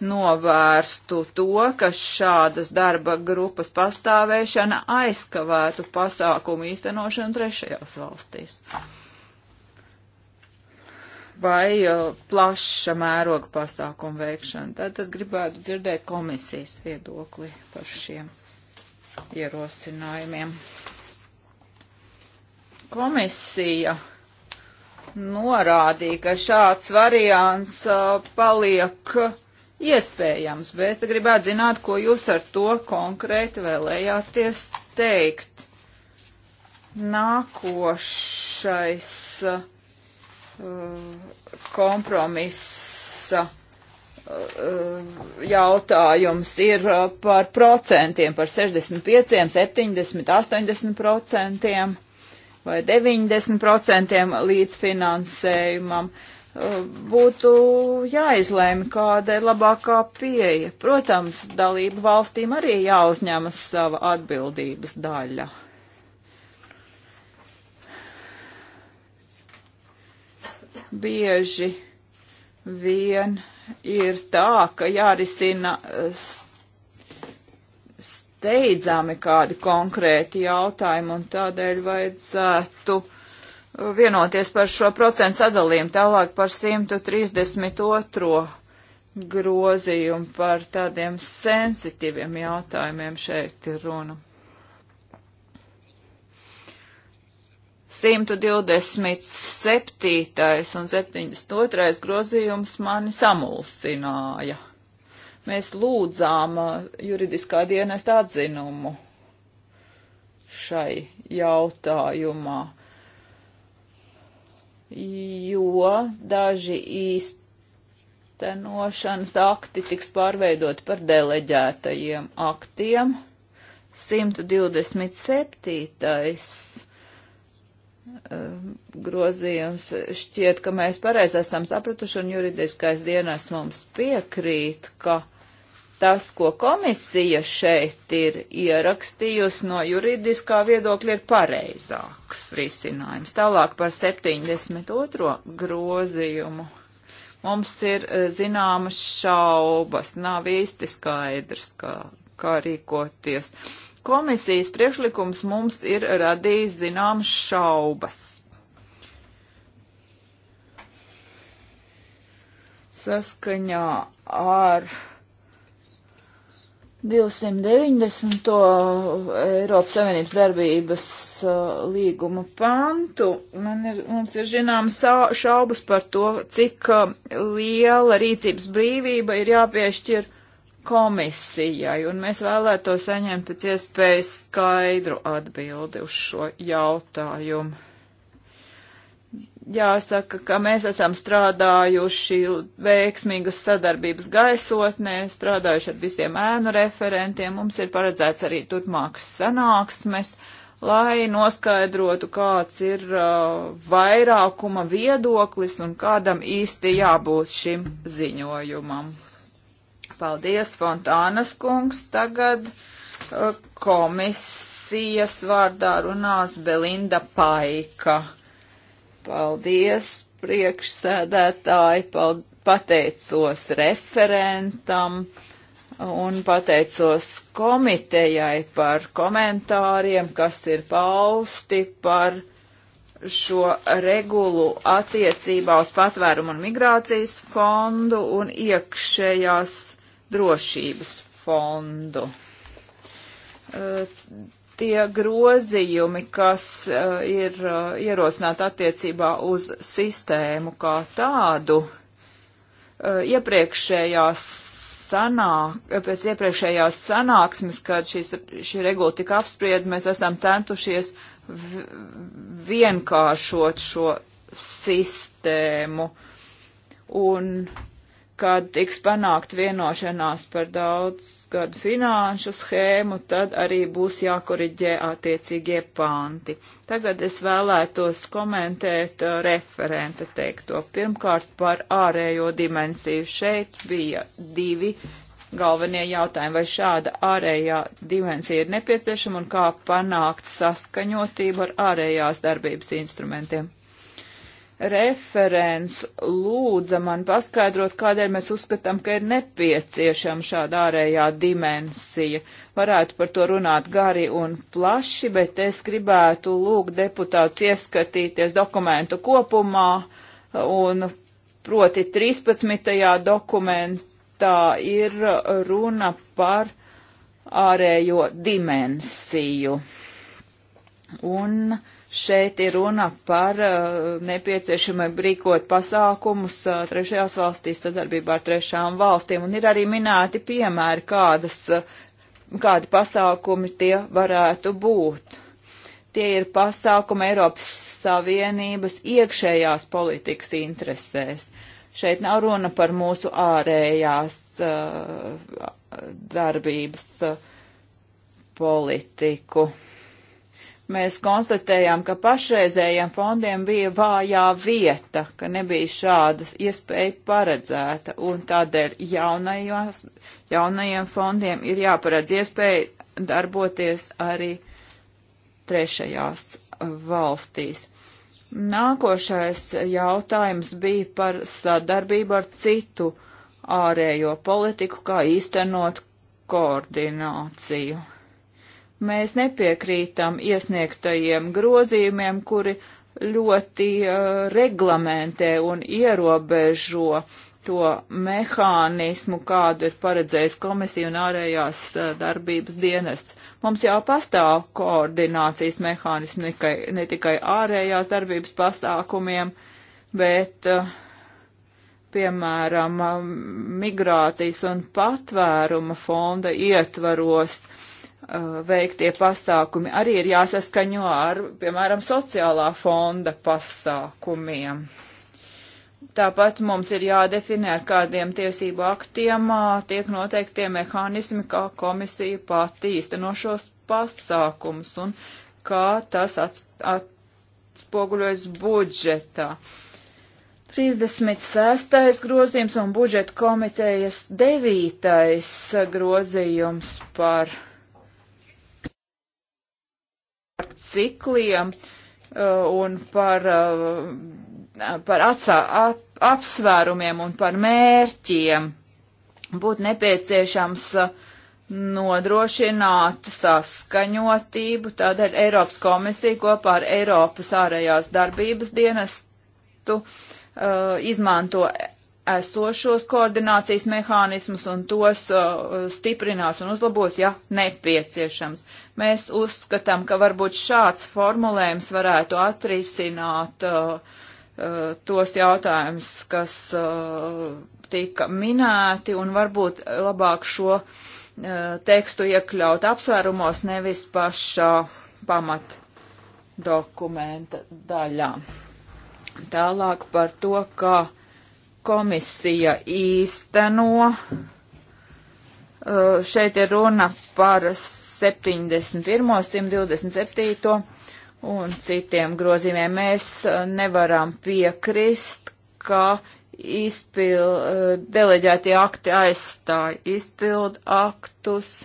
novērstu to, ka šādas darba grupas pastāvēšana aizkavētu pasākumu īstenošanu trešajās valstīs. Vai uh, plaša mēroga pasākumu veikšana. Tad, tad gribētu dzirdēt komisijas viedokli par šiem ierosinājumiem. Komisija norādīja, ka šāds variants paliek iespējams, bet gribētu zināt, ko jūs ar to konkrēti vēlējāties teikt. Nākošais kompromisa jautājums ir par procentiem, par 65, 70, 80 procentiem vai 90% līdzfinansējumam. Uh, būtu jāizlēma, kāda ir labākā pieeja. Protams, dalību valstīm arī jāuzņemas sava atbildības daļa. Bieži vien ir tā, ka jārisina steidzami kādi konkrēti jautājumi, un tādēļ vajadzētu vienoties par šo procentu sadalījumu tālāk par 132. grozījumu par tādiem sensitīviem jautājumiem šeit ir runa. 127. un 72. grozījums mani samulsināja. Mēs lūdzām uh, juridiskā dienesta atzinumu šai jautājumā, jo daži īstenošanas akti tiks pārveidot par deleģētajiem aktiem. 127. Um, grozījums šķiet, ka mēs pareizi esam sapratuši un juridiskais dienas mums piekrīt, ka tas, ko komisija šeit ir ierakstījusi no juridiskā viedokļa, ir pareizāks risinājums. Tālāk par 72. grozījumu. Mums ir e, zināmas šaubas, nav īsti skaidrs, kā, kā rīkoties. Komisijas priekšlikums mums ir radījis zināmas šaubas. Saskaņā ar 290. Eiropas Savienības darbības uh, līguma pantu. Man ir, mums ir zināmas šaubas par to, cik uh, liela rīcības brīvība ir jāpiešķir komisijai, un mēs vēlētos saņemt pēc iespējas skaidru atbildi uz šo jautājumu jāsaka, ka mēs esam strādājuši veiksmīgas sadarbības gaisotnē, strādājuši ar visiem ēnu referentiem, mums ir paredzēts arī turpmākas sanāksmes, lai noskaidrotu, kāds ir uh, vairākuma viedoklis un kādam īsti jābūt šim ziņojumam. Paldies, Fontānas kungs. Tagad uh, komisijas vārdā runās Belinda Paika. Paldies, priekšsēdētāji, paldies, pateicos referentam un pateicos komitejai par komentāriem, kas ir pausti par šo regulu attiecībā uz patvērumu un migrācijas fondu un iekšējās drošības fondu. Uh, tie grozījumi, kas uh, ir uh, ierosināti attiecībā uz sistēmu kā tādu, uh, iepriekšējās sanāk, pēc iepriekšējās sanāksmes, kad šis, šī regula tika apsprieda, mēs esam centušies vienkāršot šo sistēmu. Un kad tiks panākt vienošanās par daudz gadu finanšu schēmu, tad arī būs jākoriģē attiecīgie panti. Tagad es vēlētos komentēt uh, referenta teikto. Pirmkārt par ārējo dimensiju. Šeit bija divi galvenie jautājumi, vai šāda ārējā dimensija ir nepieciešama un kā panākt saskaņotību ar ārējās darbības instrumentiem referents lūdza man paskaidrot, kādēļ mēs uzskatām, ka ir nepieciešama šāda ārējā dimensija. Varētu par to runāt gari un plaši, bet es gribētu lūgt deputāts ieskatīties dokumentu kopumā un proti 13. dokumentā ir runa par ārējo dimensiju. Un uh, Šeit ir runa par uh, nepieciešamību rīkot pasākumus uh, trešajās valstīs sadarbībā ar trešām valstīm, un ir arī minēti piemēri, kādas, uh, kādi pasākumi tie varētu būt. Tie ir pasākumi Eiropas Savienības iekšējās politikas interesēs. Šeit nav runa par mūsu ārējās uh, darbības uh, politiku mēs konstatējām, ka pašreizējiem fondiem bija vājā vieta, ka nebija šāda iespēja paredzēta, un tādēļ jaunajos, jaunajiem fondiem ir jāparedz iespēja darboties arī trešajās valstīs. Nākošais jautājums bija par sadarbību ar citu ārējo politiku, kā īstenot koordināciju Mēs nepiekrītam iesniegtajiem grozījumiem, kuri ļoti uh, reglamentē un ierobežo to mehānismu, kādu ir paredzējis komisija un ārējās uh, darbības dienests. Mums jau pastāv koordinācijas mehānismi ne, ne tikai ārējās darbības pasākumiem, bet, uh, piemēram, um, migrācijas un patvēruma fonda ietvaros uh, Uh, veiktie pasākumi arī ir jāsaskaņo ar, piemēram, sociālā fonda pasākumiem. Tāpat mums ir jādefinē, ar kādiem tiesību aktiem uh, tiek noteikti mehānismi, kā komisija pati īsteno šos pasākumus un kā tas atspoguļojas budžetā. 36. grozījums un budžeta komitejas 9. grozījums par par cikliem uh, un par, uh, par atsā, at, apsvērumiem un par mērķiem būtu nepieciešams uh, nodrošināt saskaņotību, tādēļ Eiropas komisija kopā ar Eiropas ārējās darbības dienestu uh, izmanto esošos koordinācijas mehānismus un tos uh, stiprinās un uzlabos, ja nepieciešams. Mēs uzskatām, ka varbūt šāds formulējums varētu atrisināt uh, uh, tos jautājumus, kas tika minēti, un varbūt labāk šo tekstu iekļaut apsvērumos, nevis pašā pamat dokumenta daļā. Tālāk par to, kā ka komisija īsteno. Uh, šeit ir runa par 71., 127. un citiem grozījumiem. Mēs uh, nevaram piekrist, ka izpil, uh, deleģētie akti aizstāja izpildu aktus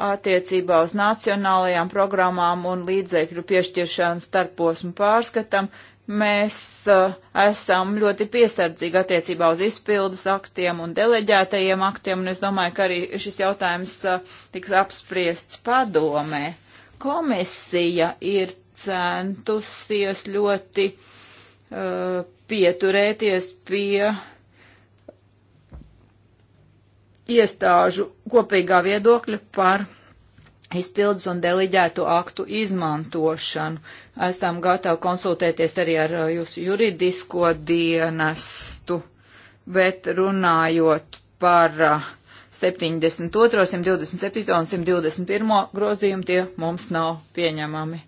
attiecībā uz nacionālajām programmām un līdzekļu piešķiršanu starposmu pārskatam. Uh, mēs uh, esam ļoti piesardzīgi attiecībā uz izpildes aktiem un deleģētajiem aktiem, un es domāju, ka arī šis jautājums uh, tiks apspriests padomē. Komisija ir centusies ļoti uh, pieturēties pie iestāžu kopīgā viedokļa par izpildus un deliģēto aktu izmantošanu. Esam gatavi konsultēties arī ar uh, jūsu juridisko dienestu, bet runājot par 72, uh, 127 un 121 grozījumu tie mums nav pieņemami.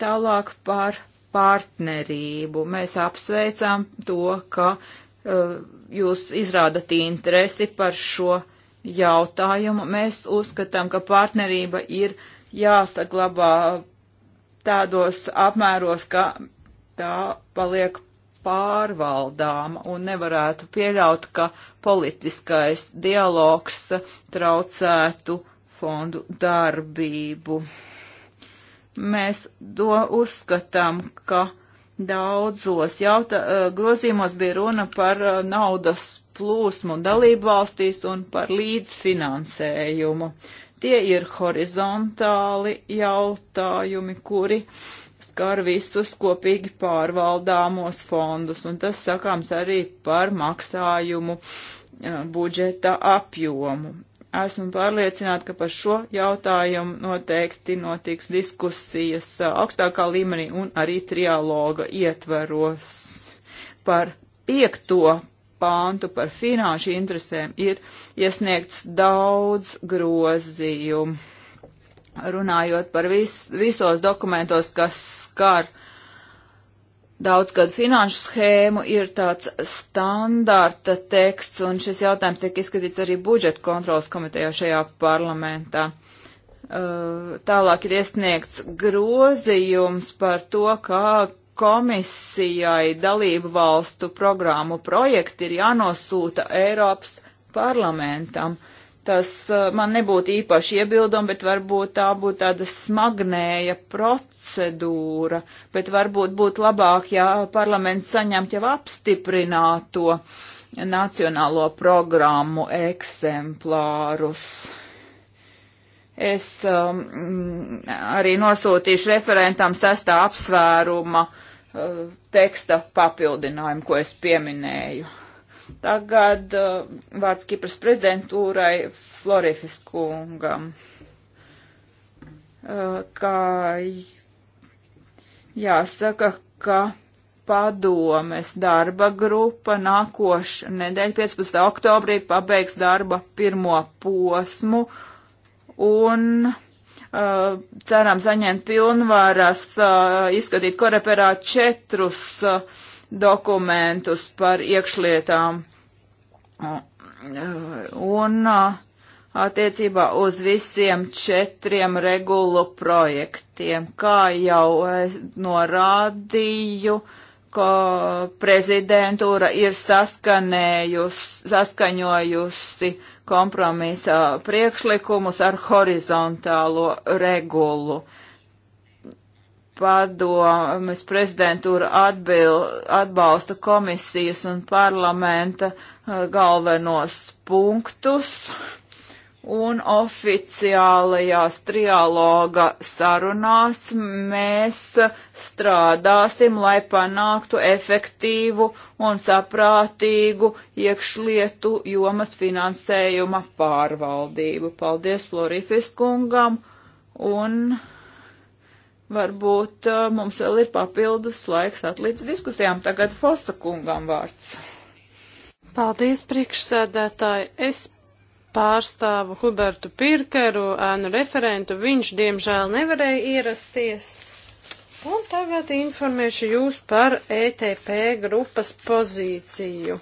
Tālāk par partnerību. Mēs apsveicām to, ka uh, jūs izrādat interesi par šo uh, jautājumu. Mēs uzskatām, ka partnerība ir jāsaglabā tādos apmēros, ka tā paliek pārvaldāma un nevarētu pieļaut, ka politiskais dialogs traucētu fondu darbību. Mēs to uzskatām, ka daudzos jautā, eh, grozījumos bija runa par eh, naudas plūsmu dalību valstīs un par līdzfinansējumu. Tie ir horizontāli jautājumi, kuri skar visus kopīgi pārvaldāmos fondus, un tas sakāms arī par maksājumu eh, budžeta apjomu. Esmu pārliecināta, ka par šo jautājumu noteikti notiks diskusijas eh, augstākā līmenī un arī trialoga ietvaros par piekto pāntu par finanšu interesēm ir iesniegts daudz grozījumu. Runājot par vis, visos dokumentos, kas skar daudzgadu finanšu schēmu, ir tāds standarta teksts, un šis jautājums tiek izskatīts arī budžeta kontrolas komitejā šajā parlamentā. Uh, tālāk ir iesniegts grozījums par to, kā komisijai dalību valstu programmu projekti ir jānosūta Eiropas parlamentam. Tas uh, man nebūtu īpaši iebildumi, bet varbūt tā būtu tāda smagnēja procedūra, bet varbūt būtu labāk, ja parlaments saņemt jau apstiprināto nacionālo programmu eksemplārus. Es um, arī nosūtīšu referentam sestā apsvēruma uh, teksta papildinājumu, ko es pieminēju. Tagad uh, vārds Kipras prezidentūrai Florifis kungam. Uh, kā jāsaka, ka padomes darba grupa nākošu nedēļu 15. oktobrī pabeigs darba pirmo posmu un Uh, ceram saņemt pilnvaras, uh, izskatīt koreperā četrus uh, dokumentus par iekšlietām. Uh, un uh, attiecībā uz visiem četriem regulu projektiem, kā jau norādīju, ka prezidentūra ir saskaņojusi kompromisa priekšlikumus ar horizontālo regulu. Padomes prezidentūra atbil, atbalsta komisijas un parlamenta eh, galvenos punktus. Uh, un oficiālajās trialoga sarunās mēs strādāsim, lai panāktu efektīvu un saprātīgu iekšlietu jomas finansējuma pārvaldību. Paldies Florifis kungam un varbūt uh, mums vēl ir papildus laiks atlīdz diskusijām. Tagad Fosta kungam vārds. Paldies, priekšsēdētāji. Es pārstāvu Hubertu Pirkeru, ēnu referentu. Viņš, diemžēl, nevarēja ierasties. Un tagad informēšu jūs par ETP grupas pozīciju.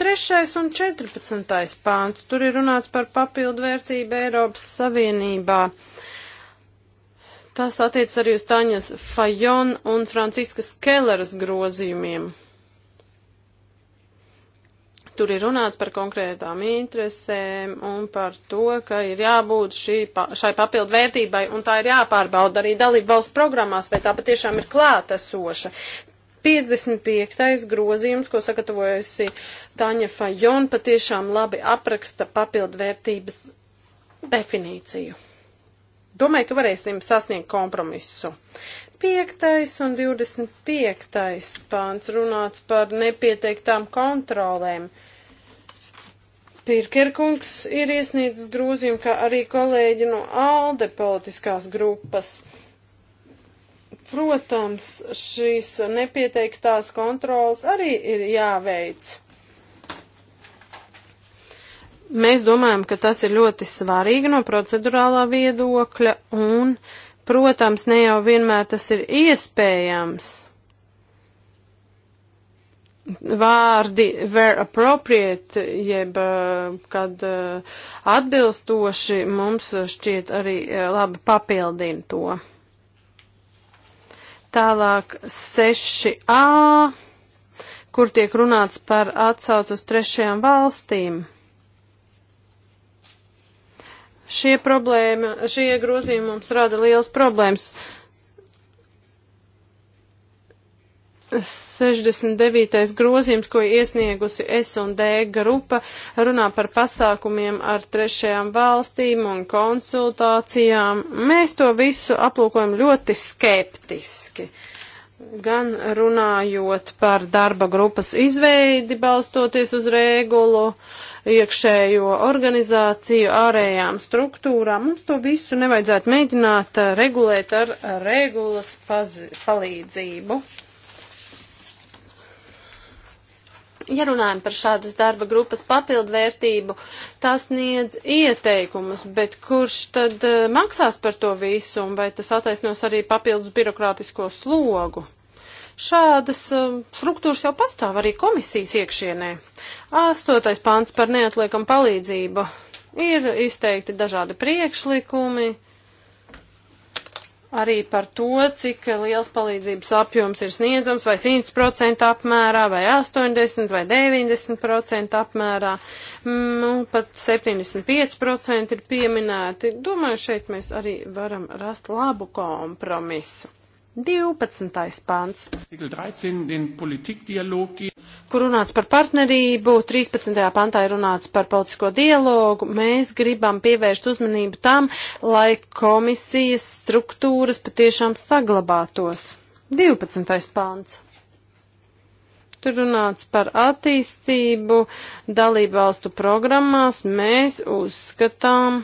3. un 14. pāns. Tur ir runāts par papildvērtību Eiropas Savienībā. Tas attiec arī uz Taņas Fajon un Franciskas Kelleras grozījumiem. Tur ir runāts par konkrētām interesēm un par to, ka ir jābūt šī, šai papildu vērtībai un tā ir jāpārbauda arī dalību valsts programmās, vai tā patiešām ir klātesoša. 55. grozījums, ko sagatavojusi Tāņa Fajon, patiešām labi apraksta papildu vērtības definīciju. Domāju, ka varēsim sasniegt kompromisu. 5. un 25. pāns runāts par nepieteiktām kontrolēm. Pirkerkungs ir iesniedzis grozījumu, kā arī kolēģi no ALDE politiskās grupas. Protams, šīs nepieteiktās kontrolas arī ir jāveic. Mēs domājam, ka tas ir ļoti svarīgi no procedurālā viedokļa un, protams, ne jau vienmēr tas ir iespējams. Vārdi where appropriate, jeb eh, kad eh, atbilstoši, mums šķiet arī eh, labi papildina to. Tālāk 6a, kur tiek runāts par atsaucu uz trešajām valstīm. Šie problēma, šie grozījumi mums rada liels problēmas. 69. grozījums, ko iesniegusi S&D grupa, runā par pasākumiem ar trešajām valstīm un konsultācijām. Mēs to visu aplūkojam ļoti skeptiski. Gan runājot par darba grupas izveidi, balstoties uz regulu, uh, iekšējo organizāciju, ārējām struktūrām. Mums to visu nevajadzētu mēģināt uh, regulēt ar uh, regulas palīdzību. ja runājam par šādas darba grupas papildvērtību, tas sniedz ieteikumus, bet kurš tad uh, maksās par to visu un vai tas attaisnos arī papildus birokrātisko slogu? Šādas um, struktūras jau pastāv arī komisijas iekšienē. Astotais pants par neatliekam palīdzību. Ir izteikti dažādi priekšlikumi arī par to, cik liels palīdzības apjoms ir sniedzams, vai 100% apmērā, vai 80% vai 90% apmērā, mm, nu, pat 75% ir pieminēti. Domāju, šeit mēs arī varam rast labu kompromisu. 12. pāns, kur runāts par partnerību, 13. pantā ir runāts par politisko dialogu. Mēs gribam pievērst uzmanību tam, lai komisijas struktūras patiešām saglabātos. 12. pāns. Tur runāts par attīstību dalību valstu programmās. Mēs uzskatām,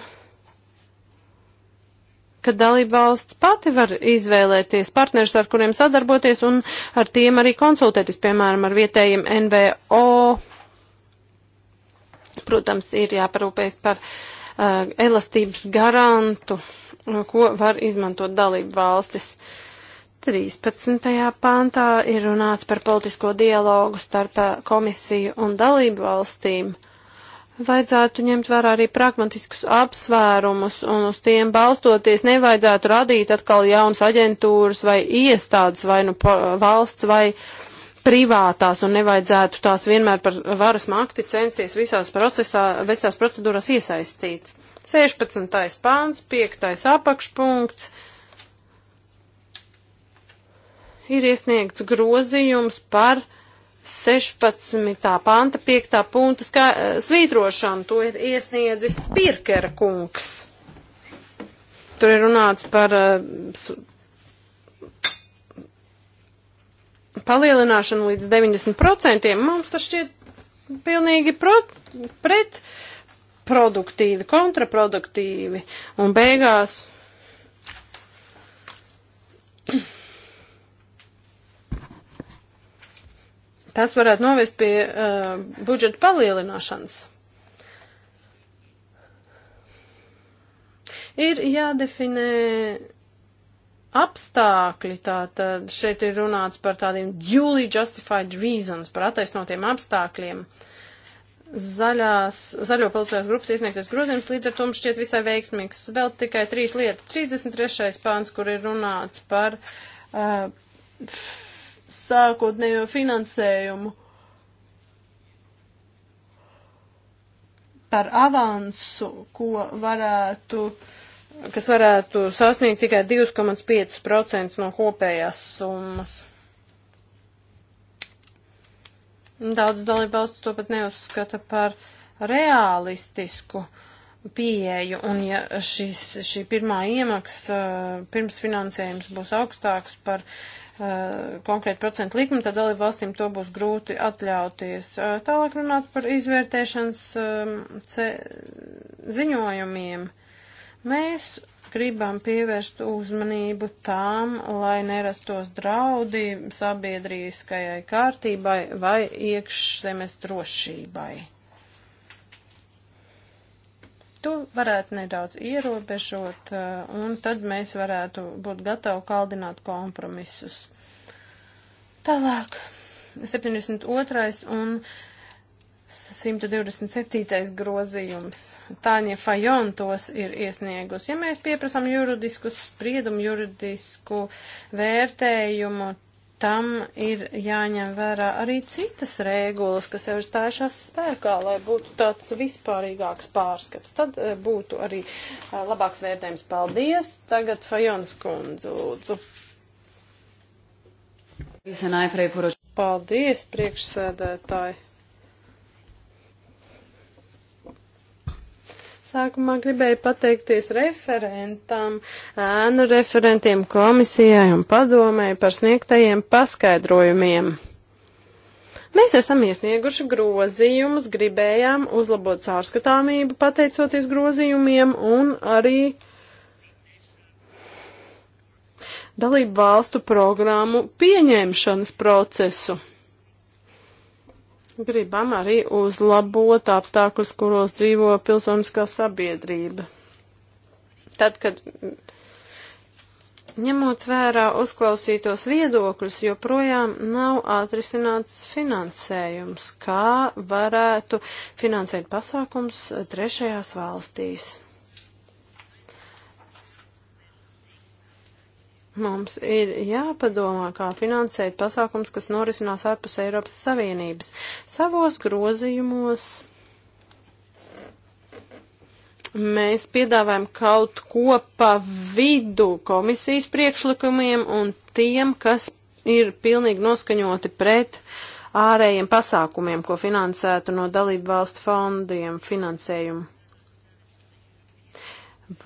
ka dalībvalsts pati var izvēlēties partnerus, ar kuriem sadarboties un ar tiem arī konsultēties, piemēram, ar vietējiem NVO. Protams, ir jāparūpēs par uh, elastības garantu, ko var izmantot dalību valstis. 13. pāntā ir runāts par politisko dialogu starp uh, komisiju un dalību valstīm. Uh, vajadzētu ņemt vērā arī pragmatiskus apsvērumus un uz tiem balstoties nevajadzētu radīt atkal jaunas aģentūras vai iestādes vai nu valsts vai privātās un nevajadzētu tās vienmēr par varas makti censties visās, procesā, visās procedūrās iesaistīt. 16. pāns, 5. apakšpunkts. Ir iesniegts grozījums par 16. panta 5. punkta skā, eh, svītrošanu. To ir iesniedzis Pirkera kungs. Tur ir runāts par eh, palielināšanu līdz 90%. Mums tas šķiet pilnīgi prot, pret produktīvi, kontraproduktīvi. Un beigās Tas varētu novest pie uh, budžeta palielināšanas. Ir jādefinē apstākļi, tātad šeit ir runāts par tādiem duly justified reasons, par attaisnotiem apstākļiem. Zaļās, zaļo pilsētas grupas iesniegtais grozījums līdz ar to mums šķiet visai veiksmīgs. Vēl tikai trīs lietas. 33. pāns, kur ir runāts par uh, sākotnējo finansējumu. Par avansu, ko varētu, kas varētu sasniegt tikai 2,5% no kopējās summas. Daudz dalībvalstu to pat neuzskata par realistisku pieeju, un ja šis, šī pirmā iemaksa uh, pirms finansējums būs augstāks par uh, Eh, konkrētu procentu likumu, tad dalību valstīm to būs grūti atļauties. Eh, tālāk runāt par izvērtēšanas eh, ziņojumiem. Mēs gribam pievērst uzmanību tām, lai nerastos draudi sabiedrīskajai kārtībai vai iekšzemes drošībai to varētu nedaudz ierobežot, eh, un tad mēs varētu būt gatavi kaldināt kompromisus. Tālāk, 72. un 127. grozījums. Tāņa Fajon tos ir iesniegus. Ja mēs pieprasām juridisku spriedumu, juridisku vērtējumu, tam ir jāņem vērā arī citas regulas, kas jau ir stājušās spēkā, lai būtu tāds vispārīgāks pārskats. Tad eh, būtu arī eh, labāks vērtējums. Paldies! Tagad Fajons kundze lūdzu. Paldies, priekšsēdētāji! Sākumā gribēju pateikties referentam, ēnu referentiem, komisijai un padomēji par sniegtajiem paskaidrojumiem. Mēs esam iesnieguši grozījumus, gribējām uzlabot caurskatāmību pateicoties grozījumiem un arī dalību valstu programmu pieņemšanas procesu. Gribam arī uzlabot apstākļus, kuros dzīvo pilsoniskā sabiedrība. Tad, kad ņemot vērā uzklausītos viedokļus, joprojām nav atrisināts finansējums, kā varētu finansēt pasākums trešajās valstīs. Mums ir jāpadomā, kā finansēt pasākums, kas norisinās ārpus Eiropas Savienības. Savos grozījumos mēs piedāvājam kaut ko pa vidu komisijas priekšlikumiem un tiem, kas ir pilnīgi noskaņoti pret ārējiem pasākumiem, ko finansētu no dalību valstu fondiem finansējumu.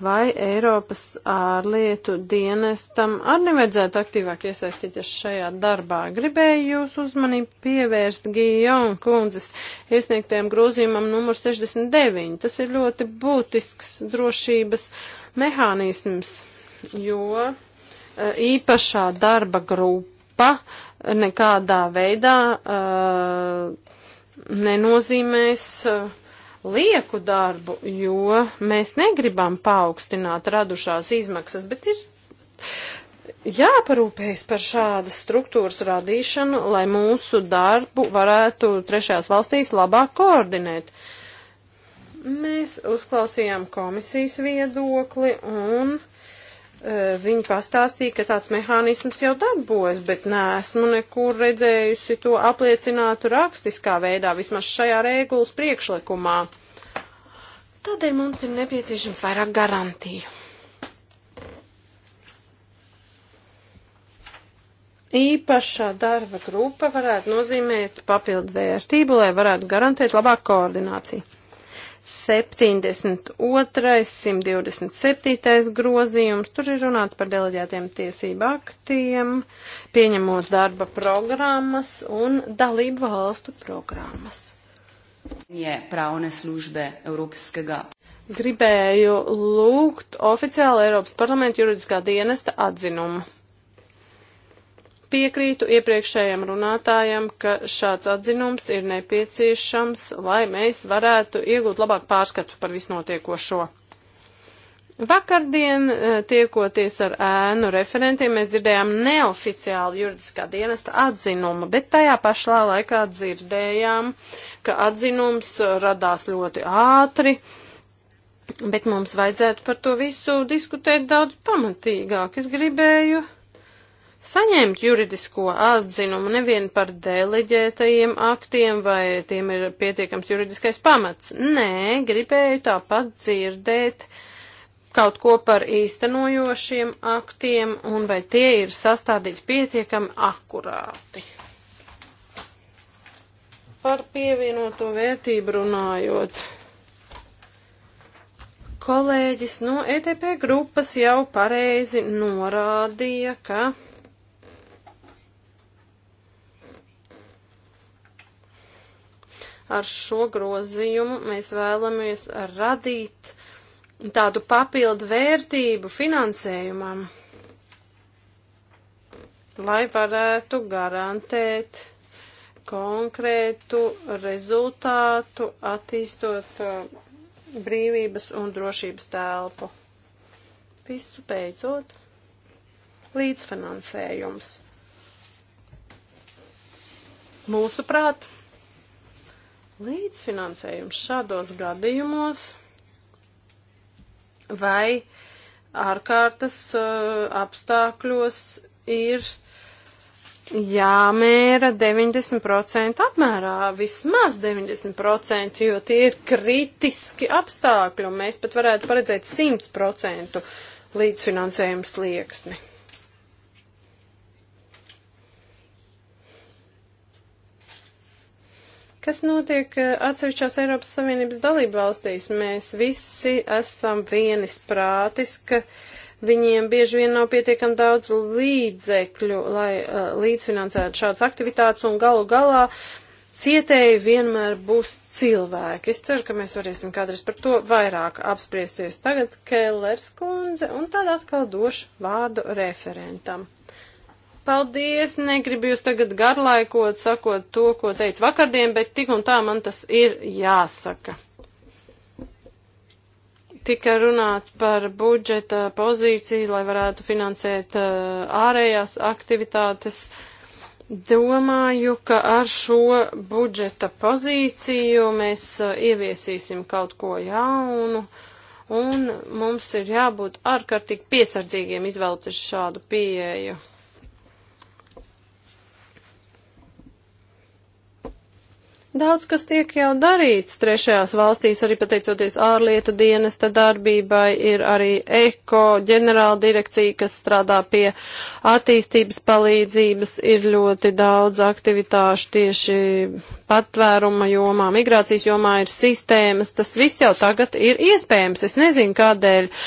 Vai Eiropas ārlietu dienestam arī nevajadzētu aktīvāk iesaistīties šajā darbā? Gribēju jūs uzmanību pievērst Gijon kundzes iesniegtajam grozījumam numur 69. Tas ir ļoti būtisks drošības mehānisms, jo eh, īpašā darba grupa nekādā veidā uh, nenozīmēs. Uh, lieku darbu, jo mēs negribam paaugstināt radušās izmaksas, bet ir jāparūpējas par šādas struktūras radīšanu, lai mūsu darbu varētu trešajās valstīs labāk koordinēt. Mēs uzklausījām komisijas viedokli un Viņa pastāstīja, ka tāds mehānisms jau darbojas, bet neesmu nekur redzējusi to apliecinātu rakstiskā veidā, vismaz šajā regulas priekšlikumā. Tādēļ mums ir nepieciešams vairāk garantiju. Īpašā darba grupa varētu nozīmēt papildu vērtību, lai varētu garantēt labāku koordināciju. 72. 127. grozījums, tur ir runāts par deleģētiem tiesību aktiem, pieņemot darba programmas un dalību valstu programmas. Nie, pravne službe Europskaga. Gribēju lūgt oficiāli Eiropas parlamenta juridiskā dienesta atzinumu. Piekrītu iepriekšējiem runātājiem, ka šāds atzinums ir nepieciešams, lai mēs varētu iegūt labāku pārskatu par visnotiekošo. Vakardien, eh, tiekoties ar ēnu referentiem, mēs dzirdējām neoficiālu juridiskā dienesta atzinumu, bet tajā pašā laikā dzirdējām, ka atzinums radās ļoti ātri, bet mums vajadzētu par to visu diskutēt daudz pamatīgāk. Es gribēju saņemt juridisko atzinumu nevien par deleģētajiem aktiem, vai tiem ir pietiekams juridiskais pamats. Nē, gribēju tāpat dzirdēt kaut ko par īstenojošiem aktiem un vai tie ir sastādīti pietiekami akurāti. Par pievienoto vērtību runājot kolēģis no ETP grupas jau pareizi norādīja, ka Ar šo grozījumu mēs vēlamies radīt tādu papildu vērtību finansējumam, lai varētu garantēt konkrētu rezultātu attīstot uh, brīvības un drošības telpu. Visu beidzot, līdzfinansējums. Mūsuprāt, līdzfinansējums šādos gadījumos vai ārkārtas uh, apstākļos ir jāmēra 90% apmērā, vismaz 90%, jo tie ir kritiski apstākļi, un mēs pat varētu paredzēt 100% līdzfinansējumu slieksni. Kas notiek eh, atsevišķās Eiropas Savienības dalību valstīs? Mēs visi esam vienis prātis, ka viņiem bieži vien nav pietiekam daudz līdzekļu, lai uh, līdzfinansētu šādas aktivitātes, un galu galā cietēji vienmēr būs cilvēki. Es ceru, ka mēs varēsim kādreiz par to vairāk apspriesties. Tagad Kellers kundze, un tad atkal došu vārdu referentam. Paldies, negribu jūs tagad garlaikot, sakot to, ko teicu vakardien, bet tik un tā man tas ir jāsaka. Tika runāts par budžeta pozīciju, lai varētu finansēt uh, ārējās aktivitātes. Domāju, ka ar šo budžeta pozīciju mēs uh, ieviesīsim kaut ko jaunu, un mums ir jābūt ārkārtīgi piesardzīgiem izvēlēties šādu pieeju. Daudz kas tiek jau darīts trešajās valstīs, arī pateicoties ārlietu dienesta darbībai, ir arī eko ģenerāla direkcija, kas strādā pie attīstības palīdzības, ir ļoti daudz aktivitāšu tieši patvēruma jomā, migrācijas jomā ir sistēmas, tas viss jau tagad ir iespējams. Es nezinu, kādēļ uh,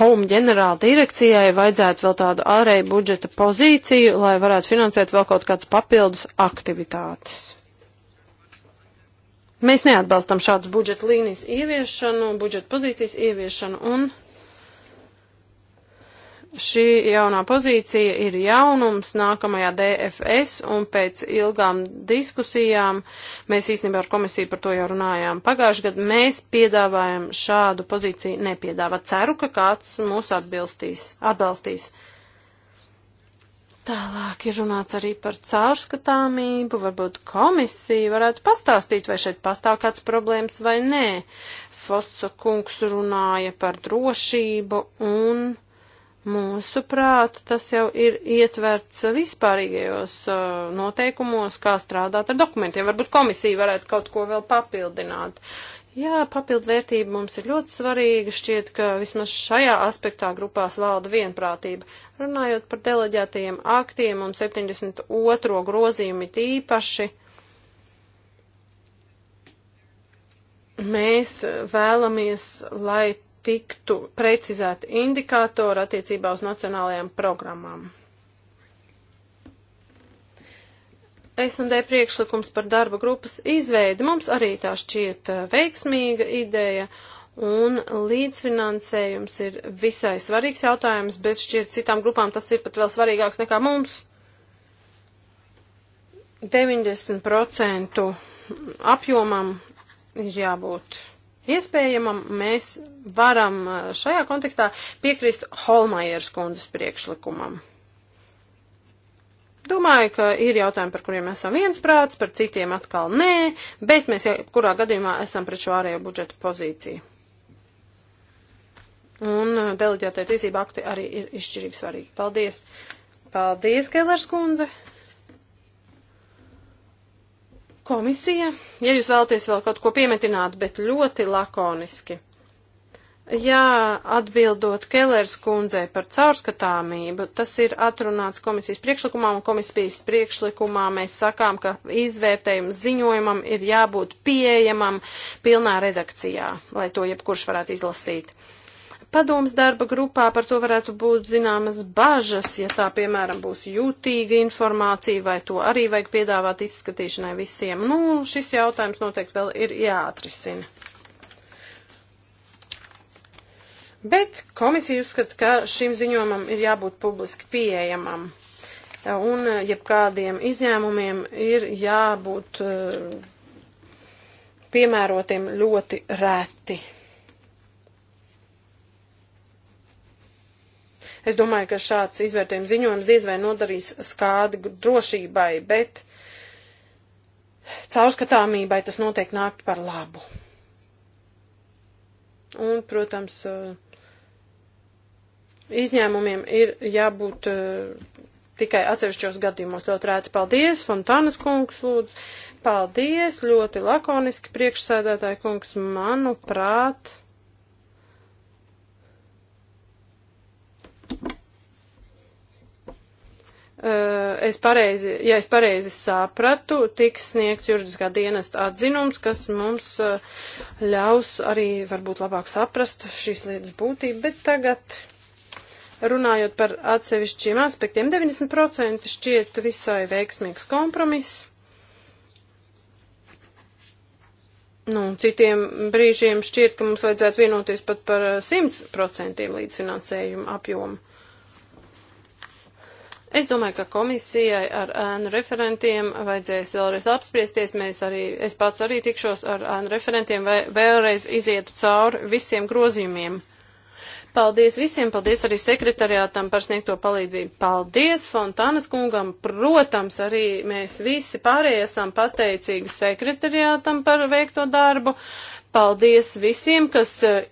Home ģenerāla direkcijai vajadzētu vēl tādu ārēju budžeta pozīciju, lai varētu finansēt vēl kaut kādas papildus aktivitātes. Mēs neatbalstam šādas budžeta līnijas ieviešanu, budžeta pozīcijas ieviešanu, un šī jaunā pozīcija ir jaunums nākamajā DFS, un pēc ilgām diskusijām mēs īstenībā ar komisiju par to jau runājām pagājušajā gadā, mēs piedāvājam šādu pozīciju nepiedāvāt. Ceru, ka kāds mūs atbilstīs, atbalstīs. atbalstīs. Tālāk ir runāts arī par caurskatāmību, varbūt komisija varētu pastāstīt, vai šeit pastāv kāds problēmas vai nē. Fossa kungs runāja par drošību un mūsuprāt tas jau ir ietverts vispārīgajos uh, noteikumos, kā strādāt ar dokumentiem. Varbūt komisija varētu kaut ko vēl papildināt. Jā, papildvērtība mums ir ļoti svarīga. Šķiet, ka vismaz šajā aspektā grupās valda vienprātība. Runājot par deleģētajiem aktiem un 72. grozījumi tīpaši, mēs vēlamies, lai tiktu precizēti indikātori attiecībā uz nacionālajām programmām. SMD priekšlikums par darba grupas izveidi mums arī tā šķiet eh, veiksmīga ideja, un līdzfinansējums ir visai svarīgs jautājums, bet šķiet citām grupām tas ir pat vēl svarīgāks nekā mums. 90% apjomam ir jābūt iespējamam. Mēs varam eh, šajā kontekstā piekrist Holmajeras kundzes priekšlikumam. Domāju, ka ir jautājumi, par kuriem esam viensprāts, par citiem atkal nē, bet mēs jau kurā gadījumā esam pret šo ārējo budžeta pozīciju. Un uh, deleģētie tiesība akti arī ir izšķirīgi svarīgi. Paldies! Paldies, Kellers kundze! Komisija, ja jūs vēlaties vēl kaut ko piemetināt, bet ļoti lakoniski. Jā, atbildot Kelērs kundzei par caurskatāmību, tas ir atrunāts komisijas priekšlikumā, un komisijas priekšlikumā mēs sakām, ka izvērtējuma ziņojumam ir jābūt pieejamam pilnā redakcijā, lai to jebkurš varētu izlasīt. Padoms darba grupā par to varētu būt zināmas bažas, ja tā, piemēram, būs jūtīga informācija, vai to arī vajag piedāvāt izskatīšanai visiem. Nu, šis jautājums noteikti vēl ir jāatrisina. Bet komisija uzskata, ka šim ziņojumam ir jābūt publiski pieejamam. Un eh, jebkādiem izņēmumiem ir jābūt eh, piemērotiem ļoti reti. Es domāju, ka šāds izvērtējums ziņojums diez vai nodarīs skādi drošībai, bet caurskatāmībai tas noteikti nāk par labu. Un, protams, uh, Izņēmumiem ir jābūt uh, tikai atsevišķos gadījumos ļoti rēti. Paldies, Fontānas kungs, lūdzu. Paldies, ļoti lakoniski priekšsēdētāji kungs, manuprāt. Eh, es pareizi, ja es pareizi sapratu, tiks sniegts juridiskā dienesta atzinums, kas mums eh, ļaus arī varbūt labāk saprast šīs lietas būtību, bet tagad Runājot par atsevišķiem aspektiem, 90% šķiet visai veiksmīgs kompromiss. Nu, citiem brīžiem šķiet, ka mums vajadzētu vienoties pat par 100% eh, līdzfinansējumu apjomu. Es domāju, ka komisijai ar ēnu referentiem vajadzēs vēlreiz apspriesties. Mēs arī, es pats arī tikšos ar ēnu referentiem, vai vēlreiz izietu cauri visiem grozījumiem. Paldies visiem, paldies arī sekretariātam par sniegto palīdzību. Paldies Fontānas kungam. Protams, arī mēs visi pārējie esam pateicīgi sekretariātam par veikto darbu. Paldies visiem, kas eh,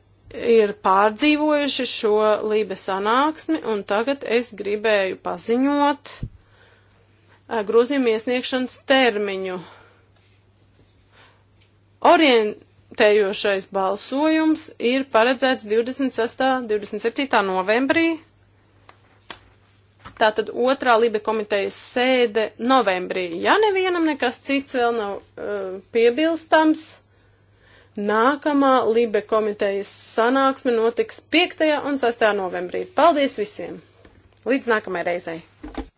ir pārdzīvojuši šo lībe sanāksmi, un tagad es gribēju paziņot eh, grozījumu iesniegšanas termiņu. Orient tējošais balsojums ir paredzēts 26. 27. novembrī. Tātad otrā Libe komitejas sēde novembrī. Ja nevienam nekas cits vēl nav uh, piebilstams, nākamā Libe komitejas sanāksme notiks 5. un 6. novembrī. Paldies visiem! Līdz nākamajai reizei!